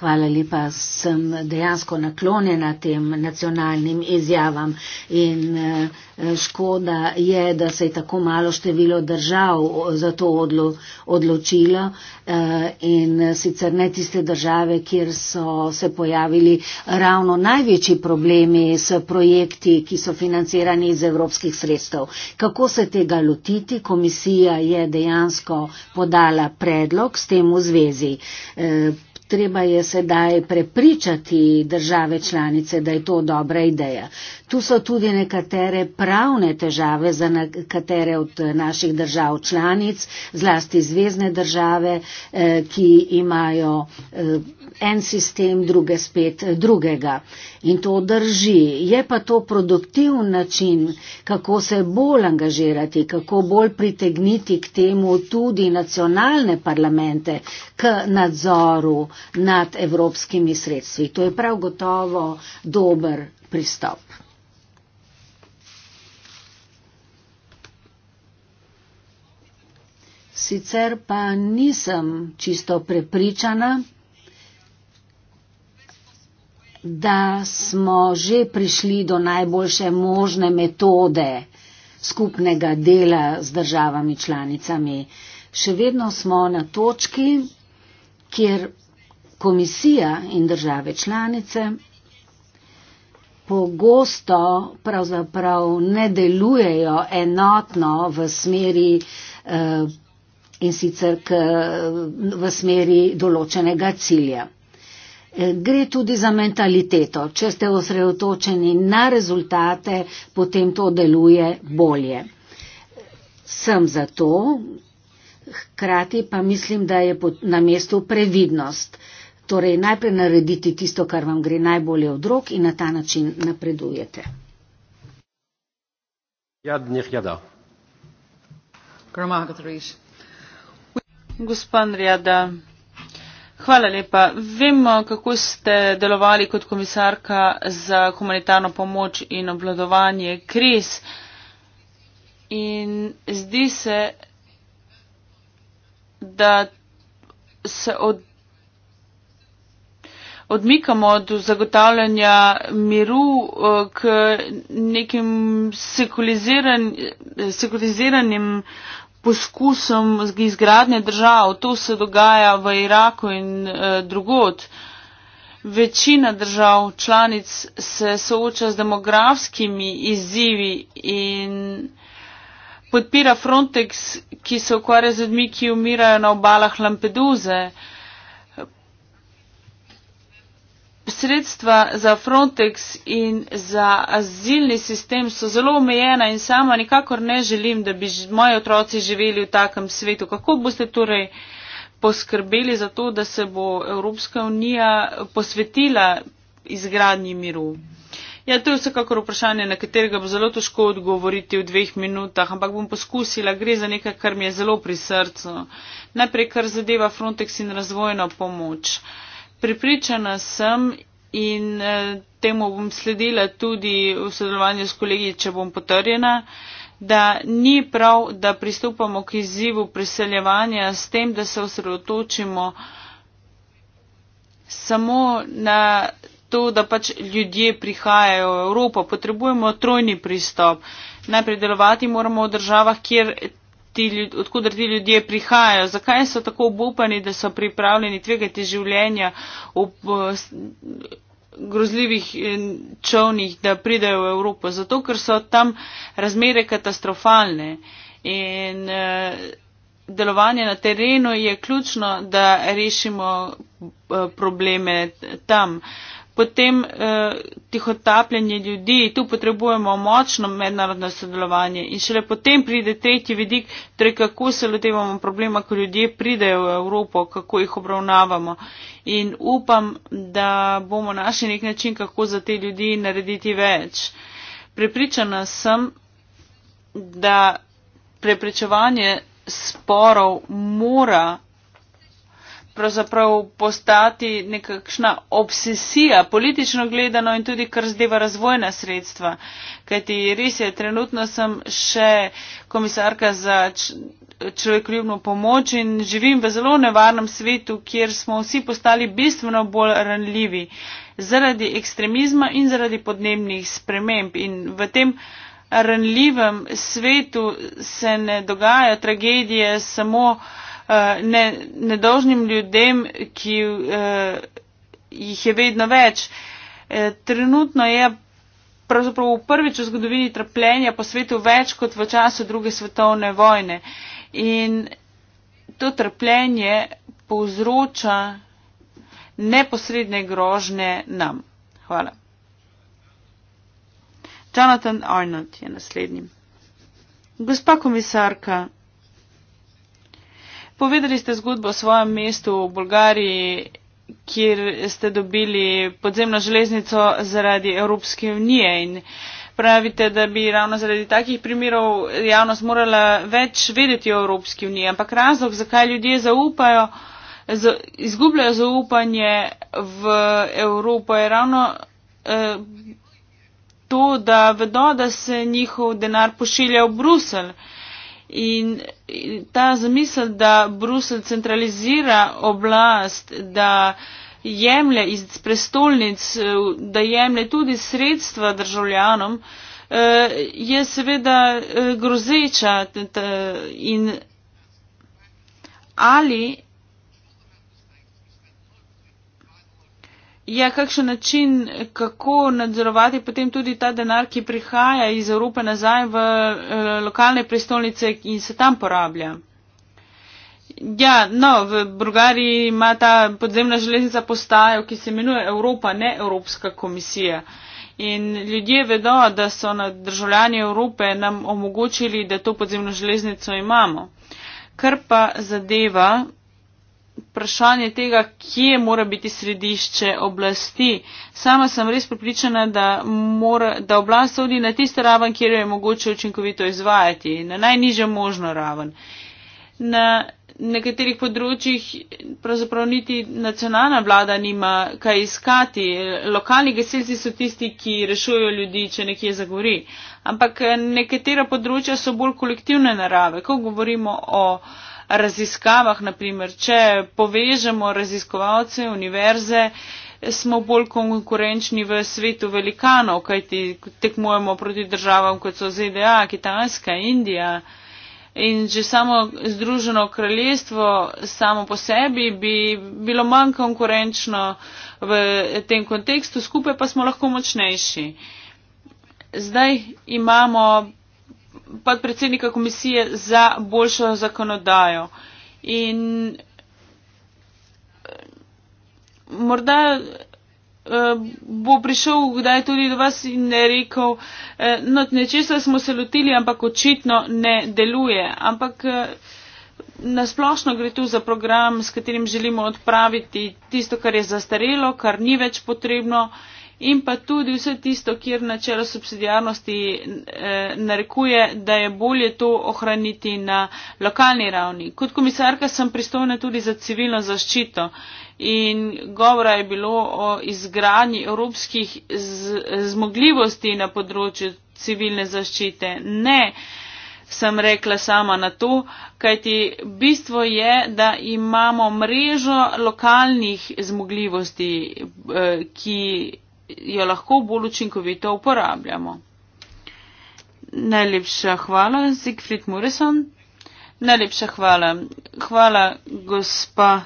Hvala lepa, sem dejansko naklonjena tem nacionalnim izjavam in eh, škoda je, da se je tako malo število držav za to odlo, odločilo eh, in eh, sicer ne tiste države, kjer so se pojavili ravno največji problemi s projekti, ki so financirani iz evropskih sredstev. Kako se tega lotiti? Komisija je dejansko podala predlog s tem v zvezi. E, treba je sedaj prepričati države članice, da je to dobra ideja. Tu so tudi nekatere pravne težave za nekatere od naših držav članic, zlasti zvezne države, e, ki imajo. E, en sistem, druge spet drugega. In to drži. Je pa to produktiv način, kako se bolj angažirati, kako bolj pritegniti k temu tudi nacionalne parlamente, k nadzoru nad evropskimi sredstvi. To je prav gotovo dober pristop. Sicer pa nisem čisto prepričana, da smo že prišli do najboljše možne metode skupnega dela z državami članicami. Še vedno smo na točki, kjer komisija in države članice pogosto pravzaprav ne delujejo enotno v smeri eh, in sicer k, v smeri določenega cilja. Eh, gre tudi za mentaliteto. Če ste osredotočeni na rezultate, potem to deluje bolje. Sem za to, hkrati pa mislim, da je na mestu previdnost. Torej, najprej narediti tisto, kar vam gre najbolje od rok in na ta način napredujete. Ja, ja Gospod Rjada. Hvala lepa. Vemo, kako ste delovali kot komisarka za humanitarno pomoč in obladovanje kriz. In zdi se, da se od, odmikamo od zagotavljanja miru eh, k nekim sekuliziran, eh, sekuliziranim poskusom izgradnje držav. To se dogaja v Iraku in eh, drugot. Večina držav članic se sooča z demografskimi izzivi in podpira Frontex, ki se ukvarja z ljudmi, ki umirajo na obalah Lampeduze. Eh, sredstva za Frontex in za azilni sistem so zelo omejena in sama nikakor ne želim, da bi moji otroci živeli v takem svetu. Kako boste torej poskrbeli za to, da se bo Evropska unija posvetila izgradnji miru? Ja, to je vsekakor vprašanje, na katerega bo zelo težko odgovoriti v dveh minutah, ampak bom poskusila, gre za nekaj, kar mi je zelo pri srcu. Najprej, kar zadeva Frontex in razvojno pomoč. Uh, Pripričana sem in eh, temu bom sledila tudi v sodelovanju s kolegi, če bom potrjena, da ni prav, da pristopamo k izzivu priseljevanja s tem, da se osredotočimo samo na to, da pač ljudje prihajajo v Evropo. Potrebujemo trojni pristop. Najprej delovati moramo v državah, kjer ti, odkudar ti ljudje prihajajo, zakaj so tako obupani, da so pripravljeni tvegati življenja v grozljivih eh, čovnih, da pridejo v Evropo. Zato, ker so tam razmere katastrofalne in eh, delovanje na terenu je ključno, da rešimo eh, probleme tam. Uh, potem eh, tihotapljanje ljudi, tu potrebujemo močno mednarodno sodelovanje in šele potem pride tretji vidik, torej kako se lotevamo problema, ko ljudje pridejo v Evropo, kako jih obravnavamo. In upam, da bomo našli nek način, kako za te ljudi narediti več. Prepričana sem, da preprečevanje sporov mora pravzaprav postati nekakšna obsesija, politično gledano in tudi kar zdeva razvojna sredstva. Kajti res je, trenutno sem še komisarka za človekoljubno pomoč in živim v zelo nevarnem svetu, kjer smo vsi postali bistveno bolj ranljivi zaradi ekstremizma in zaradi podnebnih sprememb. In v tem ranljivem svetu se ne dogajajo tragedije samo uh, Eh, ne, nedožnim ljudem, ki uh, jih je vedno več. E, trenutno je pravzaprav v prvič v zgodovini trpljenja po svetu več kot v času druge svetovne vojne. In to trpljenje povzroča neposredne grožne nam. Hvala. Jonathan Arnold je naslednji. Gospa komisarka, Povedali ste zgodbo o svojem mestu v Bolgariji, kjer ste dobili podzemno železnico zaradi Evropske unije in pravite, da bi ravno zaradi takih primerov javnost morala več vedeti o Evropski uniji. Ampak razlog, zakaj ljudje zaupajo, izgubljajo zaupanje v Evropo, je ravno eh, to, da vedo, da se njihov denar pošilja v Bruselj. In ta zamisel, da Bruselj centralizira oblast, da jemlje iz prestolnic, eh, da jemlje tudi sredstva državljanom, eh, je seveda eh, grozeča. In ali je ja, kakšen način, kako nadzorovati potem tudi ta denar, ki prihaja iz Evrope nazaj v eh, lokalne prestolnice in se tam porablja. Ja, no, v Bulgariji ima ta podzemna železnica postajo, ki se imenuje Evropa, ne Evropska komisija. In ljudje vedo, da so na državljani Evrope nam omogočili, da to podzemno železnico imamo. Kar pa zadeva vprašanje tega, kje mora biti središče oblasti. Sama sem res pripričana, da, mora, da oblast vodi na tiste raven, kjer jo je mogoče učinkovito izvajati, na najnižjo možno raven. Na nekaterih področjih pravzaprav niti nacionalna vlada nima kaj iskati. Lokalni gasilci so tisti, ki rešujo ljudi, če nekje zagori. Ampak nekatera področja so bolj kolektivne narave. Ko govorimo o raziskavah, naprimer, če povežemo raziskovalce, univerze, smo bolj konkurenčni v svetu velikanov, kajti tekmujemo proti državam, kot so ZDA, Kitajska, Indija. In že samo Združeno kraljestvo samo po sebi bi bilo manj konkurenčno v tem kontekstu, skupaj pa smo lahko močnejši. Zdaj imamo podpredsednika komisije za boljšo zakonodajo. In eh, morda eh, bo prišel kdaj tudi do vas in ne rekel, eh, no, nečesa smo se lotili, ampak očitno ne deluje. Ampak nasplošno gre tu za program, s katerim želimo odpraviti tisto, kar je zastarelo, kar ni več potrebno in pa tudi vse tisto, kjer načelo subsidijarnosti eh, narekuje, da je bolje to ohraniti na lokalni ravni. Kot komisarka sem pristojna tudi za civilno zaščito in govora je bilo o izgradnji evropskih zmogljivosti na področju civilne zaščite. Ne sem rekla sama na to, kajti bistvo je, da imamo mrežo lokalnih zmogljivosti, eh, ki jo lahko bolj učinkovito uporabljamo. Najlepša hvala, Siegfried Morrison. Najlepša hvala. Hvala, gospa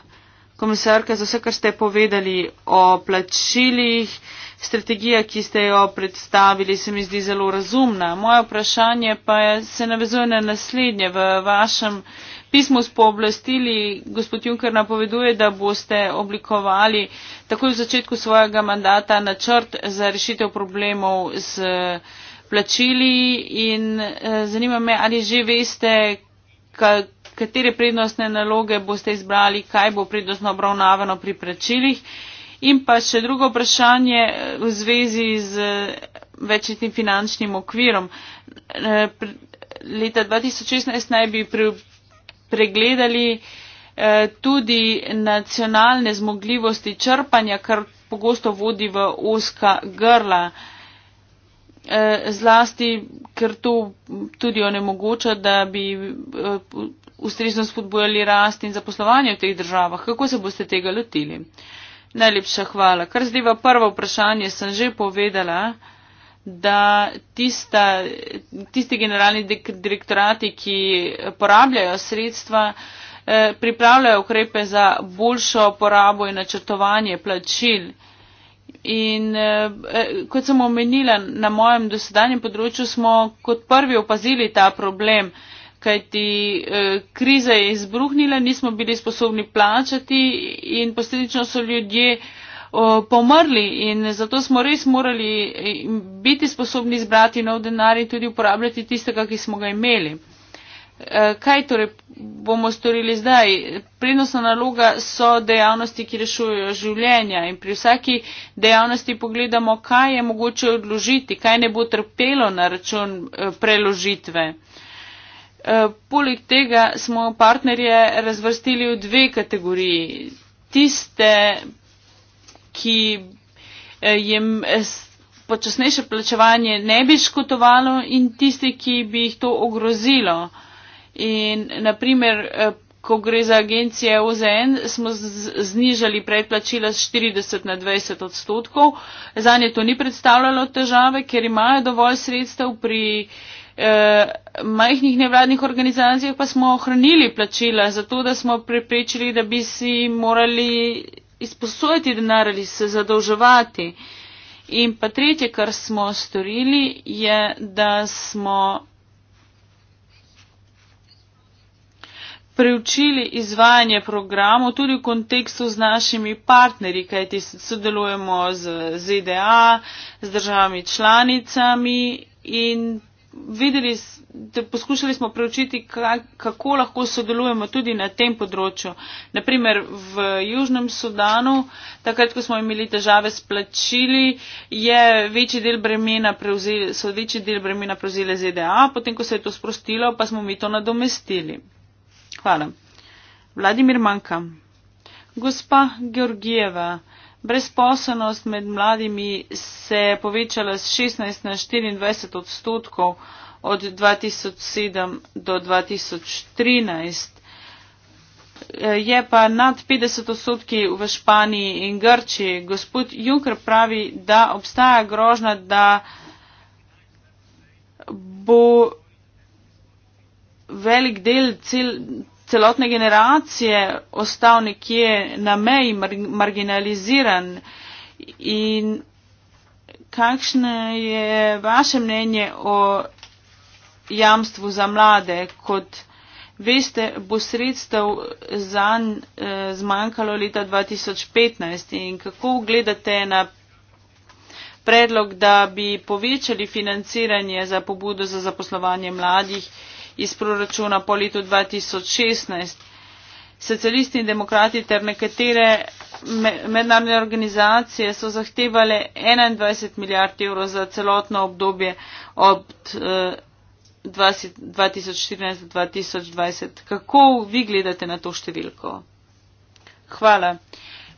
komisarka, za vse, kar ste povedali o plačilih. Strategija, ki ste jo predstavili, se mi zdi zelo razumna. Moje vprašanje pa je, se navezuje na naslednje. V vašem pismo s pooblastili gospod Juncker napoveduje, da boste oblikovali takoj v začetku svojega mandata načrt za rešitev problemov z eh, plačili in eh, zanima me, ali že veste, katere prednostne naloge boste izbrali, kaj bo prednostno obravnavano pri plačilih. In pa še drugo vprašanje eh, v zvezi z večjetnim finančnim okvirom. Leta 2016 naj bi pregledali eh, tudi nacionalne zmogljivosti črpanja, kar pogosto vodi v oska grla. Eh, zlasti, ker to tudi onemogoča, da bi eh, ustrezno spodbojali rast in zaposlovanje v teh državah. Kako se boste tega lotili? Najlepša hvala. Kar zdaj v prvo vprašanje sem že povedala, da tista, tisti generalni direktorati, ki porabljajo sredstva, eh, pripravljajo ukrepe za boljšo porabo in načrtovanje plačil. In eh, eh, kot sem omenila, na mojem dosedanjem področju smo kot prvi opazili ta problem, kajti kriza je izbruhnila, nismo bili sposobni plačati in posledično so ljudje pomrli in zato smo res morali eh, biti sposobni zbrati nov denar in tudi uporabljati tistega, ki smo ga imeli. Eh, kaj torej bomo storili zdaj? Prednostna naloga so dejavnosti, ki rešujejo življenja in pri vsaki dejavnosti pogledamo, kaj je mogoče odložiti, kaj ne bo trpelo na račun eh, preložitve. Poleg tega smo partnerje razvrstili v dve kategoriji. Tiste ki eh, jim eh, počasnejše plačevanje ne bi škotovalo in tisti, ki bi jih to ogrozilo. In naprimer, eh, ko gre za agencije OZN, smo znižali predplačila z 40 na 20 odstotkov. Zanje to ni predstavljalo težave, ker imajo dovolj sredstev pri eh, majhnih nevladnih organizacijah, pa smo ohranili plačila, zato da smo preprečili, da bi si morali izposojiti denar ali se zadolževati. In pa tretje, kar smo storili, je, da smo preučili izvajanje programov tudi v kontekstu z našimi partnerji, kajti sodelujemo z ZDA, z državami članicami in videli, poskušali smo preučiti, kako lahko sodelujemo tudi na tem področju. Naprimer, v Južnem Sudanu, takrat, ko smo imeli težave s plačili, je večji del bremena prevzeli, so večji del bremena prevzeli ZDA, potem, ko se je to sprostilo, pa smo mi to nadomestili. Hvala. Vladimir Manka. Gospa Georgijeva. Brezposobnost med mladimi se je povečala z 16 na 24 odstotkov od 2007 do 2013. Je pa nad 50 odstotki v Španiji in Grčiji. Gospod Juncker pravi, da obstaja grožna, da bo velik del cel, celotne generacije ostal nekje na meji mar marginaliziran in kakšno je vaše mnenje o jamstvu za mlade, kot veste, bo sredstev za eh, zmanjkalo leta 2015 in kako gledate na predlog, da bi povečali financiranje za pobudo za zaposlovanje mladih iz proračuna po letu 2016. Socialisti in demokrati ter nekatere mednarodne organizacije so zahtevali 21 milijard evrov za celotno obdobje od 2014-2020. Eh, Kako vi gledate na to številko? Hvala.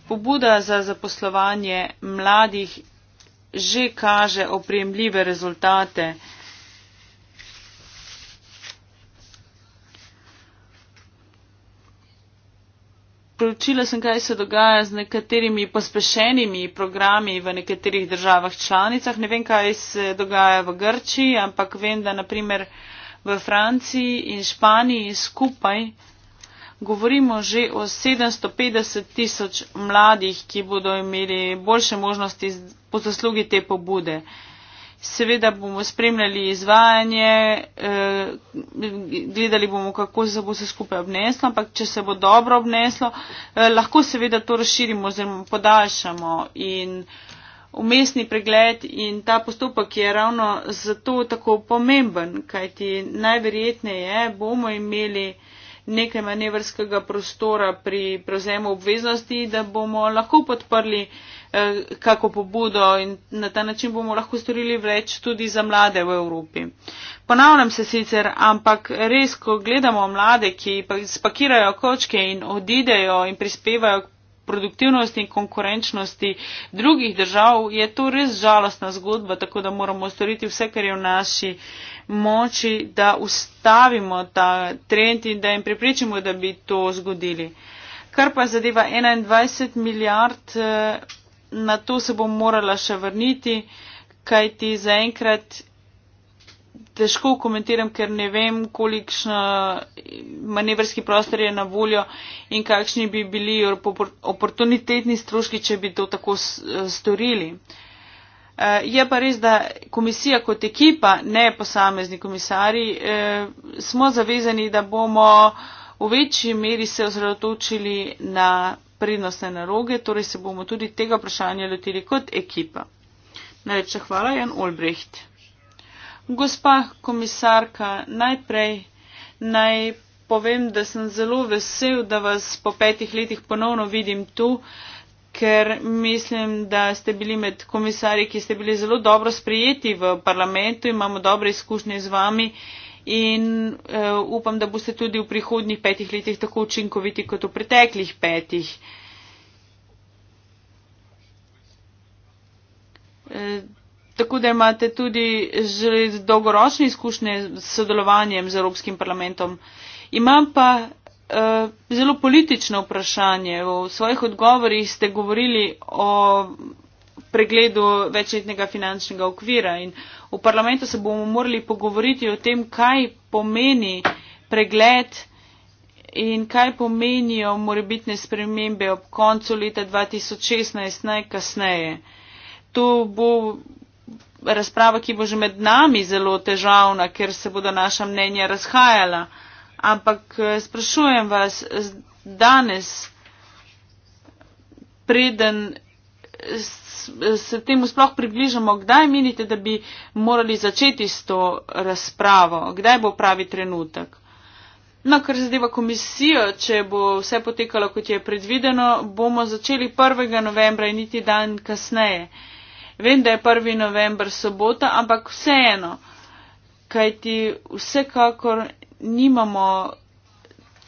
Pobuda za zaposlovanje mladih že kaže opremljive rezultate. Preučila sem, kaj se dogaja z nekaterimi pospešenimi programi v nekaterih državah članicah. Ne vem, kaj se dogaja v Grčiji, ampak vem, da naprimer v Franciji in Španiji skupaj govorimo že o 750 tisoč mladih, ki bodo imeli boljše možnosti po zaslugi te pobude. Uh, Seveda bomo spremljali izvajanje, eh, gledali bomo, kako se bo se skupaj obneslo, ampak če se bo dobro obneslo, eh, lahko seveda to razširimo oziroma podaljšamo. In umestni pregled in ta postopek je ravno zato tako pomemben, kajti najverjetneje bomo imeli nekaj manevrskega prostora pri prevzemu obveznosti, da bomo lahko podprli Eh, kako pobudo in na ta način bomo lahko storili več tudi za mlade v Evropi. Ponavljam se sicer, ampak res, ko gledamo mlade, ki spakirajo kočke in odidejo in prispevajo k produktivnosti in konkurenčnosti drugih držav, je to res žalostna zgodba, tako da moramo storiti vse, kar je v naši moči, da ustavimo ta trend in da jim pripričamo, da bi to zgodili. Kar pa zadeva 21 milijard eh, na to se bom morala še vrniti, kaj ti zaenkrat težko komentiram, ker ne vem, kolikšno manevrski prostor je na voljo in kakšni bi bili oportunitetni stroški, če bi to tako storili. Eh, je pa res, da komisija kot ekipa, ne posamezni komisari, eh, smo zavezani, da bomo v večji meri se osredotočili na prednostne naloge, torej se bomo tudi tega vprašanja lotili kot ekipa. Najlepša hvala, Jan Olbrecht. Gospa komisarka, najprej naj povem, da sem zelo vesel, da vas po petih letih ponovno vidim tu, ker mislim, da ste bili med komisarji, ki ste bili zelo dobro sprijeti v parlamentu, imamo dobre izkušnje z vami in uh, upam, da boste tudi v prihodnjih petih letih tako učinkoviti kot v preteklih petih. Eh, tako da imate tudi že dolgoročne izkušnje s sodelovanjem z Evropskim parlamentom. Imam pa uh, zelo politično vprašanje. V svojih odgovorih ste govorili o pregledu večletnega finančnega okvira in v parlamentu se bomo morali pogovoriti o tem, kaj pomeni pregled in kaj pomenijo morebitne spremembe ob koncu leta 2016 najkasneje. To bo razprava, ki bo že med nami zelo težavna, ker se bodo naša mnenja razhajala. Ampak eh, sprašujem vas danes, preden se temu sploh približamo, kdaj menite, da bi morali začeti s to razpravo, kdaj bo pravi trenutek. Na no, kar zadeva komisijo, če bo vse potekalo, kot je predvideno, bomo začeli 1. novembra in niti dan kasneje. Vem, da je 1. november sobota, ampak vseeno, kajti vsekakor nimamo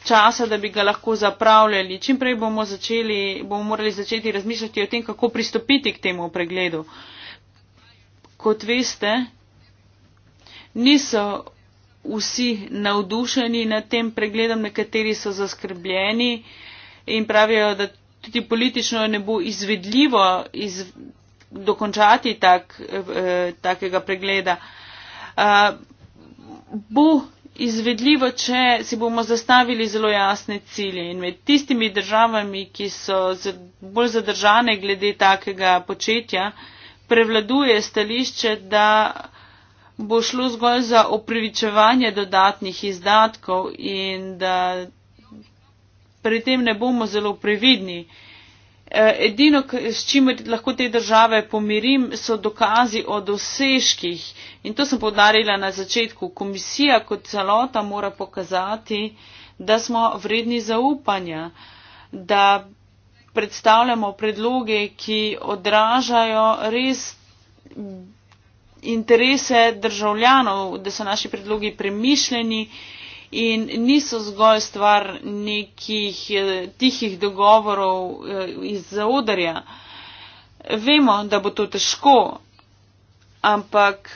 časa, da bi ga lahko zapravljali. Čim prej bomo, začeli, bomo morali začeti razmišljati o tem, kako pristopiti k temu pregledu. Kot veste, niso vsi navdušeni nad tem pregledom, nekateri so zaskrbljeni in pravijo, da tudi politično ne bo izvedljivo iz, dokončati tak, eh, takega pregleda. Uh, bo izvedljivo, če si bomo zastavili zelo jasne cilje in med tistimi državami, ki so bolj zadržane glede takega početja, prevladuje stališče, da bo šlo zgolj za opravičevanje dodatnih izdatkov in da pri tem ne bomo zelo previdni. Eh, edino, s čimer lahko te države pomirim, so dokazi o dosežkih. In to sem povdarila na začetku. Komisija kot celota mora pokazati, da smo vredni zaupanja, da predstavljamo predloge, ki odražajo res interese državljanov, da so naši predlogi premišljeni in niso zgolj stvar nekih eh, tihih dogovorov eh, iz zaodarja. Vemo, da bo to težko, ampak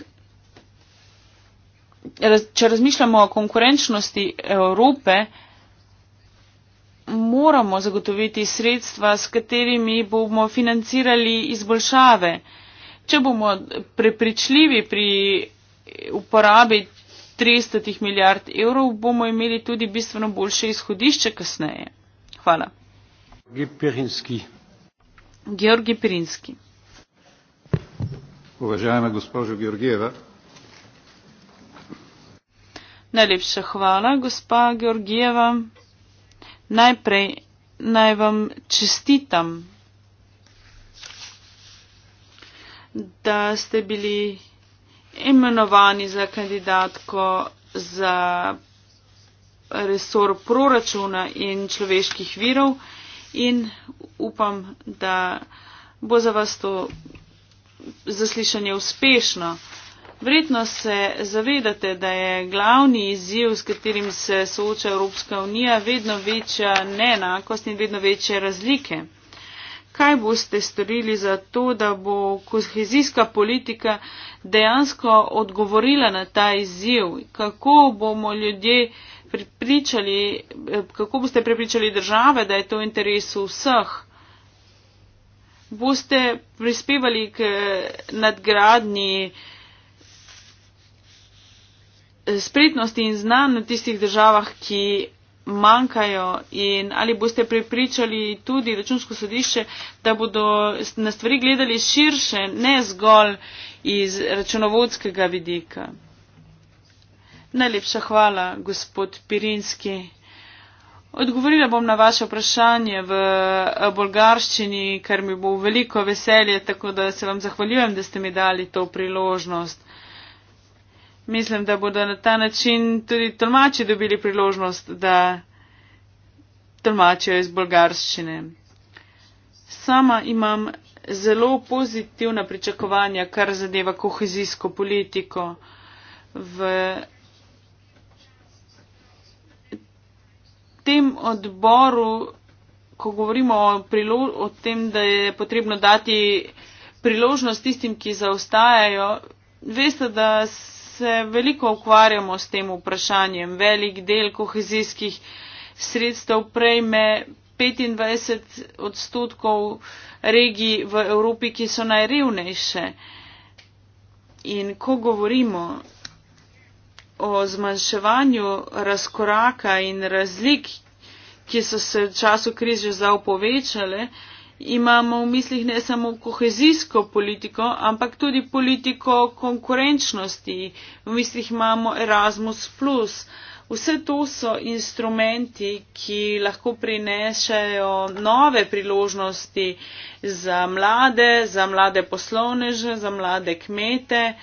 če razmišljamo o konkurenčnosti Evrope, moramo zagotoviti sredstva, s katerimi bomo financirali izboljšave. Če bomo prepričljivi pri uporabi 300 milijard evrov, bomo imeli tudi bistveno boljše izhodišče kasneje. Hvala. Gepirinski. Georgi Pirinski. Uvažajena gospođo Georgijeva. Najlepša hvala, gospa Georgijeva. Najprej naj vam čestitam, da ste bili imenovani za kandidatko za resor proračuna in človeških virov in upam, da bo za vas to zaslišanje uspešno. Vredno se zavedate, da je glavni izziv, s katerim se sooča Evropska unija, vedno večja neenakost in vedno večje razlike kaj boste storili za to, da bo kohezijska politika dejansko odgovorila na ta izziv, kako bomo ljudje pripričali, eh, kako boste pripričali države, da je to v interesu vseh. Boste prispevali k eh, nadgradni eh, spretnosti in znanj na tistih državah, ki manjkajo in ali boste pripričali tudi računsko sodišče, da bodo na stvari gledali širše, ne zgolj iz računovodskega vidika. Najlepša hvala, gospod Pirinski. Odgovorila bom na vaše vprašanje v eh, bolgarščini, kar mi bo veliko veselje, tako da se vam zahvaljujem, da ste mi dali to priložnost mislim, da bodo na ta način tudi tolmači dobili priložnost, da tolmačijo iz bolgarščine. Sama imam zelo pozitivna pričakovanja, kar zadeva kohezijsko politiko. V tem odboru, ko govorimo o, o tem, da je potrebno dati priložnost tistim, ki zaostajajo, veste, da se veliko ukvarjamo s tem vprašanjem. Velik del kohezijskih sredstev prejme 25 odstotkov regij v Evropi, ki so najrevnejše. In ko govorimo o zmanjševanju razkoraka in razlik, ki so se v času krize žal povečale, imamo v mislih ne samo kohezijsko politiko, ampak tudi politiko konkurenčnosti, v mislih imamo Erasmus. Vse to so instrumenti, ki lahko prinešajo nove priložnosti za mlade, za mlade poslovneže, za mlade kmete.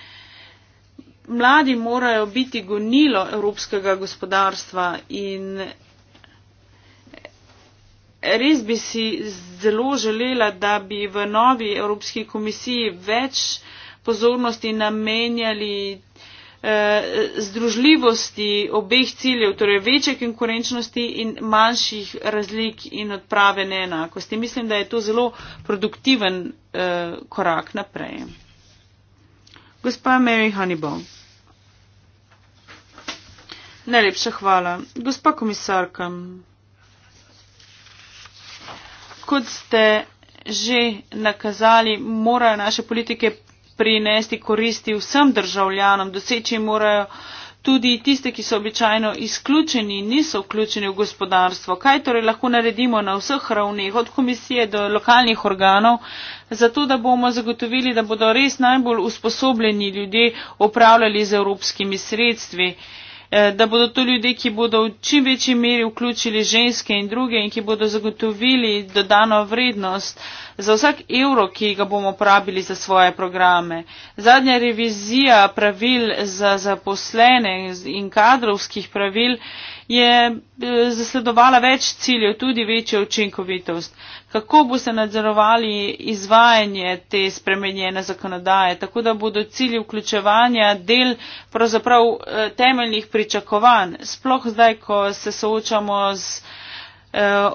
Mladi morajo biti gonilo evropskega gospodarstva in res bi si zelo želela, da bi v novi Evropski komisiji več pozornosti namenjali eh, združljivosti obeh ciljev, torej večje konkurenčnosti in manjših razlik in odprave neenakosti. Mislim, da je to zelo produktiven uh, korak naprej. Gospa Mary Honeyball. Najlepša hvala. Gospa komisarka kot ste že nakazali, morajo naše politike prinesti koristi vsem državljanom, doseči morajo tudi tiste, ki so običajno izključeni in niso vključeni v gospodarstvo. Kaj torej lahko naredimo na vseh ravneh, od komisije do lokalnih organov, zato da bomo zagotovili, da bodo res najbolj usposobljeni ljudje upravljali z evropskimi sredstvi. Uh, Eh, da bodo to ljudje, ki bodo v čim večji meri vključili ženske in druge in ki bodo zagotovili dodano vrednost za vsak evro, ki ga bomo uporabili za svoje programe. Zadnja revizija pravil za zaposlene in kadrovskih pravil je eh, zasledovala več ciljev, tudi večjo učinkovitost. Kako bo se nadzorovali izvajanje te spremenjene zakonodaje, tako da bodo cilji vključevanja del pravzaprav eh, temeljnih pričakovanj, sploh zdaj, ko se soočamo z eh,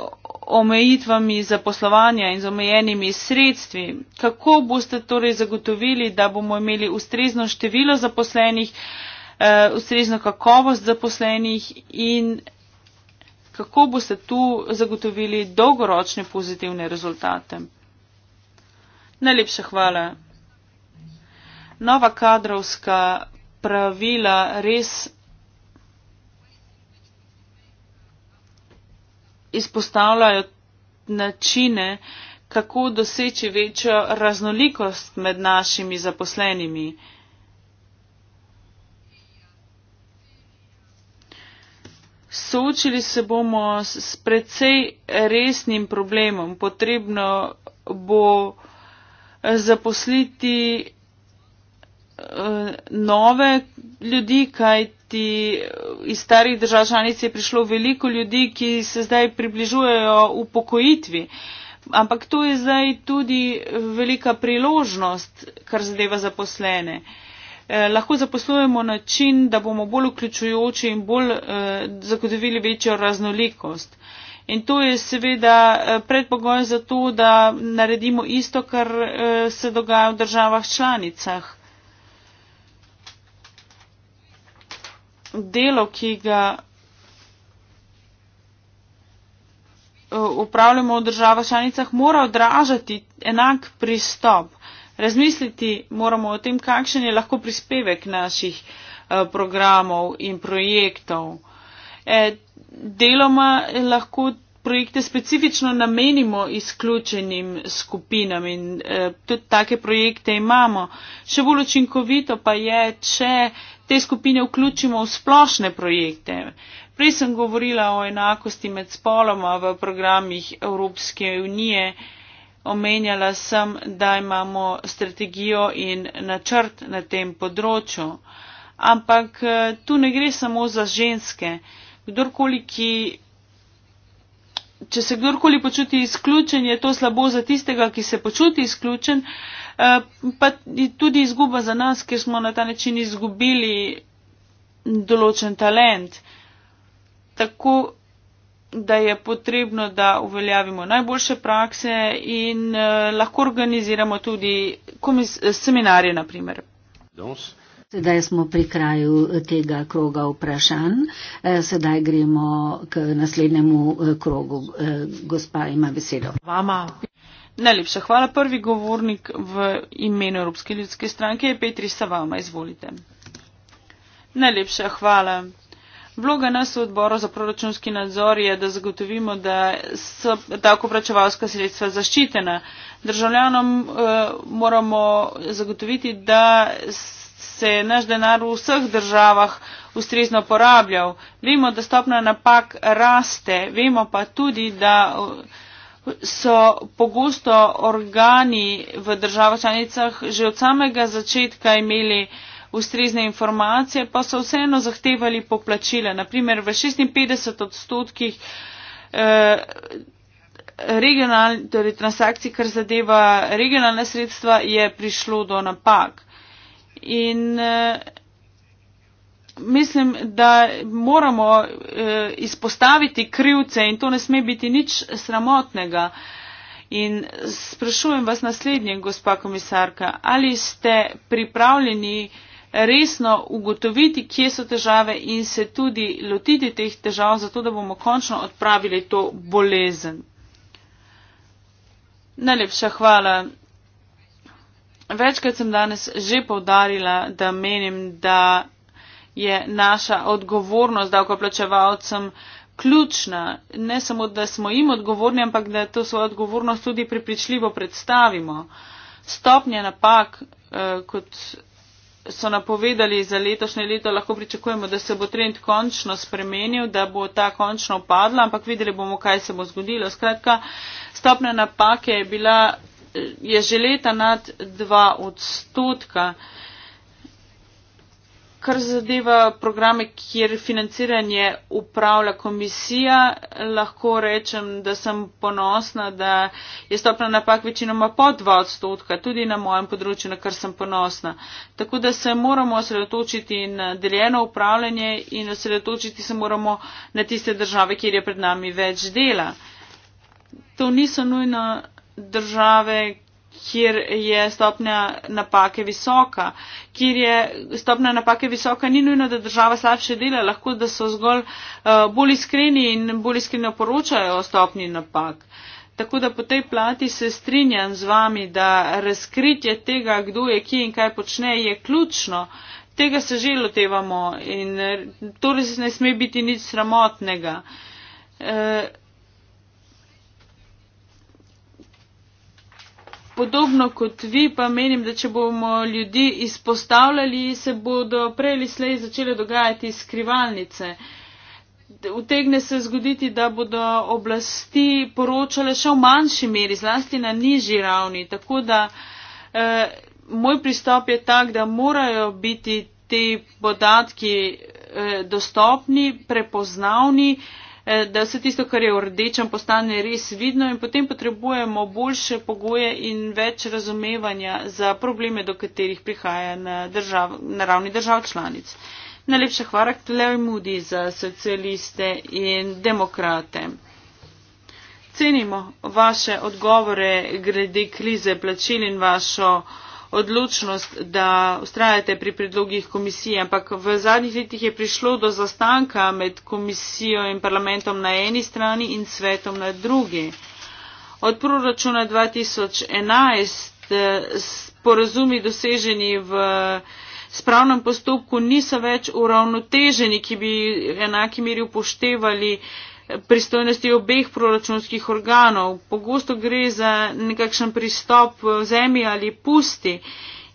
omejitvami zaposlovanja in z omejenimi sredstvi. Kako boste torej zagotovili, da bomo imeli ustrezno število zaposlenih, Eh, ustrezno kakovost zaposlenih in kako boste tu zagotovili dolgoročne pozitivne rezultate. Najlepša hvala. Nova kadrovska pravila res izpostavljajo načine, kako doseči večjo raznolikost med našimi zaposlenimi. Soočili se bomo s precej resnim problemom. Potrebno bo eh, zaposliti eh, nove ljudi, kajti eh, iz starih držav članic je prišlo veliko ljudi, ki se zdaj približujejo upokojitvi. Ampak to je zdaj tudi velika priložnost, kar zadeva zaposlene. Uh, Eh, lahko zaposlujemo način, da bomo bolj vključujoči in bolj eh, zagotovili večjo raznolikost. In to je seveda eh, predpogoj za to, da naredimo isto, kar se dogaja v državah članicah. Delo, ki ga upravljamo v državah članicah, mora odražati enak pristop. Razmisliti moramo o tem, kakšen je lahko prispevek naših eh, programov in projektov. Eh, deloma lahko projekte specifično namenimo izključenim skupinam in eh, tudi take projekte imamo. Še bolj učinkovito pa je, če te skupine vključimo v splošne projekte. Prej sem govorila o enakosti med spoloma v programih Evropske unije omenjala sem, da imamo strategijo in načrt na tem področju. Ampak eh, tu ne gre samo za ženske. Kdorkoli, ki, če se kdorkoli počuti izključen, je to slabo za tistega, ki se počuti izključen, eh, pa tudi izguba za nas, ker smo na ta način izgubili določen talent. Tako da je potrebno, da uveljavimo najboljše prakse in uh, lahko organiziramo tudi komis, seminarje, naprimer. Sedaj smo pri kraju eh, tega kroga vprašanj. Eh, sedaj gremo k naslednjemu krogu. Gospa ima besedo. Vama. Najlepša hvala. Prvi govornik v imenu Evropske ljudske stranke je Petri Savama. Izvolite. Najlepša hvala. Vloga nas v odboru za proračunski nadzor je, da zagotovimo, da so tako vračevalska sredstva zaščitena. Državljanom eh, moramo zagotoviti, da se je naš denar v vseh državah ustrezno porabljal. Vemo, da stopna napak raste, vemo pa tudi, da eh, so pogosto organi v državah članicah že od samega začetka imeli eh, ustrezne informacije, pa so vseeno zahtevali poplačila. Naprimer, v 56 odstotkih eh, torej transakcij, kar zadeva regionalne sredstva, je prišlo do napak. In eh, mislim, da moramo eh, izpostaviti krivce in to ne sme biti nič sramotnega. In sprašujem vas naslednje, gospa komisarka, ali ste pripravljeni eh, resno ugotoviti, kje so težave in se tudi lotiti teh težav, zato da bomo končno odpravili to bolezen. Najlepša hvala. Večkrat sem danes že povdarila, da menim, da je naša odgovornost davkoplačevalcem ključna. Ne samo, da smo jim odgovorni, ampak da to svojo odgovornost tudi prepričljivo predstavimo. Stopnje napak, eh, kot so napovedali za letošnje leto, lahko pričakujemo, da se bo trend končno spremenil, da bo ta končno upadla, ampak videli bomo, kaj se bo zgodilo. Skratka, stopna napake je bila, je že leta nad 2 odstotka. Uh, Kar zadeva programe, kjer financiranje upravlja komisija, lahko rečem, da sem ponosna, da je stopna napak večinoma pod 2 odstotka, tudi na mojem področju, na kar sem ponosna. Tako da se moramo osredotočiti na deljeno upravljanje in osredotočiti se moramo na tiste države, kjer je pred nami več dela. To niso nujno države, kjer je stopnja napake visoka, kjer je stopnja napake visoka, ni nujno, da država slabše dela, lahko da so zgolj uh, bolj iskreni in bolj iskreno poročajo o stopnji napak. Tako da po tej plati se strinjam z vami, da razkritje tega, kdo je kje in kaj počne, je ključno. Tega se že lotevamo in eh, to res ne sme biti nič sramotnega. Uh, podobno kot vi, pa menim, da če bomo ljudi izpostavljali, se bodo prej ali slej začele dogajati skrivalnice. Utegne se zgoditi, da bodo oblasti poročale še v manjši meri, zlasti na nižji ravni. Tako da eh, moj pristop je tak, da morajo biti ti podatki eh, dostopni, prepoznavni. Eh, Eh, da vse tisto, kar je v rdečem, postane res vidno in potem potrebujemo boljše pogoje in več razumevanja za probleme, do katerih prihaja na, držav, na ravni držav članic. Najlepša hvala Klevi Mudi za socialiste in demokrate. Cenimo vaše odgovore glede krize plačil in vašo odločnost, da ustrajate pri predlogih komisije, ampak v zadnjih letih je prišlo do zastanka med komisijo in parlamentom na eni strani in svetom na drugi. Od proračuna 2011 eh, sporozumi doseženi v spravnem postopku niso več uravnoteženi, ki bi v enaki meri upoštevali pristojnosti obeh proračunskih organov. Pogosto gre za nekakšen pristop v zemlji ali pusti.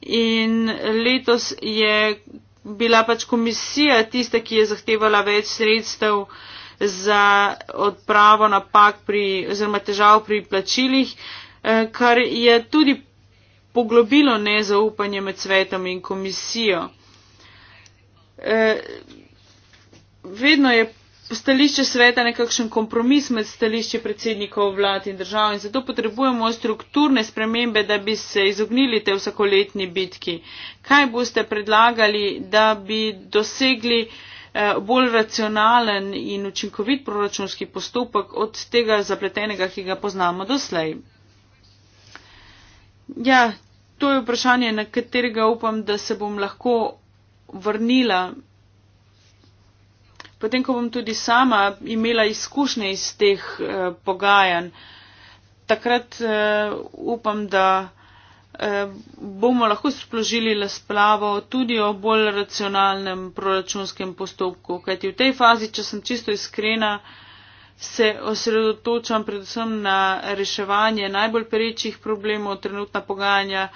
In letos je bila pač komisija tista, ki je zahtevala več sredstev za odpravo napak pri, oziroma težav pri plačilih, eh, kar je tudi poglobilo nezaupanje med svetom in komisijo. Eh, vedno je stališče sveta nekakšen kompromis med stališči predsednikov vlad in držav in zato potrebujemo strukturne spremembe, da bi se izognili te vsakoletni bitki. Kaj boste predlagali, da bi dosegli eh, bolj racionalen in učinkovit proračunski postopek od tega zapletenega, ki ga poznamo doslej? Ja, to je vprašanje, na katerega upam, da se bom lahko vrnila potem ko bom tudi sama imela izkušnje iz teh eh, pogajanj, takrat eh, upam, da eh, bomo lahko splošili razpravo tudi o bolj racionalnem proračunskem postopku, kajti v tej fazi, če sem čisto iskrena, se osredotočam predvsem na reševanje najbolj perečih problemov, trenutna pogajanja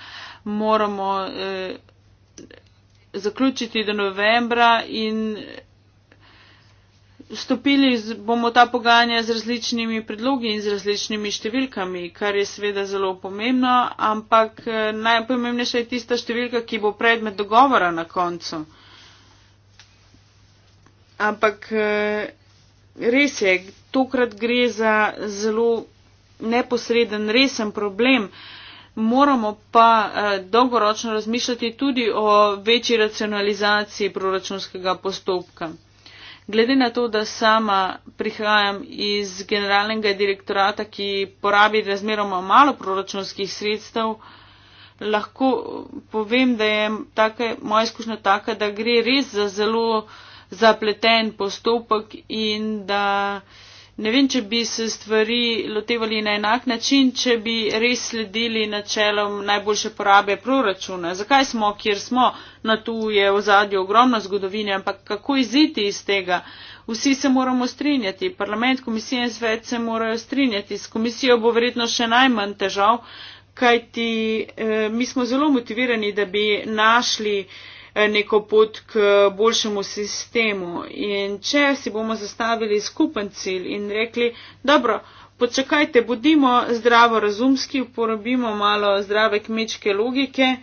moramo eh, zaključiti do novembra in stopili z, bomo ta pogajanja z različnimi predlogi in z različnimi številkami, kar je seveda zelo pomembno, ampak eh, najpomembnejša je tista številka, ki bo predmet dogovora na koncu. Ampak eh, res je, tokrat gre za zelo neposreden, resen problem. Moramo pa eh, dolgoročno razmišljati tudi o večji racionalizaciji proračunskega postopka. Glede na to, da sama prihajam iz generalnega direktorata, ki porabi razmeroma malo proračunskih sredstev, lahko povem, da je take, moja izkušnja taka, da gre res za zelo zapleten postopek in da. Ne vem, če bi se stvari lotevali na enak način, če bi res sledili načelom najboljše porabe proračuna. Zakaj smo, kjer smo? Na tu je v zadju ogromna zgodovina, ampak kako iziti iz tega? Vsi se moramo strinjati. Parlament, komisija in svet se morajo strinjati. S komisijo bo verjetno še najmanj težav, kajti eh, mi smo zelo motivirani, da bi našli eh, neko pot k boljšemu sistemu. In če si bomo zastavili skupen cilj in rekli, dobro, počakajte, bodimo zdravo razumski, uporabimo malo zdrave kmečke logike.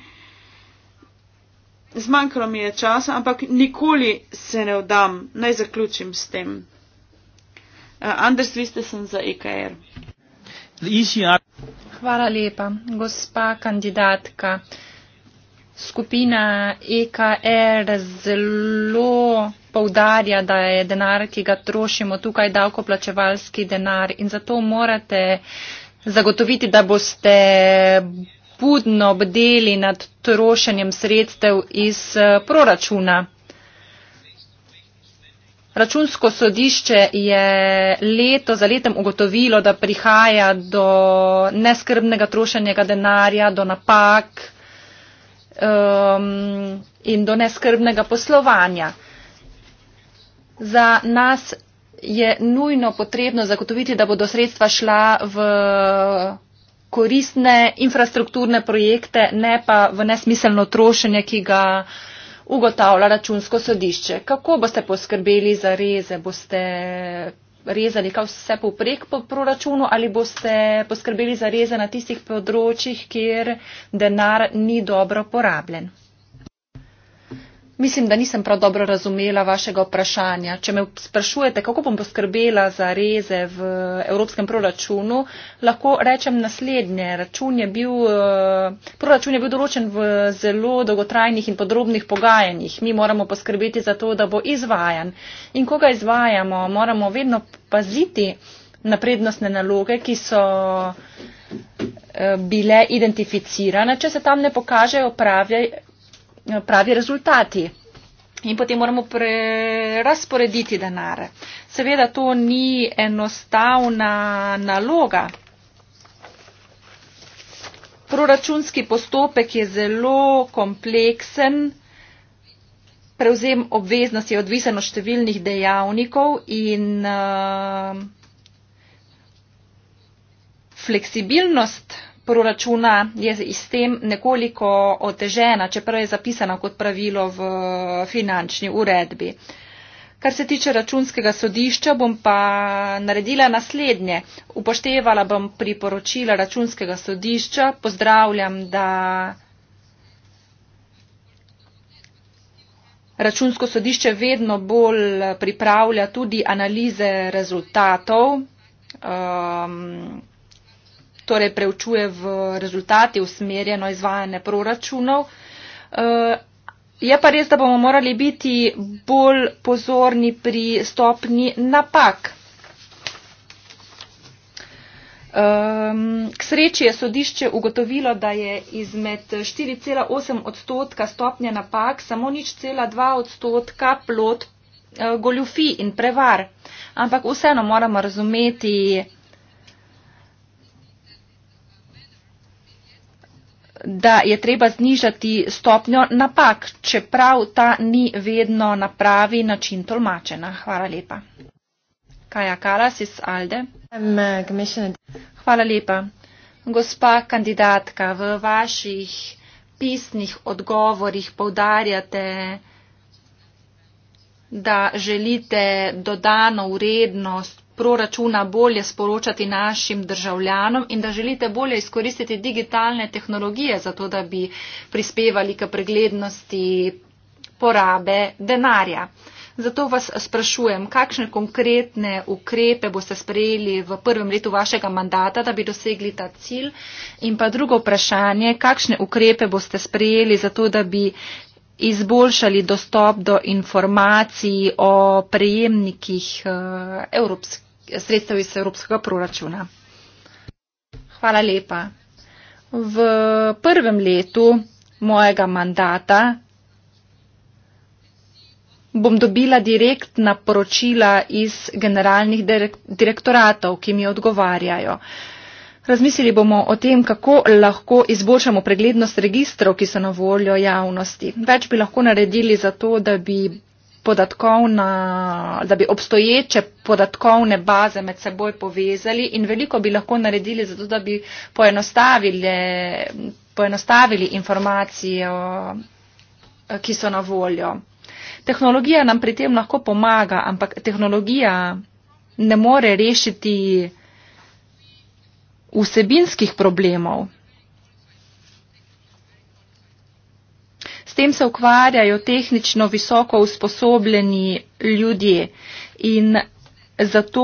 Zmanjkalo mi je časa, ampak nikoli se ne vdam. Naj zaključim s tem. Uh, Anders, vi ste sem za EKR. Hvala lepa, gospa kandidatka skupina EKR zelo povdarja, da je denar, ki ga trošimo tukaj, davkoplačevalski denar in zato morate zagotoviti, da boste budno obdeli nad trošenjem sredstev iz eh, proračuna. Računsko sodišče je leto za letem ugotovilo, da prihaja do neskrbnega trošenjega denarja, do napak, um, in do neskrbnega poslovanja. Za nas je nujno potrebno zagotoviti, da bodo sredstva šla v koristne infrastrukturne projekte, ne pa v nesmiselno trošenje, ki ga ugotavlja računsko sodišče. Kako boste poskrbeli za reze? Boste rezali kaj vse poprek po proračunu ali boste poskrbeli za reze na tistih področjih, kjer denar ni dobro porabljen. Mislim, da nisem prav dobro razumela vašega vprašanja. Če me sprašujete, kako bom poskrbela za reze v evropskem proračunu, lahko rečem naslednje. Račun je bil, eh, proračun je bil določen v zelo dolgotrajnih in podrobnih pogajanjih. Mi moramo poskrbeti za to, da bo izvajan. In koga izvajamo, moramo vedno paziti na prednostne naloge, ki so eh, bile identificirane. Če se tam ne pokažejo pravi, Eh, pravi rezultati. In potem moramo razporediti denar. Seveda to ni enostavna naloga. Proračunski postopek je zelo kompleksen, prevzem obveznosti je odvisen od številnih dejavnikov in uh, fleksibilnost proračuna je s tem nekoliko otežena, čeprav je zapisana kot pravilo v finančni uredbi. Kar se tiče računskega sodišča, bom pa naredila naslednje. Upoštevala bom priporočila računskega sodišča. Pozdravljam, da računsko sodišče vedno bolj pripravlja tudi analize rezultatov. Um, torej preučuje v rezultati usmerjeno izvajanje proračunov. Eh, je pa res, da bomo morali biti bolj pozorni pri stopni napak. Ehm, k sreči je sodišče ugotovilo, da je izmed 4,8 odstotka stopnje napak samo nič cela 2 odstotka plot eh, goljufi in prevar. Ampak vseeno moramo razumeti, da je treba znižati stopnjo napak, čeprav ta ni vedno na pravi način tolmačena. Hvala lepa. Kaja Kalas iz Alde. Uh, Hvala lepa. Gospa kandidatka, v vaših pisnih odgovorih povdarjate, da želite dodano urednost proračuna bolje sporočati našim državljanom in da želite bolje izkoristiti digitalne tehnologije, zato da bi prispevali k preglednosti porabe denarja. Zato vas sprašujem, kakšne konkretne ukrepe boste sprejeli v prvem letu vašega mandata, da bi dosegli ta cilj? In pa drugo vprašanje, kakšne ukrepe boste sprejeli zato, da bi izboljšali dostop do informacij o prejemnikih eh, evropskih? sredstev iz evropskega proračuna. Hvala lepa. V prvem letu mojega mandata bom dobila direktna poročila iz generalnih direktoratov, ki mi odgovarjajo. Razmislili bomo o tem, kako lahko izboljšamo preglednost registrov, ki so na voljo javnosti. Več bi lahko naredili za to, da bi podatkovna, da bi obstoječe podatkovne baze med seboj povezali in veliko bi lahko naredili zato, da bi poenostavili, poenostavili informacijo, eh, ki so na voljo. Tehnologija nam pri tem lahko pomaga, ampak tehnologija ne more rešiti vsebinskih problemov. S tem se ukvarjajo tehnično visoko usposobljeni ljudje in zato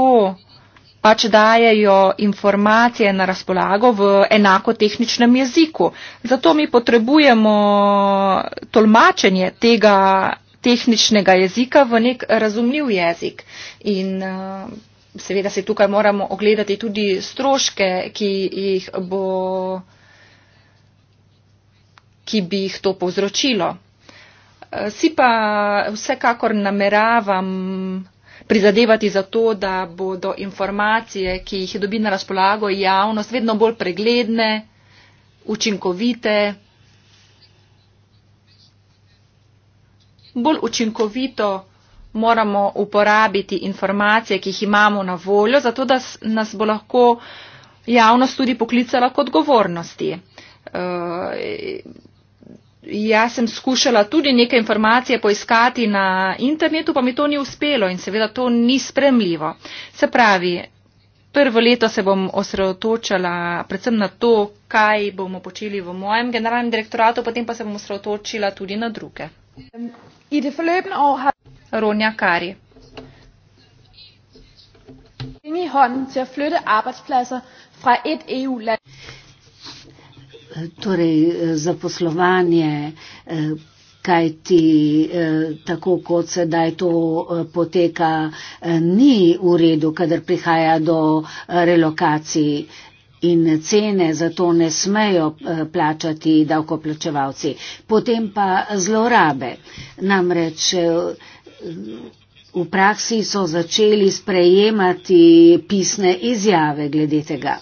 pač dajajo informacije na razpolago v enako tehničnem jeziku. Zato mi potrebujemo tolmačenje tega tehničnega jezika v nek razumljiv jezik. In eh, seveda se tukaj moramo ogledati tudi stroške, ki jih bo ki bi jih to povzročilo. Eh, si pa vsekakor nameravam prizadevati za to, da bodo informacije, ki jih dobi na razpolago javnost, vedno bolj pregledne, učinkovite, bolj učinkovito moramo uporabiti informacije, ki jih imamo na voljo, zato da nas bo lahko javnost tudi poklicala k odgovornosti. Eh, jaz sem skušala tudi neke informacije poiskati na internetu, pa mi to ni uspelo in seveda to ni spremljivo. Se pravi, prvo leto se bom osredotočala predvsem na to, kaj bomo počeli v mojem generalnem direktoratu, potem pa se bom osredotočila tudi na druge. Ronja Kari. Ingen hånden til at flytte arbejdspladser fra et EU-land torej eh, zaposlovanje, eh, kaj ti eh, tako kot sedaj to poteka, ni v redu, kadar prihaja do relokacij. In cene za to ne smejo plačati davkoplačevalci. Potem pa zlorabe. Namreč v praksi so začeli sprejemati pisne izjave glede tega.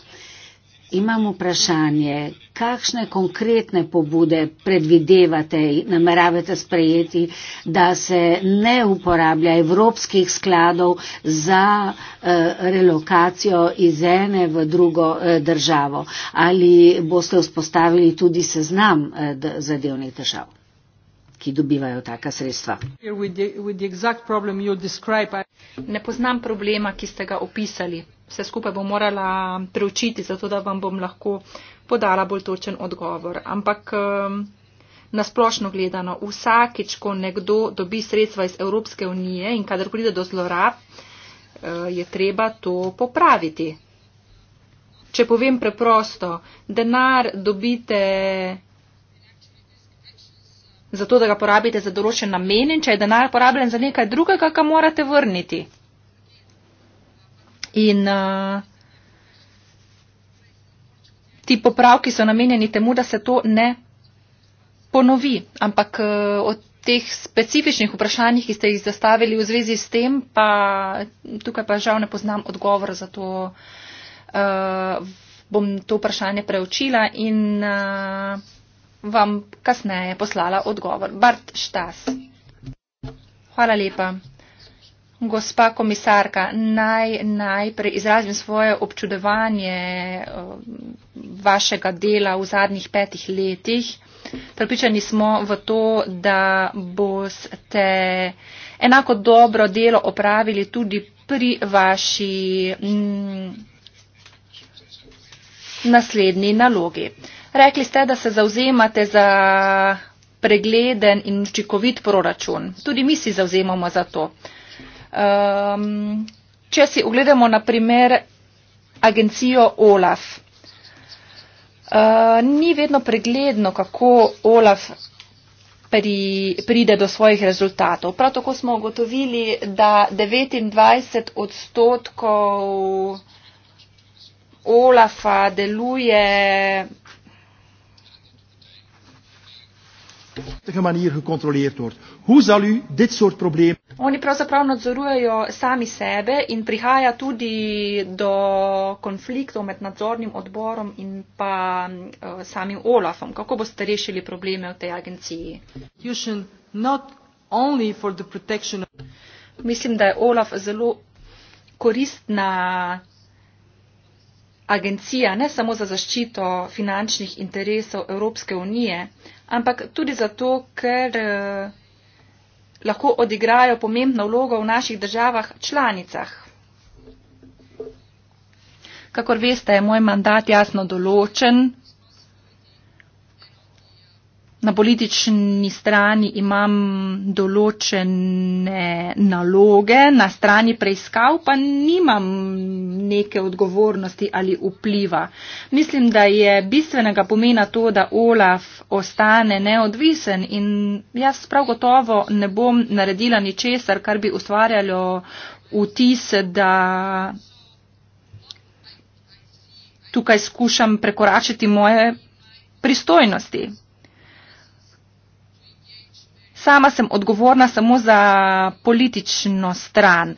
Imam vprašanje, kakšne konkretne pobude predvidevate in nameravate sprejeti, da se ne uporablja evropskih skladov za eh, relokacijo iz ene v drugo eh, državo? Ali boste vzpostavili tudi seznam eh, zadevnih držav, ki dobivajo taka sredstva? Ne poznam problema, ki ste ga opisali vse skupaj bom morala preučiti, zato da vam bom lahko podala bolj točen odgovor. Ampak nasplošno gledano, vsakič, ko nekdo dobi sredstva iz Evropske unije in kadar pride do zlorab, eh, je treba to popraviti. Če povem preprosto, denar dobite. Zato, da ga porabite za določen namen, in če je denar porabljen za nekaj drugega, ga morate vrniti. In uh, ti popravki so namenjeni temu, da se to ne ponovi. Ampak uh, o teh specifičnih vprašanjih, ki ste jih zastavili v zvezi s tem, pa tukaj pa žal ne poznam odgovor, zato uh, bom to vprašanje preučila in vam kasneje poslala odgovor. Bart Štas. Hvala lepa. Gospa komisarka, naj najprej izrazim svoje občudovanje eh, vašega dela v zadnjih petih letih. Pripričani smo v to, da boste enako dobro delo opravili tudi pri vaši mm, naslednji nalogi. Rekli ste, da se zauzemate za pregleden in učinkovit proračun. Tudi mi si zauzemamo za to. Um, če si ogledamo na primer agencijo OLAF, uh, ni vedno pregledno, kako OLAF pri, pride do svojih rezultatov. Prav tako smo ugotovili, da 29 odstotkov OLAF-a deluje prostorske manier gecontroleerd wordt. Hoe zal u dit soort problemen. Oni pravzaprav nadzorujejo sami sebe in prihaja tudi do konfliktov med nadzornim odborom in pa uh, samim Olafom. Kako boste rešili probleme v tej agenciji? Mislim, da je Olaf zelo koristna agencija ne samo za zaščito finančnih interesov Evropske unije, ampak tudi zato, ker eh, lahko odigrajo pomembno vlogo v naših državah članicah. Kakor veste, je moj mandat jasno določen. Na politični strani imam določene naloge, na strani preiskav pa nimam neke odgovornosti ali vpliva. Mislim, da je bistvenega pomena to, da Olaf ostane neodvisen in jaz prav gotovo ne bom naredila ničesar, kar bi ustvarjalo vtis, da tukaj skušam prekoračiti moje pristojnosti. Sama sem odgovorna samo za politično stran.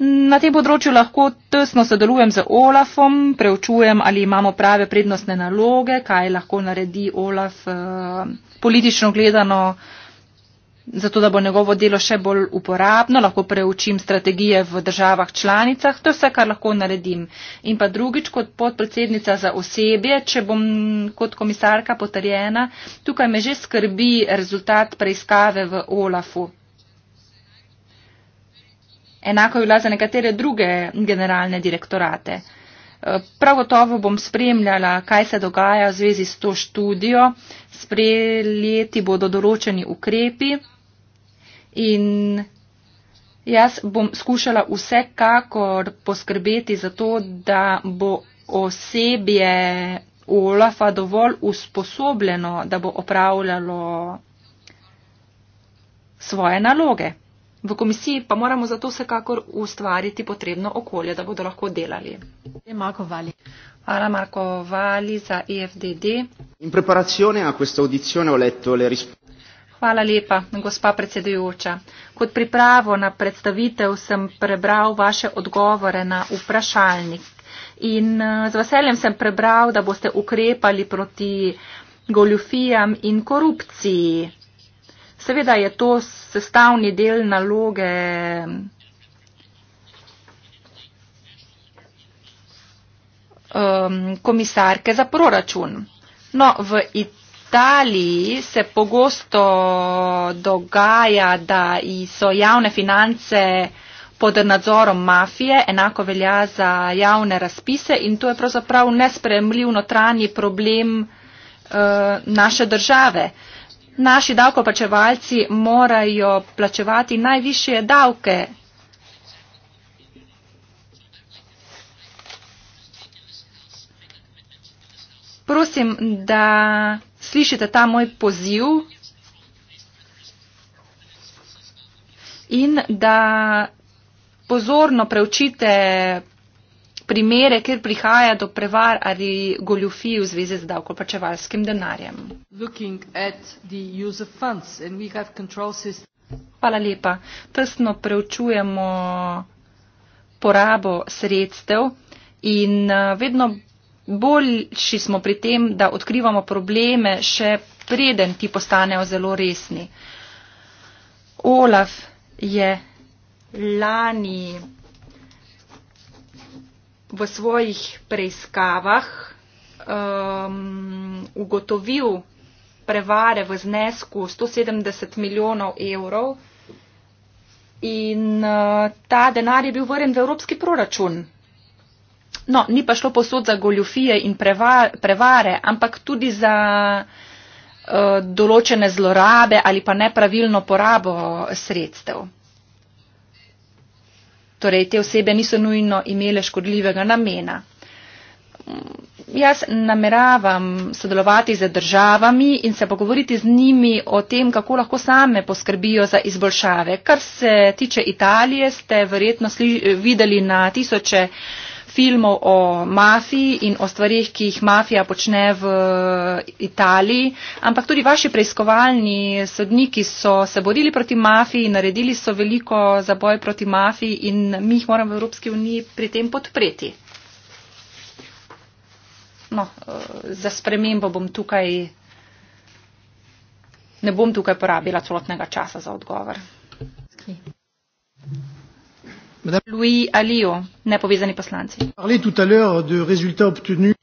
Na tem področju lahko tesno sodelujem z Olafom, preučujem, ali imamo prave prednostne naloge, kaj lahko naredi Olaf eh, politično gledano, zato da bo njegovo delo še bolj uporabno, lahko preučim strategije v državah članicah, to je vse, kar lahko naredim. In pa drugič, kot podpredsednica za osebje, če bom kot komisarka potrjena, tukaj me že skrbi rezultat preiskave v Olafu. Enako je bila za nekatere druge generalne direktorate. E, prav gotovo bom spremljala, kaj se dogaja v zvezi s to študijo. Sprejeti bodo določeni ukrepi in jaz bom skušala vsekakor poskrbeti za to, da bo osebje Olafa dovolj usposobljeno, da bo opravljalo svoje naloge. V komisiji pa moramo zato vsekakor ustvariti potrebno okolje, da bodo lahko delali. Hvala Marko Vali za EFDD. Hvala lepa, gospa predsedujoča. Kot pripravo na predstavitev sem prebral vaše odgovore na vprašalnik in eh, z veseljem sem prebral, da boste ukrepali proti goljufijam in korupciji. Seveda je to sestavni del naloge um, komisarke za proračun. No, v Italiji se pogosto dogaja, da so javne finance pod nadzorom mafije, enako velja za javne razpise in to je pravzaprav nespremljiv notranji problem uh, naše države. Uh, naši davkoplačevalci morajo plačevati najvišje davke. Prosim, da slišite ta moj poziv in da pozorno preučite primere, kjer prihaja do prevar ali goljufij v zvezi z davkoplačevalskim denarjem. Hvala lepa. Tesno preučujemo porabo sredstev in eh, vedno boljši smo pri tem, da odkrivamo probleme še preden ti postanejo zelo resni. Olaf je lani v svojih preiskavah um, ugotovil prevare v znesku 170 milijonov evrov in uh, ta denar je bil vrjen v evropski proračun. No, ni pa šlo posod za goljufije in prevar, prevare, ampak tudi za uh, določene zlorabe ali pa nepravilno porabo uh, sredstev. Torej, te osebe niso nujno imele škodljivega namena. Jaz nameravam sodelovati z državami in se pogovoriti z njimi o tem, kako lahko same poskrbijo za izboljšave. Kar se tiče Italije, ste verjetno videli na tisoče uh, filmov o mafiji in o stvarih, ki jih mafija počne v eh, Italiji, ampak tudi vaši preiskovalni sodniki so se borili proti mafiji, naredili so veliko za boj proti mafiji in mi jih moramo v Evropski uniji pri tem podpreti. No, eh, za spremembo bom tukaj, ne bom tukaj porabila celotnega časa za odgovor. Okay. Louis Alio, nepovezani poslanci.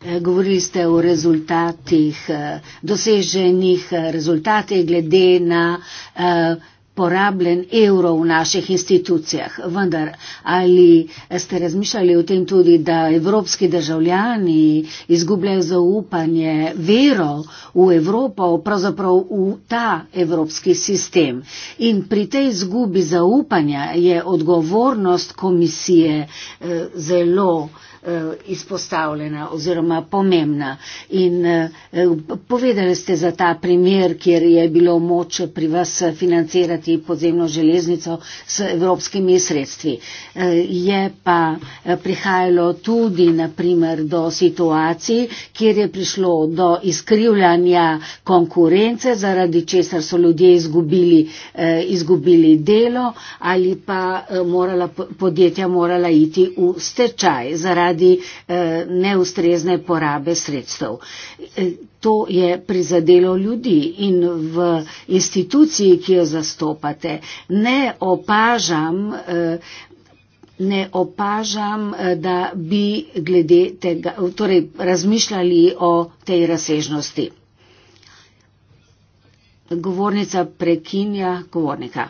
Eh, govorili ste o rezultatih, eh, doseženih eh, rezultatih glede na. Uh, porabljen evro v naših institucijah. Vendar, ali ste razmišljali o tem tudi, da evropski državljani izgubljajo zaupanje, vero v Evropo, pravzaprav v ta evropski sistem? In pri tej zgubi zaupanja je odgovornost komisije eh, zelo Eh, izpostavljena oziroma pomembna. In eh, povedali ste za ta primer, kjer je bilo moč pri vas financirati podzemno železnico s evropskimi sredstvi. Eh, je pa prihajalo tudi, naprimer, do situacij, kjer je prišlo do izkrivljanja konkurence, zaradi česar so ljudje izgubili, izgubili delo ali pa morala, podjetja morala iti v stečaj zaradi zaradi eh, neustrezne porabe sredstev. Eh, to je prizadelo ljudi in v instituciji, ki jo zastopate, ne opažam, eh, ne opažam, da bi glede tega, torej razmišljali o tej razsežnosti. Govornica prekinja govornika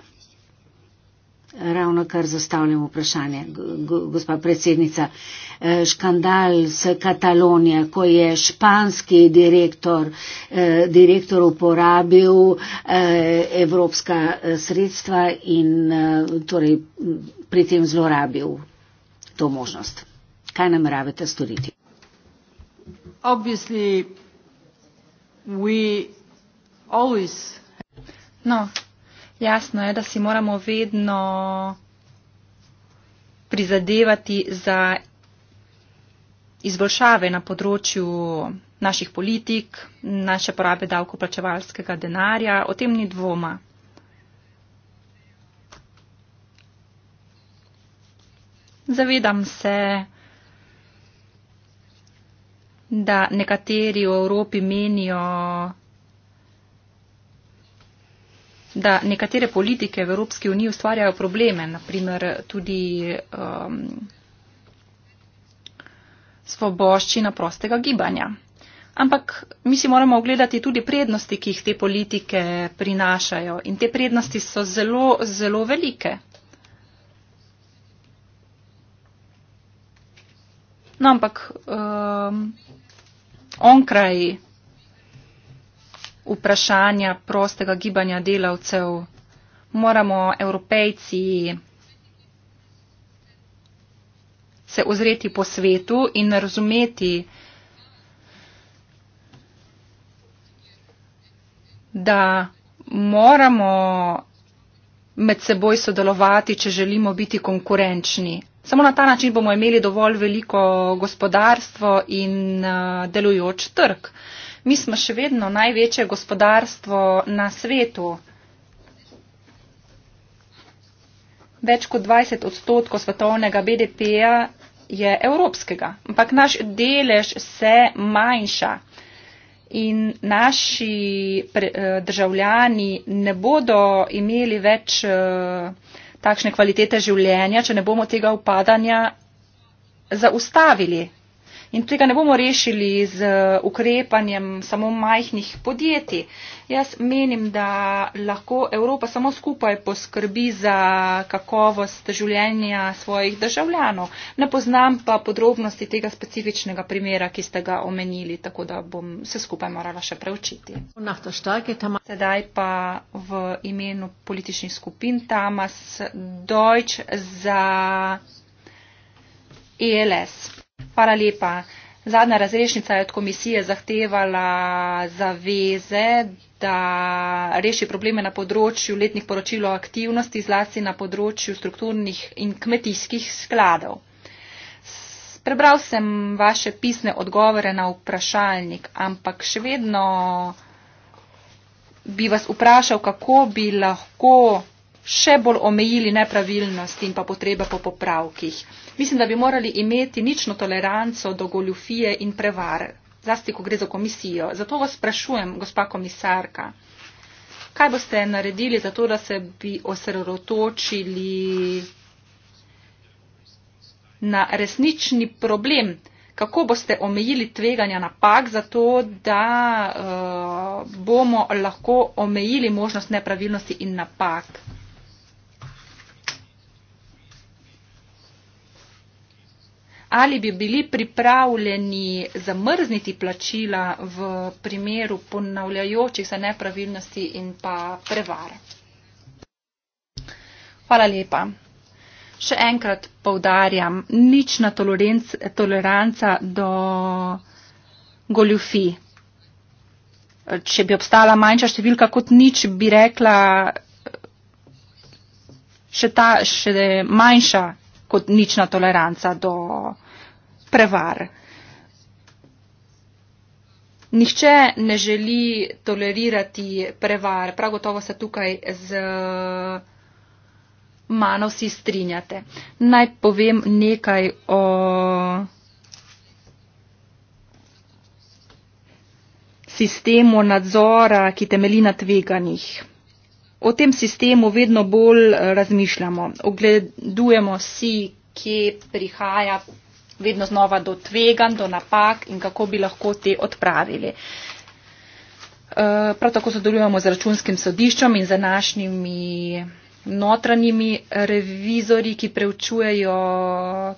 ravno kar zastavljam vprašanje, gospa predsednica. E, škandal s Katalonijo, ko je španski direktor, e, direktor uporabil e, evropska sredstva in torej pri tem zlorabil to možnost. Kaj nameravate storiti? No. Jasno je, da si moramo vedno prizadevati za izboljšave na področju naših politik, naše porabe davkoplačevalskega denarja. O tem ni dvoma. Zavedam se, da nekateri v Evropi menijo, da nekatere politike v Evropski uniji ustvarjajo probleme, naprimer tudi um, svoboščina prostega gibanja. Ampak mi si moramo ogledati tudi prednosti, ki jih te politike prinašajo. In te prednosti so zelo, zelo velike. No, ampak um, onkraj vprašanja prostega gibanja delavcev. Moramo evropejci se ozreti po svetu in razumeti, da moramo med seboj sodelovati, če želimo biti konkurenčni. Samo na ta način bomo imeli dovolj veliko gospodarstvo in uh, delujoč trg. Mi smo še vedno največje gospodarstvo na svetu. Več kot 20 odstotkov svetovnega BDP-ja je evropskega, ampak naš delež se manjša in naši eh, državljani ne bodo imeli več eh, takšne kvalitete življenja, če ne bomo tega upadanja zaustavili. In tega ne bomo rešili z eh, ukrepanjem samo majhnih podjetij. Jaz menim, da lahko Evropa samo skupaj poskrbi za kakovost življenja svojih državljanov. Ne poznam pa podrobnosti tega specifičnega primera, ki ste ga omenili, tako da bom se skupaj morala še preučiti. Sedaj pa v imenu političnih skupin Tamas Deutsch za ELS. Hvala lepa. Zadnja razrešnica je od komisije zahtevala zaveze, da reši probleme na področju letnih poročil o aktivnosti, zlasti na področju strukturnih in kmetijskih skladov. Prebral sem vaše pisne odgovore na vprašalnik, ampak še vedno bi vas vprašal, kako bi lahko še bolj omejili nepravilnosti in pa potrebe po popravkih. Mislim, da bi morali imeti nično toleranco do goljufije in prevar, zlasti ko gre za komisijo. Zato vas sprašujem, gospa komisarka, kaj boste naredili za to, da se bi osredotočili na resnični problem, kako boste omejili tveganja napak za to, da uh, bomo lahko omejili možnost nepravilnosti in napak. ali bi bili pripravljeni zamrzniti plačila v primeru ponavljajočih se nepravilnosti in pa prevar. Hvala lepa. Še enkrat povdarjam, nična toleranca do goljufi. Če bi obstala manjša številka kot nič, bi rekla, še, ta, še manjša kot nična toleranca do prevar. Nihče ne želi tolerirati prevar, prav gotovo se tukaj z mano vsi strinjate. Naj povem nekaj o sistemu nadzora, ki temeli na tveganjih o tem sistemu vedno bolj eh, razmišljamo. Ogledujemo si, kje prihaja vedno znova do tvegan, do napak in kako bi lahko te odpravili. Eh, prav tako sodelujemo z računskim sodiščem in z našnjimi notranjimi revizori, ki preučujejo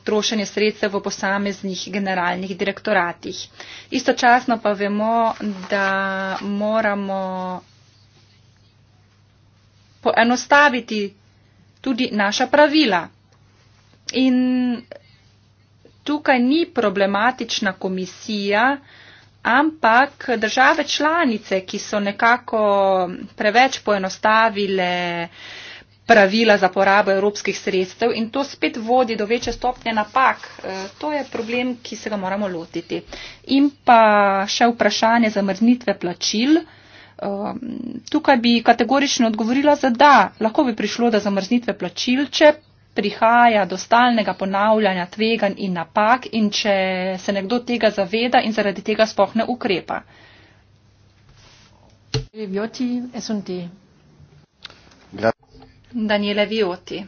trošenje sredstev v posameznih generalnih direktoratih. Istočasno pa vemo, da moramo poenostaviti tudi naša pravila. In tukaj ni problematična komisija, ampak države članice, ki so nekako preveč poenostavile pravila za porabo evropskih sredstev in to spet vodi do večje stopnje napak. E, to je problem, ki se ga moramo lotiti. In pa še vprašanje zamrznitve plačil. Ehm, tukaj bi kategorično odgovorila za da. Lahko bi prišlo do zamrznitve plačil, če prihaja do stalnega ponavljanja tvegan in napak in če se nekdo tega zaveda in zaradi tega sploh ne ukrepa. Daniele Vioti.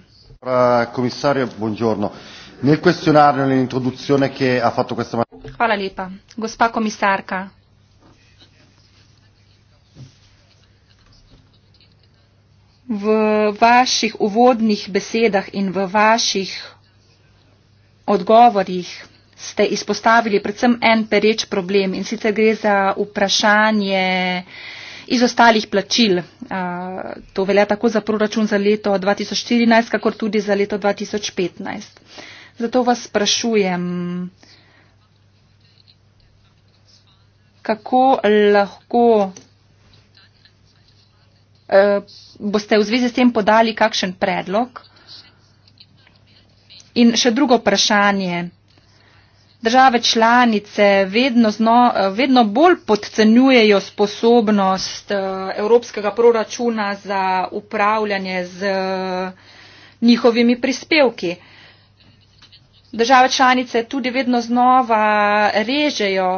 Hvala lepa. Gospa komisarka, v vaših uvodnih besedah in v vaših odgovorjih ste izpostavili predvsem en pereč problem in sicer gre za vprašanje iz ostalih plačil. To velja tako za proračun za leto 2014, kakor tudi za leto 2015. Zato vas sprašujem, kako lahko Eh, boste v zvezi s tem podali kakšen predlog? In še drugo vprašanje. Države članice vedno, zno, eh, vedno bolj podcenjujejo sposobnost eh, evropskega proračuna za upravljanje z njihovimi prispevki. Države članice tudi vedno znova režejo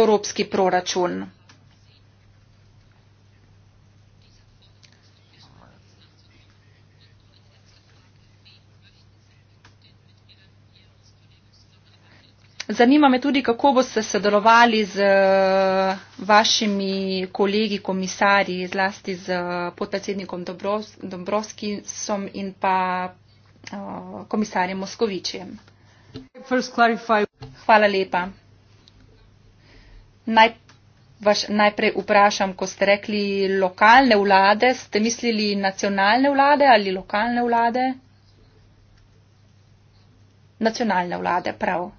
evropski proračun. Zanima me tudi, kako boste sodelovali z eh, vašimi kolegi komisarji, zlasti z eh, podpredsednikom Dombrovskisom in pa eh, komisarjem Moskovičem. Hvala lepa. Naj vaš najprej vprašam, ko ste rekli lokalne vlade, ste mislili nacionalne vlade ali lokalne vlade? Nacionalne vlade, prav.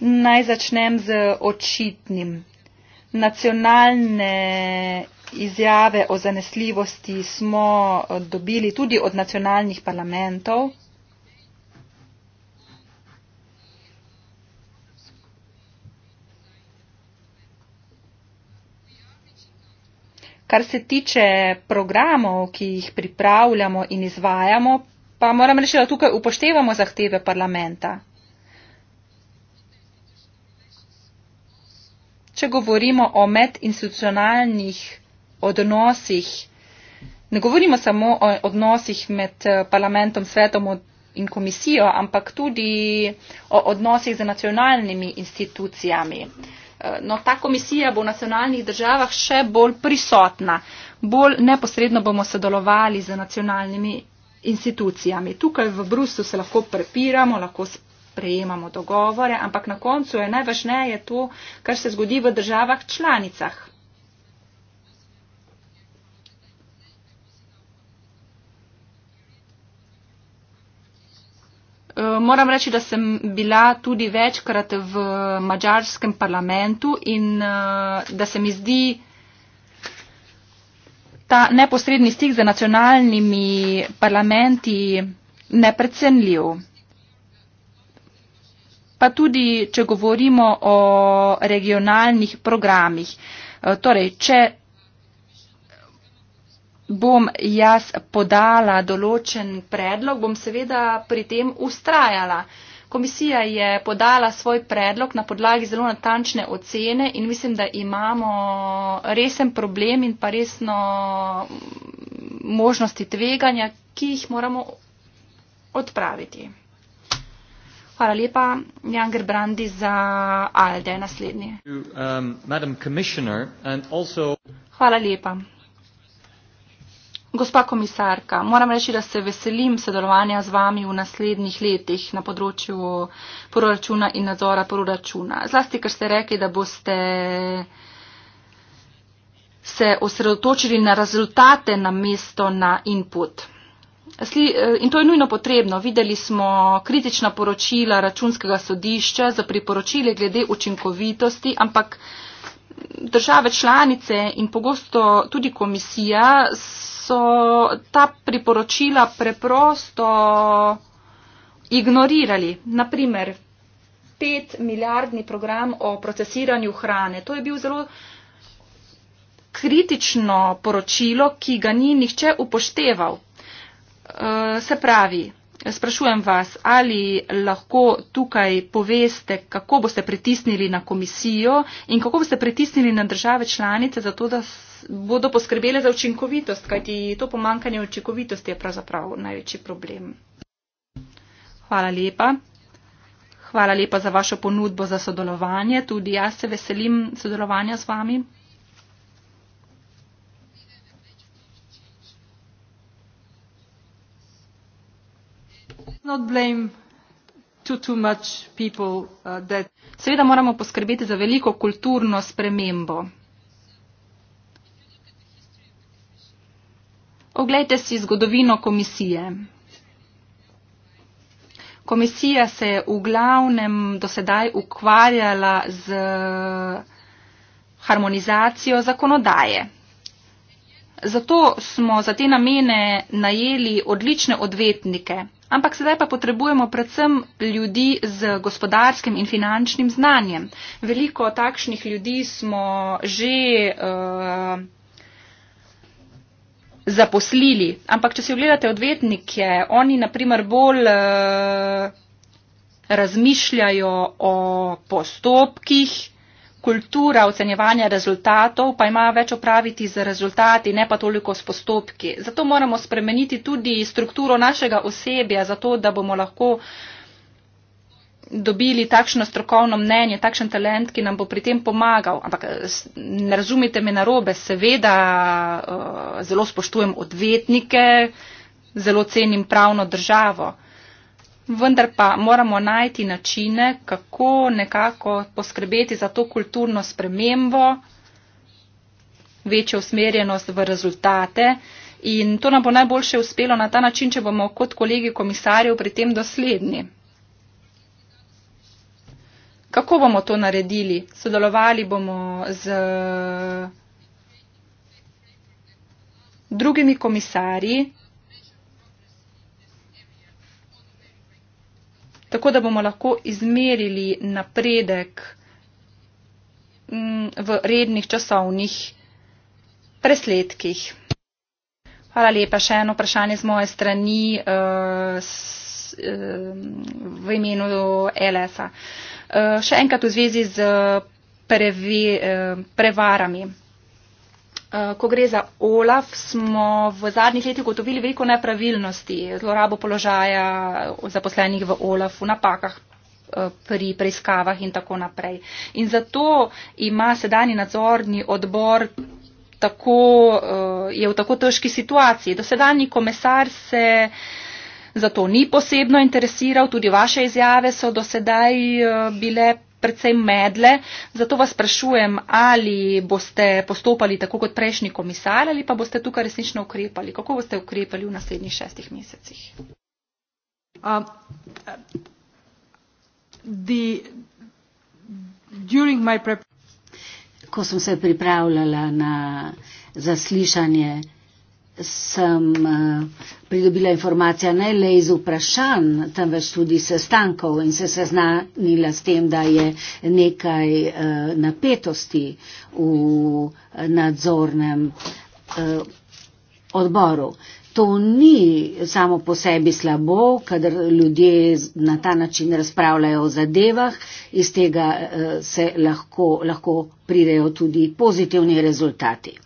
Naj začnem z očitnim. Nacionalne izjave o zanesljivosti smo eh, dobili tudi od nacionalnih parlamentov. Kar se tiče programov, ki jih pripravljamo in izvajamo, pa moram reči, da tukaj upoštevamo zahteve parlamenta. če govorimo o medinstitucionalnih odnosih, ne govorimo samo o odnosih med eh, parlamentom, svetom in komisijo, ampak tudi o odnosih z nacionalnimi institucijami. Eh, no, ta komisija bo v nacionalnih državah še bolj prisotna, bolj neposredno bomo sodelovali z nacionalnimi institucijami. Tukaj v Bruslu se lahko prepiramo, lahko sprejemamo dogovore, ampak na koncu je najvažneje to, kar se zgodi v državah članicah. E, moram reči, da sem bila tudi večkrat v mačarskem parlamentu in e, da se mi zdi ta neposredni stik z nacionalnimi parlamenti neprecenljiv pa tudi, če govorimo o regionalnih programih. E, torej, če bom jaz podala določen predlog, bom seveda pri tem ustrajala. Komisija je podala svoj predlog na podlagi zelo natančne ocene in mislim, da imamo resen problem in pa resno možnosti tveganja, ki jih moramo odpraviti. Hvala lepa, Jan Gerbrandi za ALDE, naslednji. Um, Hvala lepa. Gospa komisarka, moram reči, da se veselim sodelovanja z vami v naslednjih letih na področju proračuna in nadzora proračuna. Zlasti, ker ste rekli, da boste se osredotočili na rezultate na mesto na input. Eh, in to je nujno potrebno. Videli smo kritična poročila računskega sodišča za priporočile glede učinkovitosti, ampak države članice in pogosto tudi komisija so ta priporočila preprosto ignorirali. Naprimer, pet milijardni program o procesiranju hrane. To je bil zelo kritično poročilo, ki ga ni nihče upošteval Eh, se pravi, sprašujem vas, ali lahko tukaj poveste, kako boste pritisnili na komisijo in kako boste pritisnili na države članice, zato da bodo poskrbele za učinkovitost, kajti to pomankanje učinkovitosti je pravzaprav največji problem. Hvala lepa. Hvala lepa za vašo ponudbo za sodelovanje. Tudi jaz se veselim sodelovanja z vami. Uh, Seveda moramo poskrbeti za veliko kulturno spremembo. Oglejte si zgodovino komisije. Komisija se je v glavnem dosedaj ukvarjala z harmonizacijo zakonodaje. Zato smo za te namene najeli odlične odvetnike. Ampak sedaj pa potrebujemo predvsem ljudi z gospodarskim in finančnim znanjem. Veliko takšnih ljudi smo že uh, zaposlili. Ampak če si ogledate odvetnike, oni naprimer bolj uh, razmišljajo o postopkih, kultura ocenjevanja rezultatov pa ima več opraviti z rezultati, ne pa toliko s postopki. Zato moramo spremeniti tudi strukturo našega osebja, zato da bomo lahko dobili takšno strokovno mnenje, takšen talent, ki nam bo pri tem pomagal. Ampak ne razumite me narobe, seveda eh, zelo spoštujem odvetnike, zelo cenim pravno državo vendar pa moramo najti načine, kako nekako poskrbeti za to kulturno spremembo, večjo usmerjenost v rezultate. In to nam bo najboljše uspelo na ta način, če bomo kot kolegi komisarjev pri tem dosledni. Kako bomo to naredili? Sodelovali bomo z drugimi komisarji, tako da bomo lahko izmerili napredek mm, v rednih časovnih presledkih. Hvala lepa, še eno vprašanje z moje strani eh, eh, v imenu LS-a. Eh, še enkrat v zvezi z prevarami. Eh, ko gre za OLAF, smo v zadnjih letih gotovili veliko nepravilnosti, zlorabo položaja zaposlenih v OLAF, v napakah eh, pri preiskavah in tako naprej. In zato ima sedajni nadzorni odbor tako, eh, je v tako težki situaciji. Dosedajni komisar se zato ni posebno interesiral, tudi vaše izjave so dosedaj bile predvsej medle. Zato vas sprašujem, ali boste postopali tako kot prejšnji komisar ali pa boste tukaj resnično ukrepali. Kako boste ukrepali v naslednjih šestih mesecih? Um, the, during my preparation. Ko sem se pripravljala na zaslišanje sem uh, pridobila informacija ne le iz vprašanj, temveč tudi iz sestankov in se seznanila s tem, da je nekaj uh, napetosti v nadzornem uh, odboru. To ni samo po sebi slabo, kadar ljudje na ta način razpravljajo o zadevah, iz tega uh, se lahko, lahko pridejo tudi pozitivni rezultati.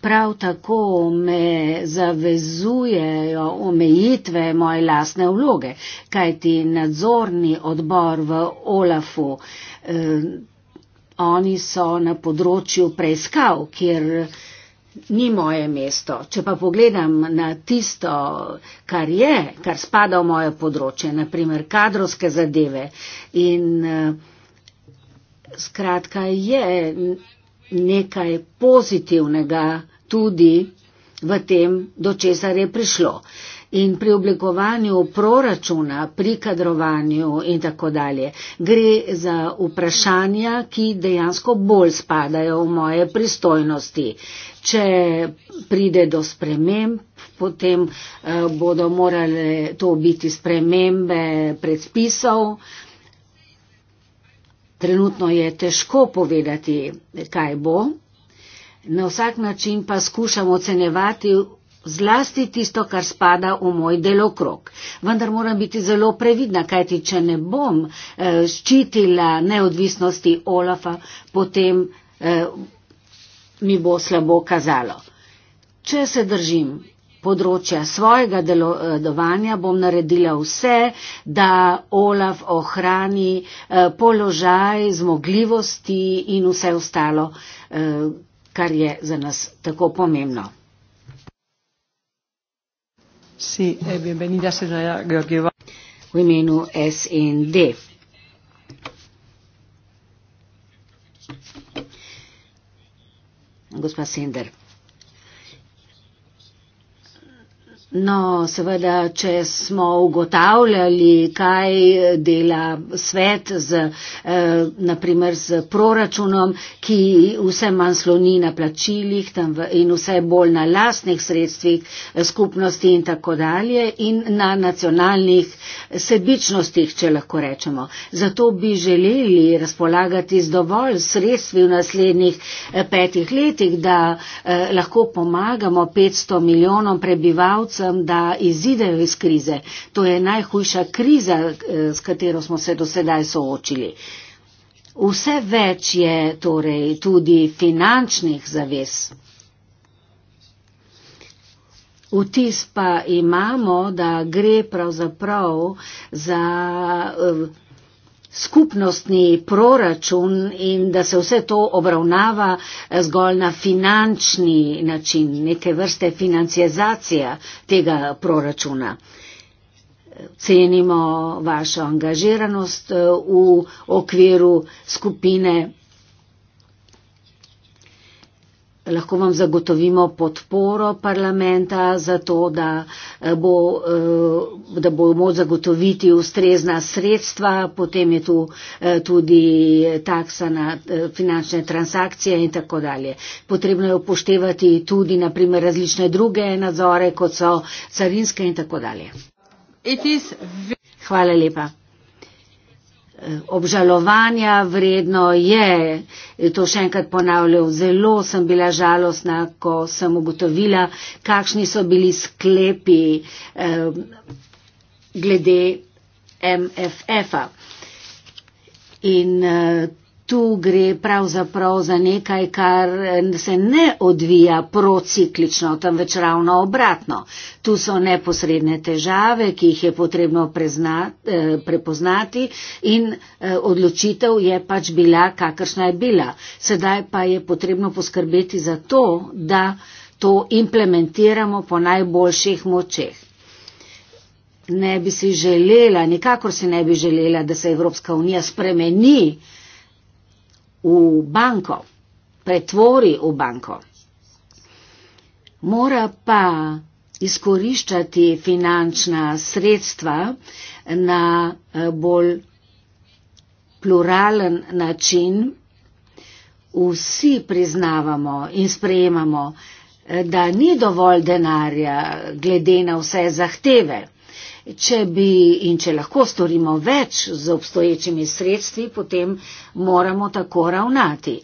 Prav tako me zavezujejo omejitve moje lastne vloge, kajti nadzorni odbor v OLAF-u, eh, oni so na področju preiskav, kjer ni moje mesto. Če pa pogledam na tisto, kar je, kar spada v moje področje, naprimer kadrovske zadeve in eh, skratka je nekaj pozitivnega tudi v tem, do česar je prišlo. In pri oblikovanju proračuna, pri kadrovanju in tako dalje, gre za vprašanja, ki dejansko bolj spadajo v moje pristojnosti. Če pride do sprememb, potem eh, bodo morale to biti spremembe predpisov, eh, Trenutno je težko povedati, kaj bo. Na vsak način pa skušam ocenjevati zlasti tisto, kar spada v moj delokrog. Vendar moram biti zelo previdna, kajti če ne bom eh, ščitila neodvisnosti Olafa, potem eh, mi bo slabo kazalo. Če se držim področja svojega eh, delovanja bom naredila vse, da Olaf ohrani eh, položaj, zmogljivosti in vse ostalo, eh, kar je za nas tako pomembno. V imenu SND. Gospa Sender. No, seveda, če smo ugotavljali, kaj dela svet z, eh, naprimer, z proračunom, ki vse manj sloni na plačilih in vse bolj na lastnih sredstvih eh, skupnosti in tako dalje in na nacionalnih sebičnostih, če lahko rečemo. Zato bi želeli razpolagati z dovolj sredstvi v naslednjih eh, petih letih, da lahko pomagamo 500 milijonom prebivalcev, sem, da izidejo iz krize. To je najhujša kriza, eh, s katero smo se do sedaj soočili. Vse več je torej tudi finančnih zaves. Vtis pa imamo, da gre pravzaprav za. Uh, skupnostni proračun in da se vse to obravnava eh, zgolj na finančni način, neke vrste financijazacija tega proračuna. Cenimo vašo angažiranost eh, v okviru skupine lahko vam zagotovimo podporo parlamenta za to, da eh, bo, eh, da bo moč zagotoviti ustrezna sredstva, potem je tu eh, tudi taksa na finančne transakcije in tako dalje. Potrebno je upoštevati tudi naprimer različne druge nadzore, kot so carinske in tako dalje. Hvala lepa obžalovanja vredno je, to še enkrat ponavljam, zelo sem bila žalostna, ko sem ugotovila, kakšni so bili sklepi eh, glede MFF-a. In uh, tu gre pravzaprav za nekaj, kar se ne odvija prociklično, temveč ravno obratno. Tu so neposredne težave, ki jih je potrebno preznat, eh, prepoznati in eh, odločitev je pač bila, kakršna je bila. Sedaj pa je potrebno poskrbeti za to, da to implementiramo po najboljših močeh. Ne bi si želela, nikakor si ne bi želela, da se Evropska unija spremeni, v banko, pretvori v banko. Mora pa izkoriščati finančna sredstva na eh, bolj pluralen način. Vsi priznavamo in sprejemamo, eh, da ni dovolj denarja glede na vse zahteve. Če bi in če lahko storimo več z obstoječimi sredstvi, potem moramo tako ravnati.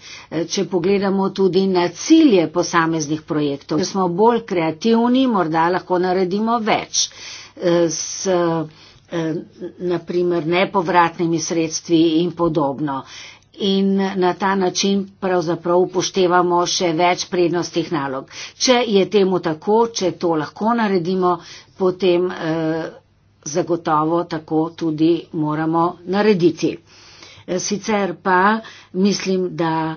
Če pogledamo tudi na cilje posameznih projektov, če smo bolj kreativni, morda lahko naredimo več e, s e, naprimer nepovratnimi sredstvi in podobno. In na ta način pravzaprav upoštevamo še več prednostih nalog. Če je temu tako, če to lahko naredimo, potem. Eh, zagotovo tako tudi moramo narediti. E, sicer pa mislim, da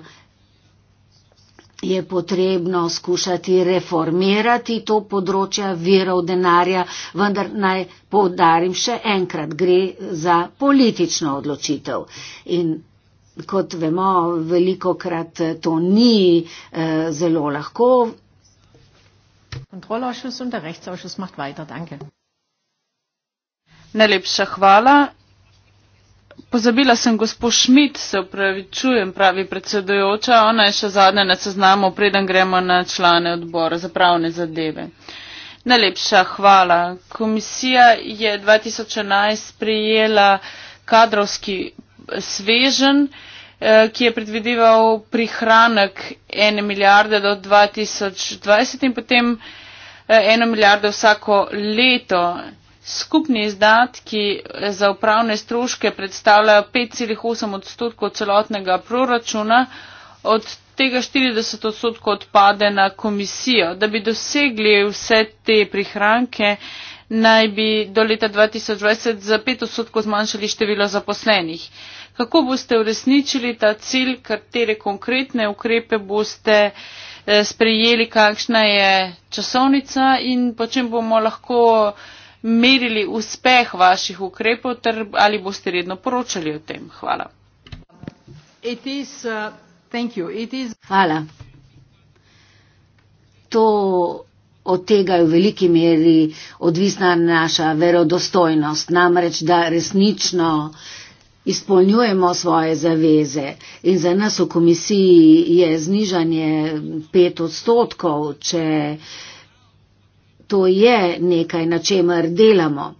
je potrebno skušati reformirati to področje virov denarja, vendar naj povdarim še enkrat, gre za politično odločitev. In kot vemo, veliko krat to ni eh, zelo lahko. Kontrolausschuss und der Rechtsausschuss macht weiter. Danke. Najlepša hvala. Pozabila sem gospod Šmit, se upravičujem, pravi predsedujoča. Ona je še zadnja na seznamu, preden gremo na člane odbora za pravne zadeve. Najlepša hvala. Komisija je 2011 sprijela kadrovski svežen, eh, ki je predvideval prihranek 1 milijarde do 2020 in potem 1 eh, milijarde vsako leto. Skupni izdatki za upravne stroške predstavljajo 5,8 odstotkov celotnega proračuna, od tega 40 odstotkov odpade na komisijo. Da bi dosegli vse te prihranke, naj bi do leta 2020 za 5 odstotkov zmanjšali število zaposlenih. Kako boste uresničili ta cilj, katere konkretne ukrepe boste eh, sprejeli, kakšna je časovnica in po čem bomo lahko merili uspeh vaših ukrepov ter ali boste redno poročali o tem. Hvala. Is, uh, is... Hvala. To od tega je v veliki meri odvisna naša verodostojnost, namreč da resnično izpolnjujemo svoje zaveze in za nas v komisiji je znižanje pet odstotkov, če to je nekaj, na čemer delamo.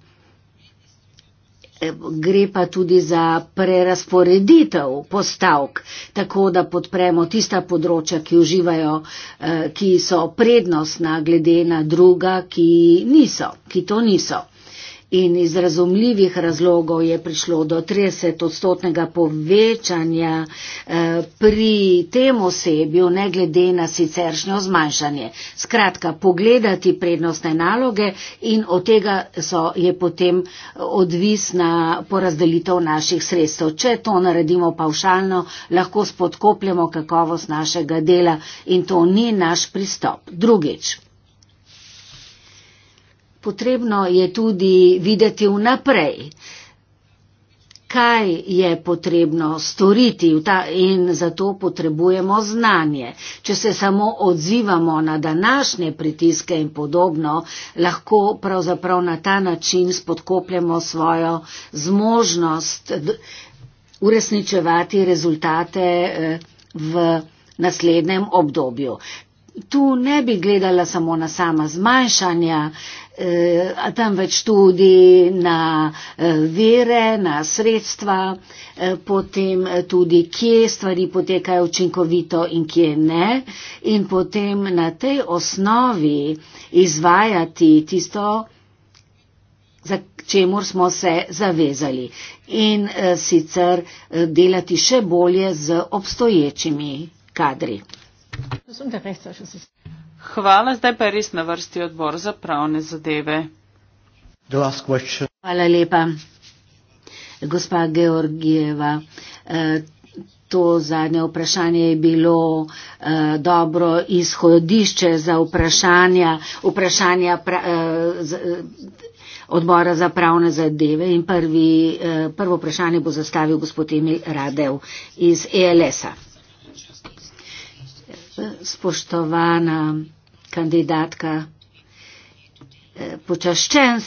Gre pa tudi za prerasporeditev postavk, tako da podpremo tista področja, ki uživajo, eh, ki so prednostna glede na druga, ki niso, ki to niso in iz razumljivih razlogov je prišlo do 30 odstotnega povečanja eh, pri tem osebju, ne glede na siceršnjo zmanjšanje. Skratka, pogledati prednostne naloge in od tega so, je potem eh, odvisna porazdelitev naših sredstev. Če to naredimo pavšalno, lahko spodkopljamo kakovost našega dela in to ni naš pristop. Drugič potrebno je tudi videti vnaprej, kaj je potrebno storiti in zato potrebujemo znanje. Če se samo odzivamo na današnje pritiske in podobno, lahko pravzaprav na ta način spodkopljamo svojo zmožnost uresničevati rezultate eh, v naslednjem obdobju tu ne bi gledala samo na sama zmanjšanja, eh, temveč tudi na eh, vere, na sredstva, eh, potem eh, tudi, kje stvari potekajo učinkovito in kje ne, in potem na tej osnovi izvajati tisto, za čemu smo se zavezali in eh, sicer eh, delati še bolje z obstoječimi kadri. Hvala, zdaj pa je res na vrsti odbor za pravne zadeve. Hvala lepa. Gospa Georgijeva, eh, to zadnje vprašanje je bilo eh, dobro izhodišče za vprašanja, vprašanja eh, odbora za pravne zadeve in prvi, prvo vprašanje bo zastavil gospod Emil Radev iz ELS-a spoštovana kandidatka, eh, počaščen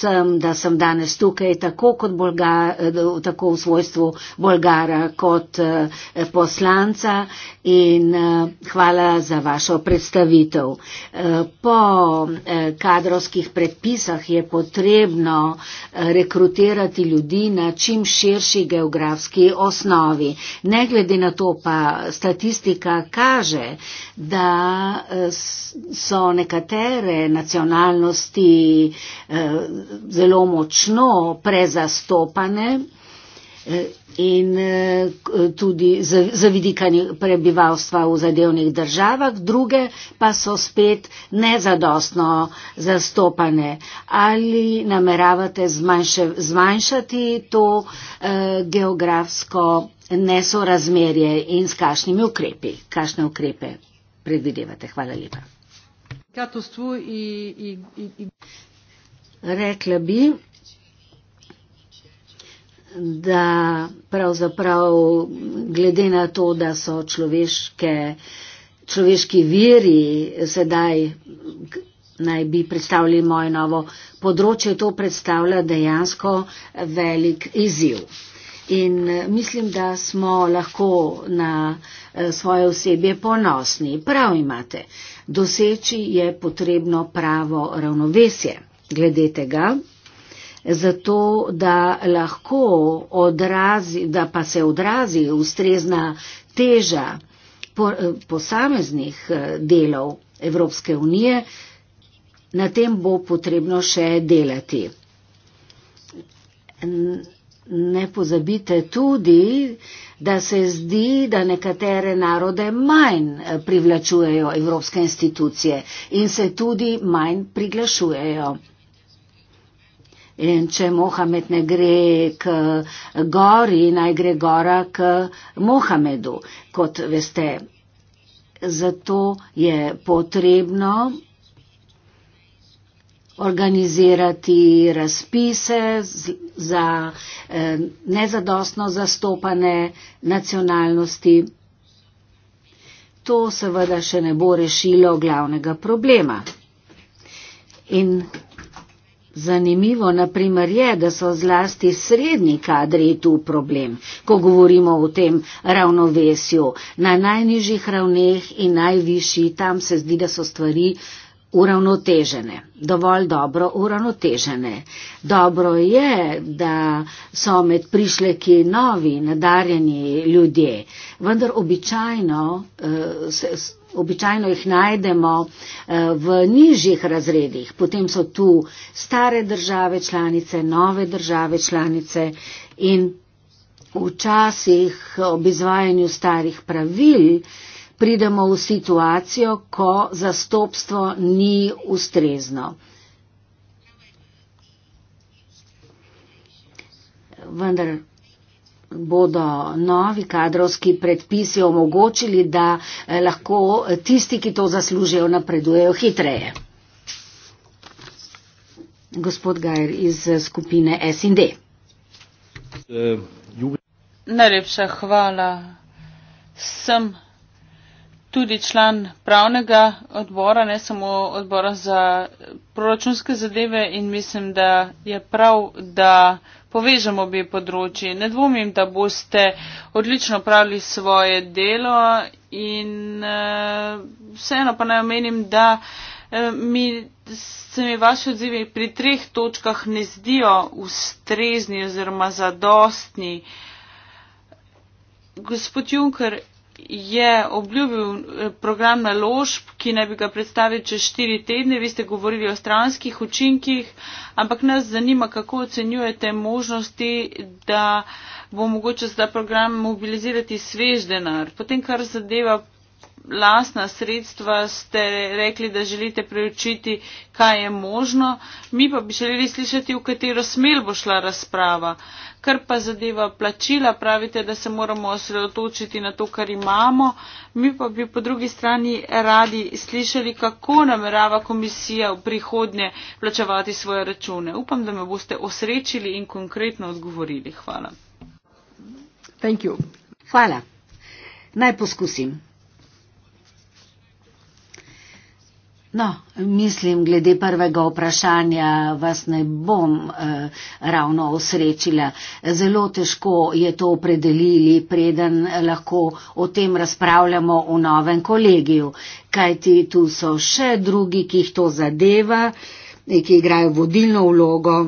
sem, da sem danes tukaj tako, bolga, eh, tako v svojstvu Bolgara kot eh, poslanca in eh, hvala za vašo predstavitev. Po kadrovskih predpisah je potrebno rekrutirati ljudi na čim širši geografski osnovi. Ne glede na to pa statistika kaže, da so nekatere nacionalnosti zelo močno prezastopane eh, in eh, eh, tudi zavidika prebivalstva v zadevnih državah, druge pa so spet nezadostno zastopane. Ali nameravate zmanjše, zmanjšati to eh, geografsko nesorazmerje in s kašnimi ukrepi? Kašne ukrepe predvidevate? Hvala lepa. Rekla bi, da pravzaprav glede na to, da so človeške, človeški viri sedaj naj bi predstavili moje novo področje, to predstavlja dejansko velik izziv. In eh, mislim, da smo lahko na eh, svoje osebje ponosni. Prav imate. Doseči je potrebno pravo ravnovesje glede tega, zato da lahko odrazi, da pa se odrazi ustrezna teža posameznih eh, delov Evropske unije, na tem bo potrebno še delati. Ne pozabite tudi, da se zdi, da nekatere narode manj eh, privlačujejo evropske institucije in se tudi manj priglašujejo. In če Mohamed ne gre k gori, naj gre gora k Mohamedu, kot veste. Zato je potrebno organizirati razpise za eh, nezadostno zastopane nacionalnosti. To seveda še ne bo rešilo glavnega problema. In Zanimivo naprimer je, da so zlasti srednji kadri tu problem, ko govorimo o tem ravnovesju. Na najnižjih ravneh in najvišji tam se zdi, da so stvari uravnotežene, dovolj dobro uravnotežene. Dobro je, da so med prišleki novi, nadarjeni ljudje, vendar običajno, eh, običajno jih najdemo eh, v nižjih razredih. Potem so tu stare države članice, nove države članice in včasih ob izvajanju starih pravil, pridemo v situacijo, ko zastopstvo ni ustrezno. Vendar bodo novi kadrovski predpisi omogočili, da eh, lahko tisti, ki to zaslužijo, napredujejo hitreje. Gospod Gajer iz eh, skupine SND. Eh, Najlepša hvala. Sem tudi član pravnega odbora, ne samo odbora za proračunske zadeve in mislim, da je prav, da povežemo obi področji. Ne dvomim, da boste odlično pravili svoje delo in uh, vseeno pa naj omenim, da eh, Mi se mi vaši odzivi pri treh točkah ne zdijo ustrezni oziroma zadostni. Gospod Junker, je obljubil eh, program naložb, ki naj bi ga predstavil čez štiri tedne. Vi ste govorili o stranskih učinkih, ampak nas zanima, kako ocenjujete možnosti, da bo mogoče za program mobilizirati svež denar. Potem, kar zadeva lasna sredstva, ste rekli, da želite preučiti, kaj je možno. Mi pa bi želeli slišati, v katero smer bo šla razprava. Kar pa zadeva plačila, pravite, da se moramo osredotočiti na to, kar imamo. Mi pa bi po drugi strani radi slišali, kako namerava komisija v prihodnje plačevati svoje račune. Upam, da me boste osrečili in konkretno odgovorili. Hvala. Thank you. Hvala. Naj poskusim. No, mislim, glede prvega vprašanja vas ne bom eh, ravno osrečila. Zelo težko je to opredelili, preden lahko o tem razpravljamo v novem kolegiju, kajti tu so še drugi, ki jih to zadeva, ki igrajo vodilno vlogo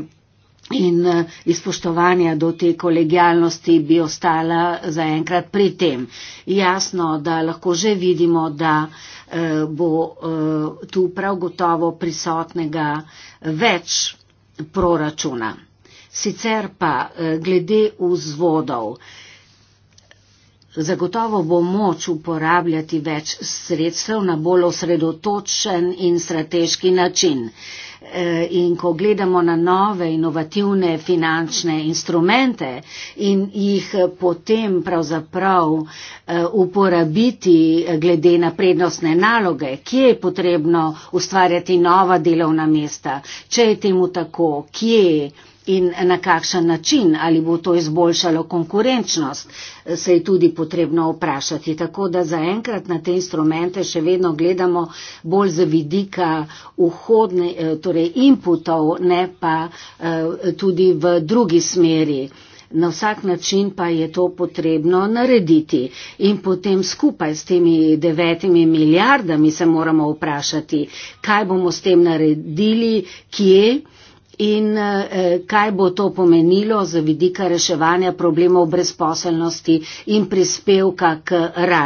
in eh, izpoštovanja do te kolegijalnosti bi ostala zaenkrat pri tem. Jasno, da lahko že vidimo, da eh, bo eh, tu prav gotovo prisotnega več proračuna. Sicer pa glede vzvodov, zagotovo bo moč uporabljati več sredstev na bolj osredotočen in strateški način. Eh, in ko gledamo na nove inovativne finančne instrumente in jih eh, potem pravzaprav eh, uporabiti glede na prednostne naloge, kje je potrebno ustvarjati nova delovna mesta, če je temu tako, kje je in na kakšen način, ali bo to izboljšalo konkurenčnost, eh, se je tudi potrebno vprašati. Tako da zaenkrat na te instrumente še vedno gledamo bolj z vidika vhodne, eh, torej inputov, ne pa eh, tudi v drugi smeri. Na vsak način pa je to potrebno narediti in potem skupaj s temi devetimi milijardami se moramo vprašati, kaj bomo s tem naredili, kje je in eh, kaj bo to pomenilo za vidika reševanja problemov brezposelnosti in prispevka k rasti.